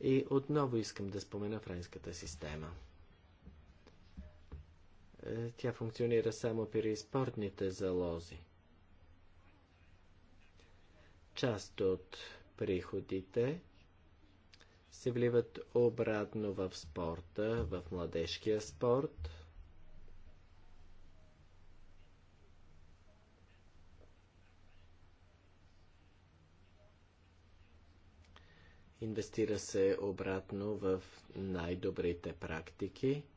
И отново искам да спомена френската система – е, тя функционира само при спортните залози. Част от приходите се вливат обратно в спорта, в младежкия спорт. Инвестира се обратно в най-добрите практики –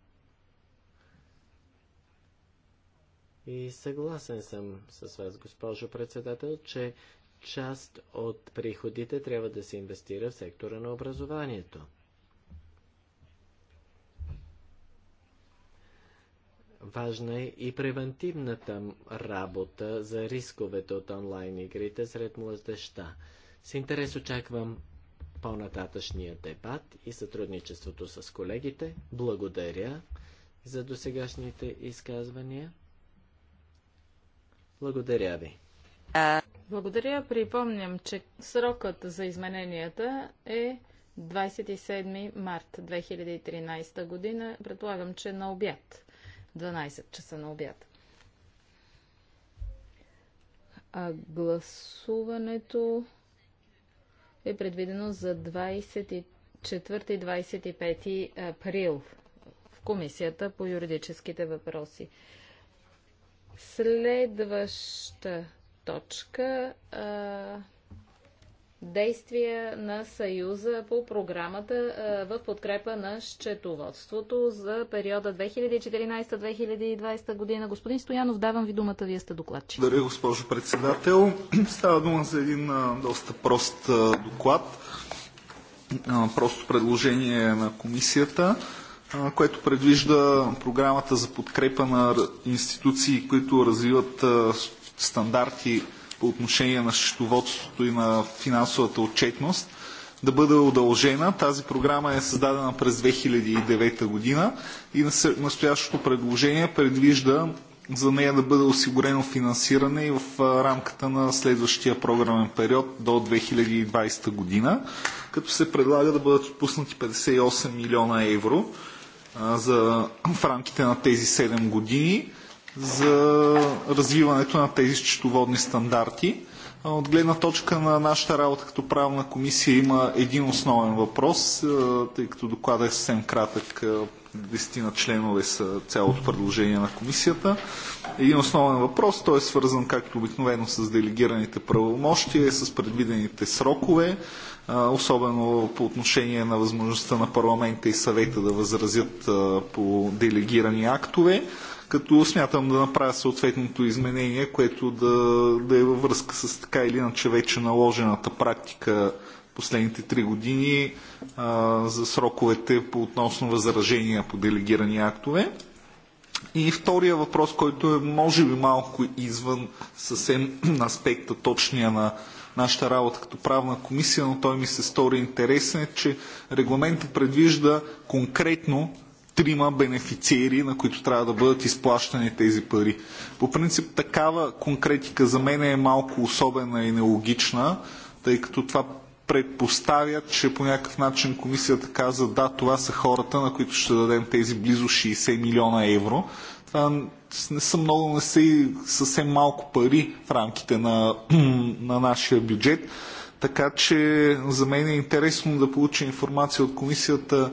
И съгласен съм с вас, госпожо председател, че част от приходите трябва да се инвестира в сектора на образованието. Важна е и превентивната работа за рисковете от онлайн игрите сред младеща. С интерес очаквам по-нататъчния дебат и сътрудничеството с колегите. Благодаря за досегашните изказвания. Благодаря ви. Благодаря. Припомням, че срокът за измененията е 27 март 2013 година. Предполагам, че на обяд. 12 часа на обяд. А гласуването е предвидено за 24 и 25 април в Комисията по юридическите въпроси. Следваща точка. А, действия на Съюза по програмата а, в подкрепа на счетоводството за периода 2014-2020 година. Господин Стоянов, давам ви думата, вие сте докладчик. Благодаря, госпожо председател. Става дума за един а, доста прост доклад, просто предложение на комисията което предвижда програмата за подкрепа на институции, които развиват стандарти по отношение на счетоводството и на финансовата отчетност, да бъде удължена. Тази програма е създадена през 2009 година и настоящото предложение предвижда за нея да бъде осигурено финансиране и в рамката на следващия програмен период до 2020 година, като се предлага да бъдат отпуснати 58 милиона евро за, в рамките на тези 7 години за развиването на тези счетоводни стандарти. От гледна точка на нашата работа като правна комисия има един основен въпрос, тъй като докладът е съвсем кратък, на членове са цялото предложение на комисията. Един основен въпрос, той е свързан както обикновено с делегираните правомощия, с предвидените срокове, особено по отношение на възможността на парламента и съвета да възразят по делегирани актове като смятам да направя съответното изменение, което да, да е във връзка с така или иначе вече наложената практика последните три години а, за сроковете по относно възражения по делегирани актове. И втория въпрос, който е може би малко извън съвсем аспекта точния на нашата работа като правна комисия, но той ми се стори интересен, е, че регламентът предвижда конкретно трима бенефициери, на които трябва да бъдат изплащани тези пари. По принцип такава конкретика за мен е малко особена и нелогична, тъй като това предпоставя, че по някакъв начин комисията каза да, това са хората, на които ще дадем тези близо 60 милиона евро. Това не са много, не са и съвсем малко пари в рамките на, на нашия бюджет. Така че за мен е интересно да получа информация от комисията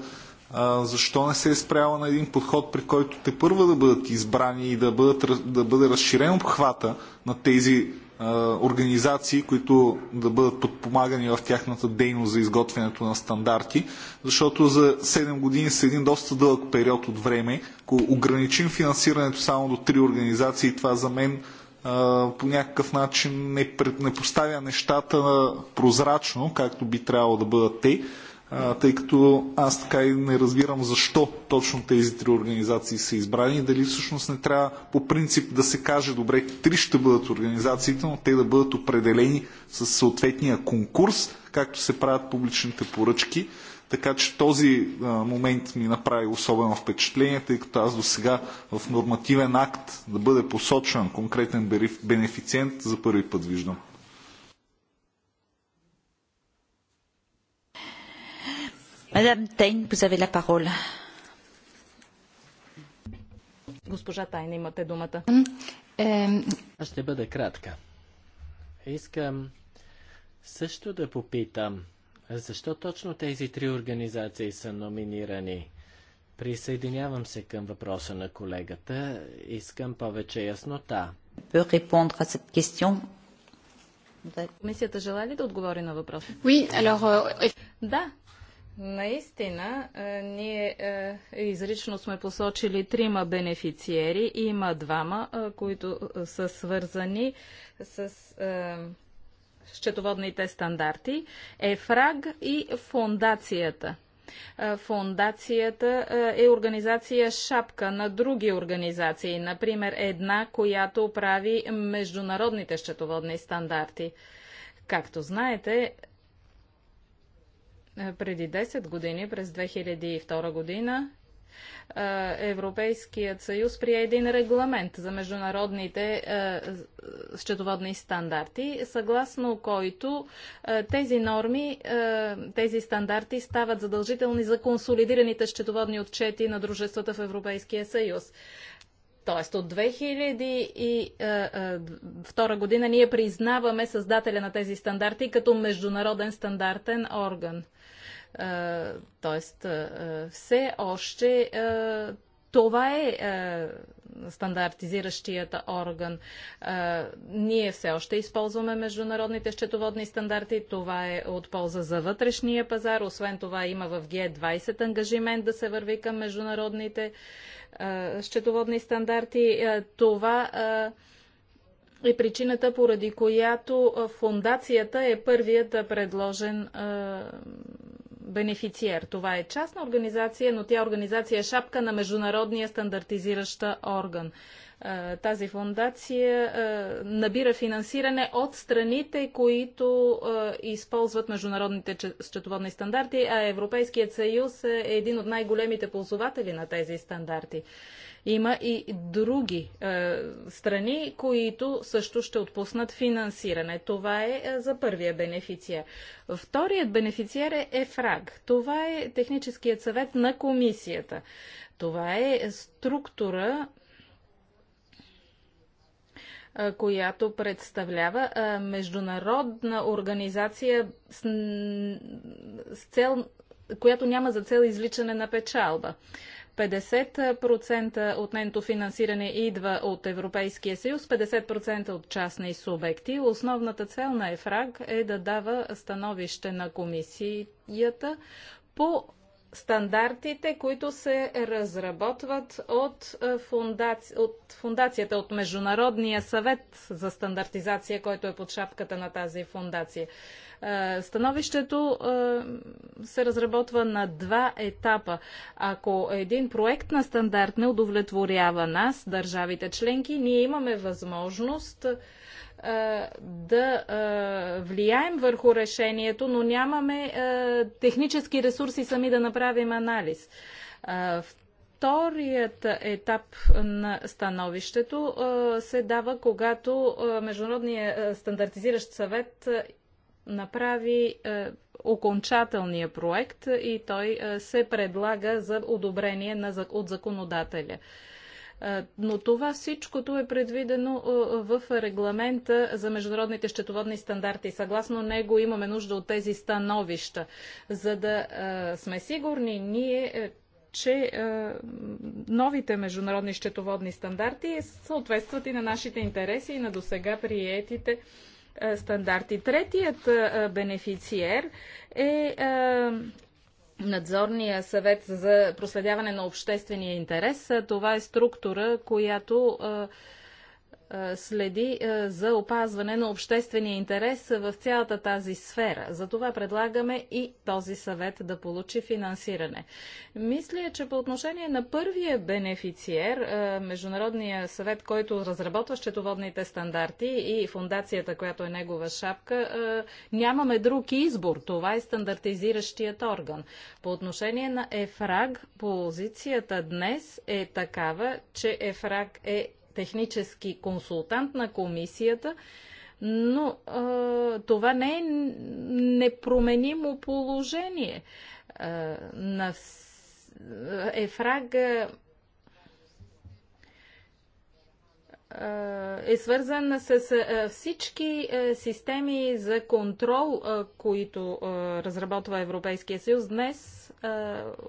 а, защо не се е спряла на един подход, при който те първа да бъдат избрани и да, бъдат, да бъде разширен обхвата на тези а, организации, които да бъдат подпомагани в тяхната дейност за изготвянето на стандарти, защото за 7 години са един доста дълъг период от време. Ако ограничим финансирането само до 3 организации, това за мен по някакъв начин не, пред, не поставя нещата прозрачно, както би трябвало да бъдат те тъй като аз така и не разбирам защо точно тези три организации са избрани и дали всъщност не трябва по принцип да се каже добре, три ще бъдат организациите, но те да бъдат определени с съответния конкурс, както се правят публичните поръчки. Така че този момент ми направи особено впечатление, тъй като аз до сега в нормативен акт да бъде посочен конкретен бенефициент за първи път виждам. Мадам Тейн, позавеля парола. Госпожа Тайна, имате думата. Аз ще бъда кратка. Искам също да попитам, защо точно тези три организации са номинирани? Присъединявам се към въпроса на колегата. Искам повече яснота. Комисията желая ли да отговори на въпроса? Euh, да, Наистина, е, ние е, изрично сме посочили трима бенефициери. Има двама, е, които са свързани с счетоводните стандарти. ЕФРАГ и фондацията. Фондацията е организация шапка на други организации, например една, която прави международните счетоводни стандарти. Както знаете, е, преди 10 години, през 2002 година, е, Европейският съюз прие един регламент за международните е, счетоводни стандарти, съгласно който тези норми, тези стандарти стават задължителни за консолидираните счетоводни отчети на дружествата в Европейския съюз. Тоест от 2002 година ние признаваме създателя на тези стандарти като международен стандартен орган. Тоест, все още това е, стандартизиращият орган. ние все още използваме международните счетоводни стандарти. Това е от полза за вътрешния пазар. Освен това има в Г20 ангажимент да се върви към международните счетоводни стандарти. Това е причината, поради която фундацията е първият предложен бенефициер. Това е частна организация, но тя организация е шапка на международния стандартизиращ орган. Тази фундация набира финансиране от страните, които използват международните счетоводни стандарти, а Европейският съюз е един от най-големите ползватели на тези стандарти. Има и други е, страни, които също ще отпуснат финансиране. Това е, е за първия бенефициер. Вторият бенефициер е ЕФРАГ. Това е техническият съвет на комисията. Това е структура е, която представлява е, международна организация с, с цел, която няма за цел изличане на печалба. 50% от нейното финансиране идва от Европейския съюз, 50% от частни субекти. Основната цел на ЕФРАГ е да дава становище на комисията по стандартите, които се разработват от, е, фундаци... от фундацията, от Международния съвет за стандартизация, който е под шапката на тази фундация. Е, становището е, се разработва на два етапа. Ако един проект на стандарт не удовлетворява нас, държавите членки, ние имаме възможност да влияем върху решението, но нямаме технически ресурси сами да направим анализ. Вторият етап на становището се дава, когато Международният стандартизиращ съвет направи окончателния проект и той се предлага за одобрение от законодателя. Е, но това всичкото е предвидено е, в регламента за международните счетоводни стандарти. Съгласно него имаме нужда от тези становища, за да е, сме сигурни ние, че новите международни счетоводни стандарти съответстват и на нашите интереси и на досега приетите стандарти. Третият бенефициер е Надзорния съвет за проследяване на обществения интерес. Това е структура, която следи за опазване на обществения интерес в цялата тази сфера. Затова предлагаме и този съвет да получи финансиране. Мисля, че по отношение на първия бенефициер, Международния съвет, който разработва счетоводните стандарти и фундацията, която е негова шапка, нямаме друг избор. Това е стандартизиращият орган. По отношение на ЕФРАГ, позицията днес е такава, че ЕФРАГ е технически консултант на комисията, но а, това не е непроменимо положение. А, на Ефраг е свързан с е, всички е, системи за контрол, е, които разработва Европейския съюз. Днес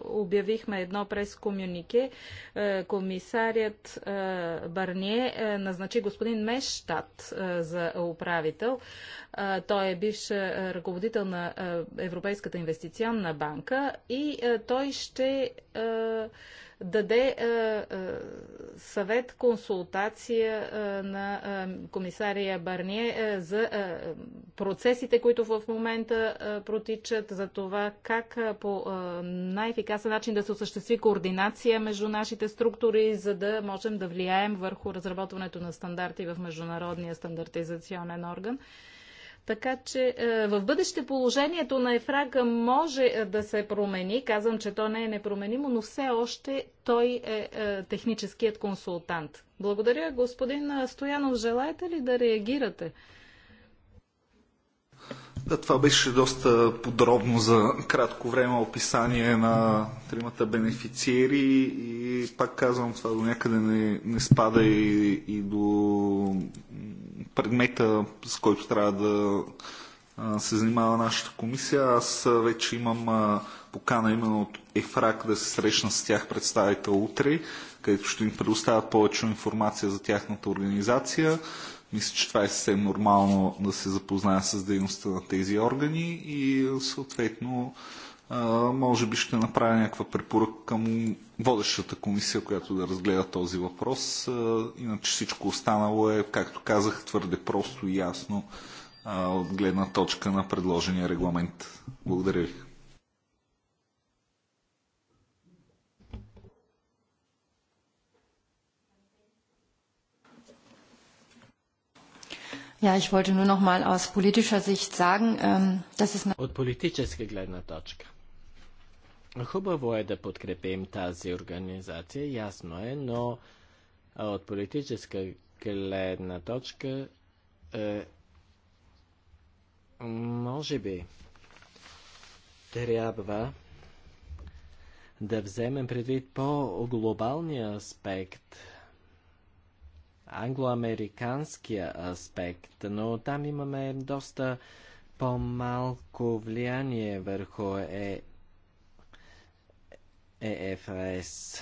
обявихме едно през комюнике. Комисарят Барние назначи господин Мештат за управител. Той е бивш ръководител на Европейската инвестиционна банка и той ще даде е, е, съвет, консултация е, на комисария Барние за процесите, които в момента протичат, за това как по най-ефикасен начин да се осъществи координация между нашите структури, за да можем да влияем върху разработването на стандарти в Международния стандартизационен орган. Така че е, в бъдеще положението на Ефрака може е, да се промени. Казвам, че то не е непроменимо, но все още той е, е техническият консултант. Благодаря, господин Стоянов. Желаете ли да реагирате? Да, това беше доста подробно за кратко време описание на тримата бенефициери и пак казвам, това до някъде не, не спада и, и до предмета, с който трябва да се занимава нашата комисия. Аз вече имам покана именно от ЕФРАК да се срещна с тях представител утре, където ще им предоставят повече информация за тяхната организация. Мисля, че това е съвсем нормално да се запознае с дейността на тези органи и съответно може би ще направя някаква препоръка към водещата комисия, която да разгледа този въпрос. Иначе всичко останало е, както казах, твърде просто и ясно от гледна точка на предложения регламент. Благодаря ви. Ja, ich wollte nur noch mal aus politischer Sicht sagen, ähm, dass es... От политическа гледна точка. Хубаво е да подкрепим тази организация, ясно е, но от политическа гледна точка е, може би трябва да вземем предвид по-глобалния аспект – англоамериканския аспект, но там имаме доста по-малко влияние върху е... ЕФС,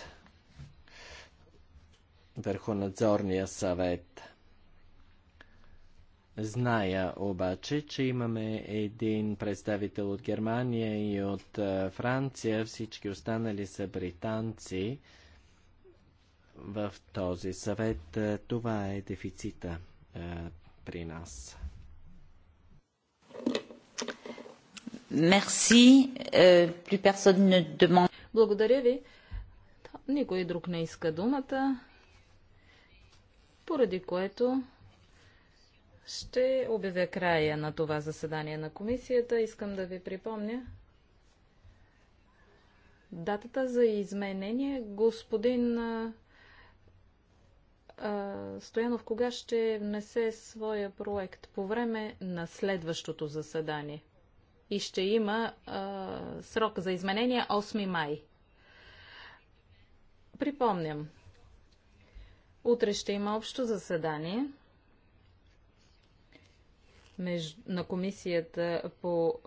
върху надзорния съвет. Зная обаче, че имаме един представител от Германия и от Франция, всички останали са британци в този съвет. Е, това е дефицита е, при нас. Мерси. Благодаря ви. Никой друг не иска думата, поради което ще обявя края на това заседание на комисията. Искам да ви припомня, датата за изменение. Господин е, Стоянов, кога ще внесе своя проект? По време на следващото заседание. И ще има а, срок за изменения 8 май. Припомням, утре ще има общо заседание на Комисията по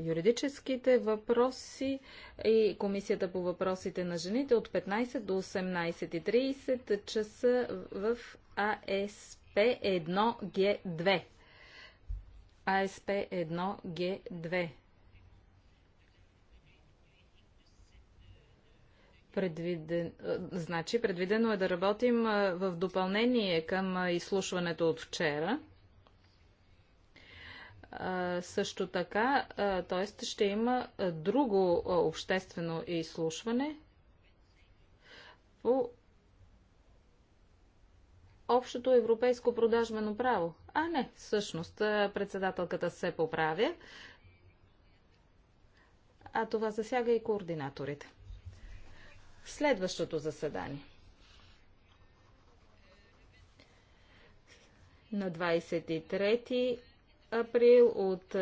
юридическите въпроси и Комисията по въпросите на жените от 15 до 18.30 часа в АСП 1Г2. АСП 1Г2. предвиден, значи предвидено е да работим в допълнение към изслушването от вчера. Също така, т.е. ще има друго обществено изслушване по общото европейско продажбено право. А не, всъщност, председателката се поправя, а това засяга и координаторите. Следващото заседание. На 23 април, от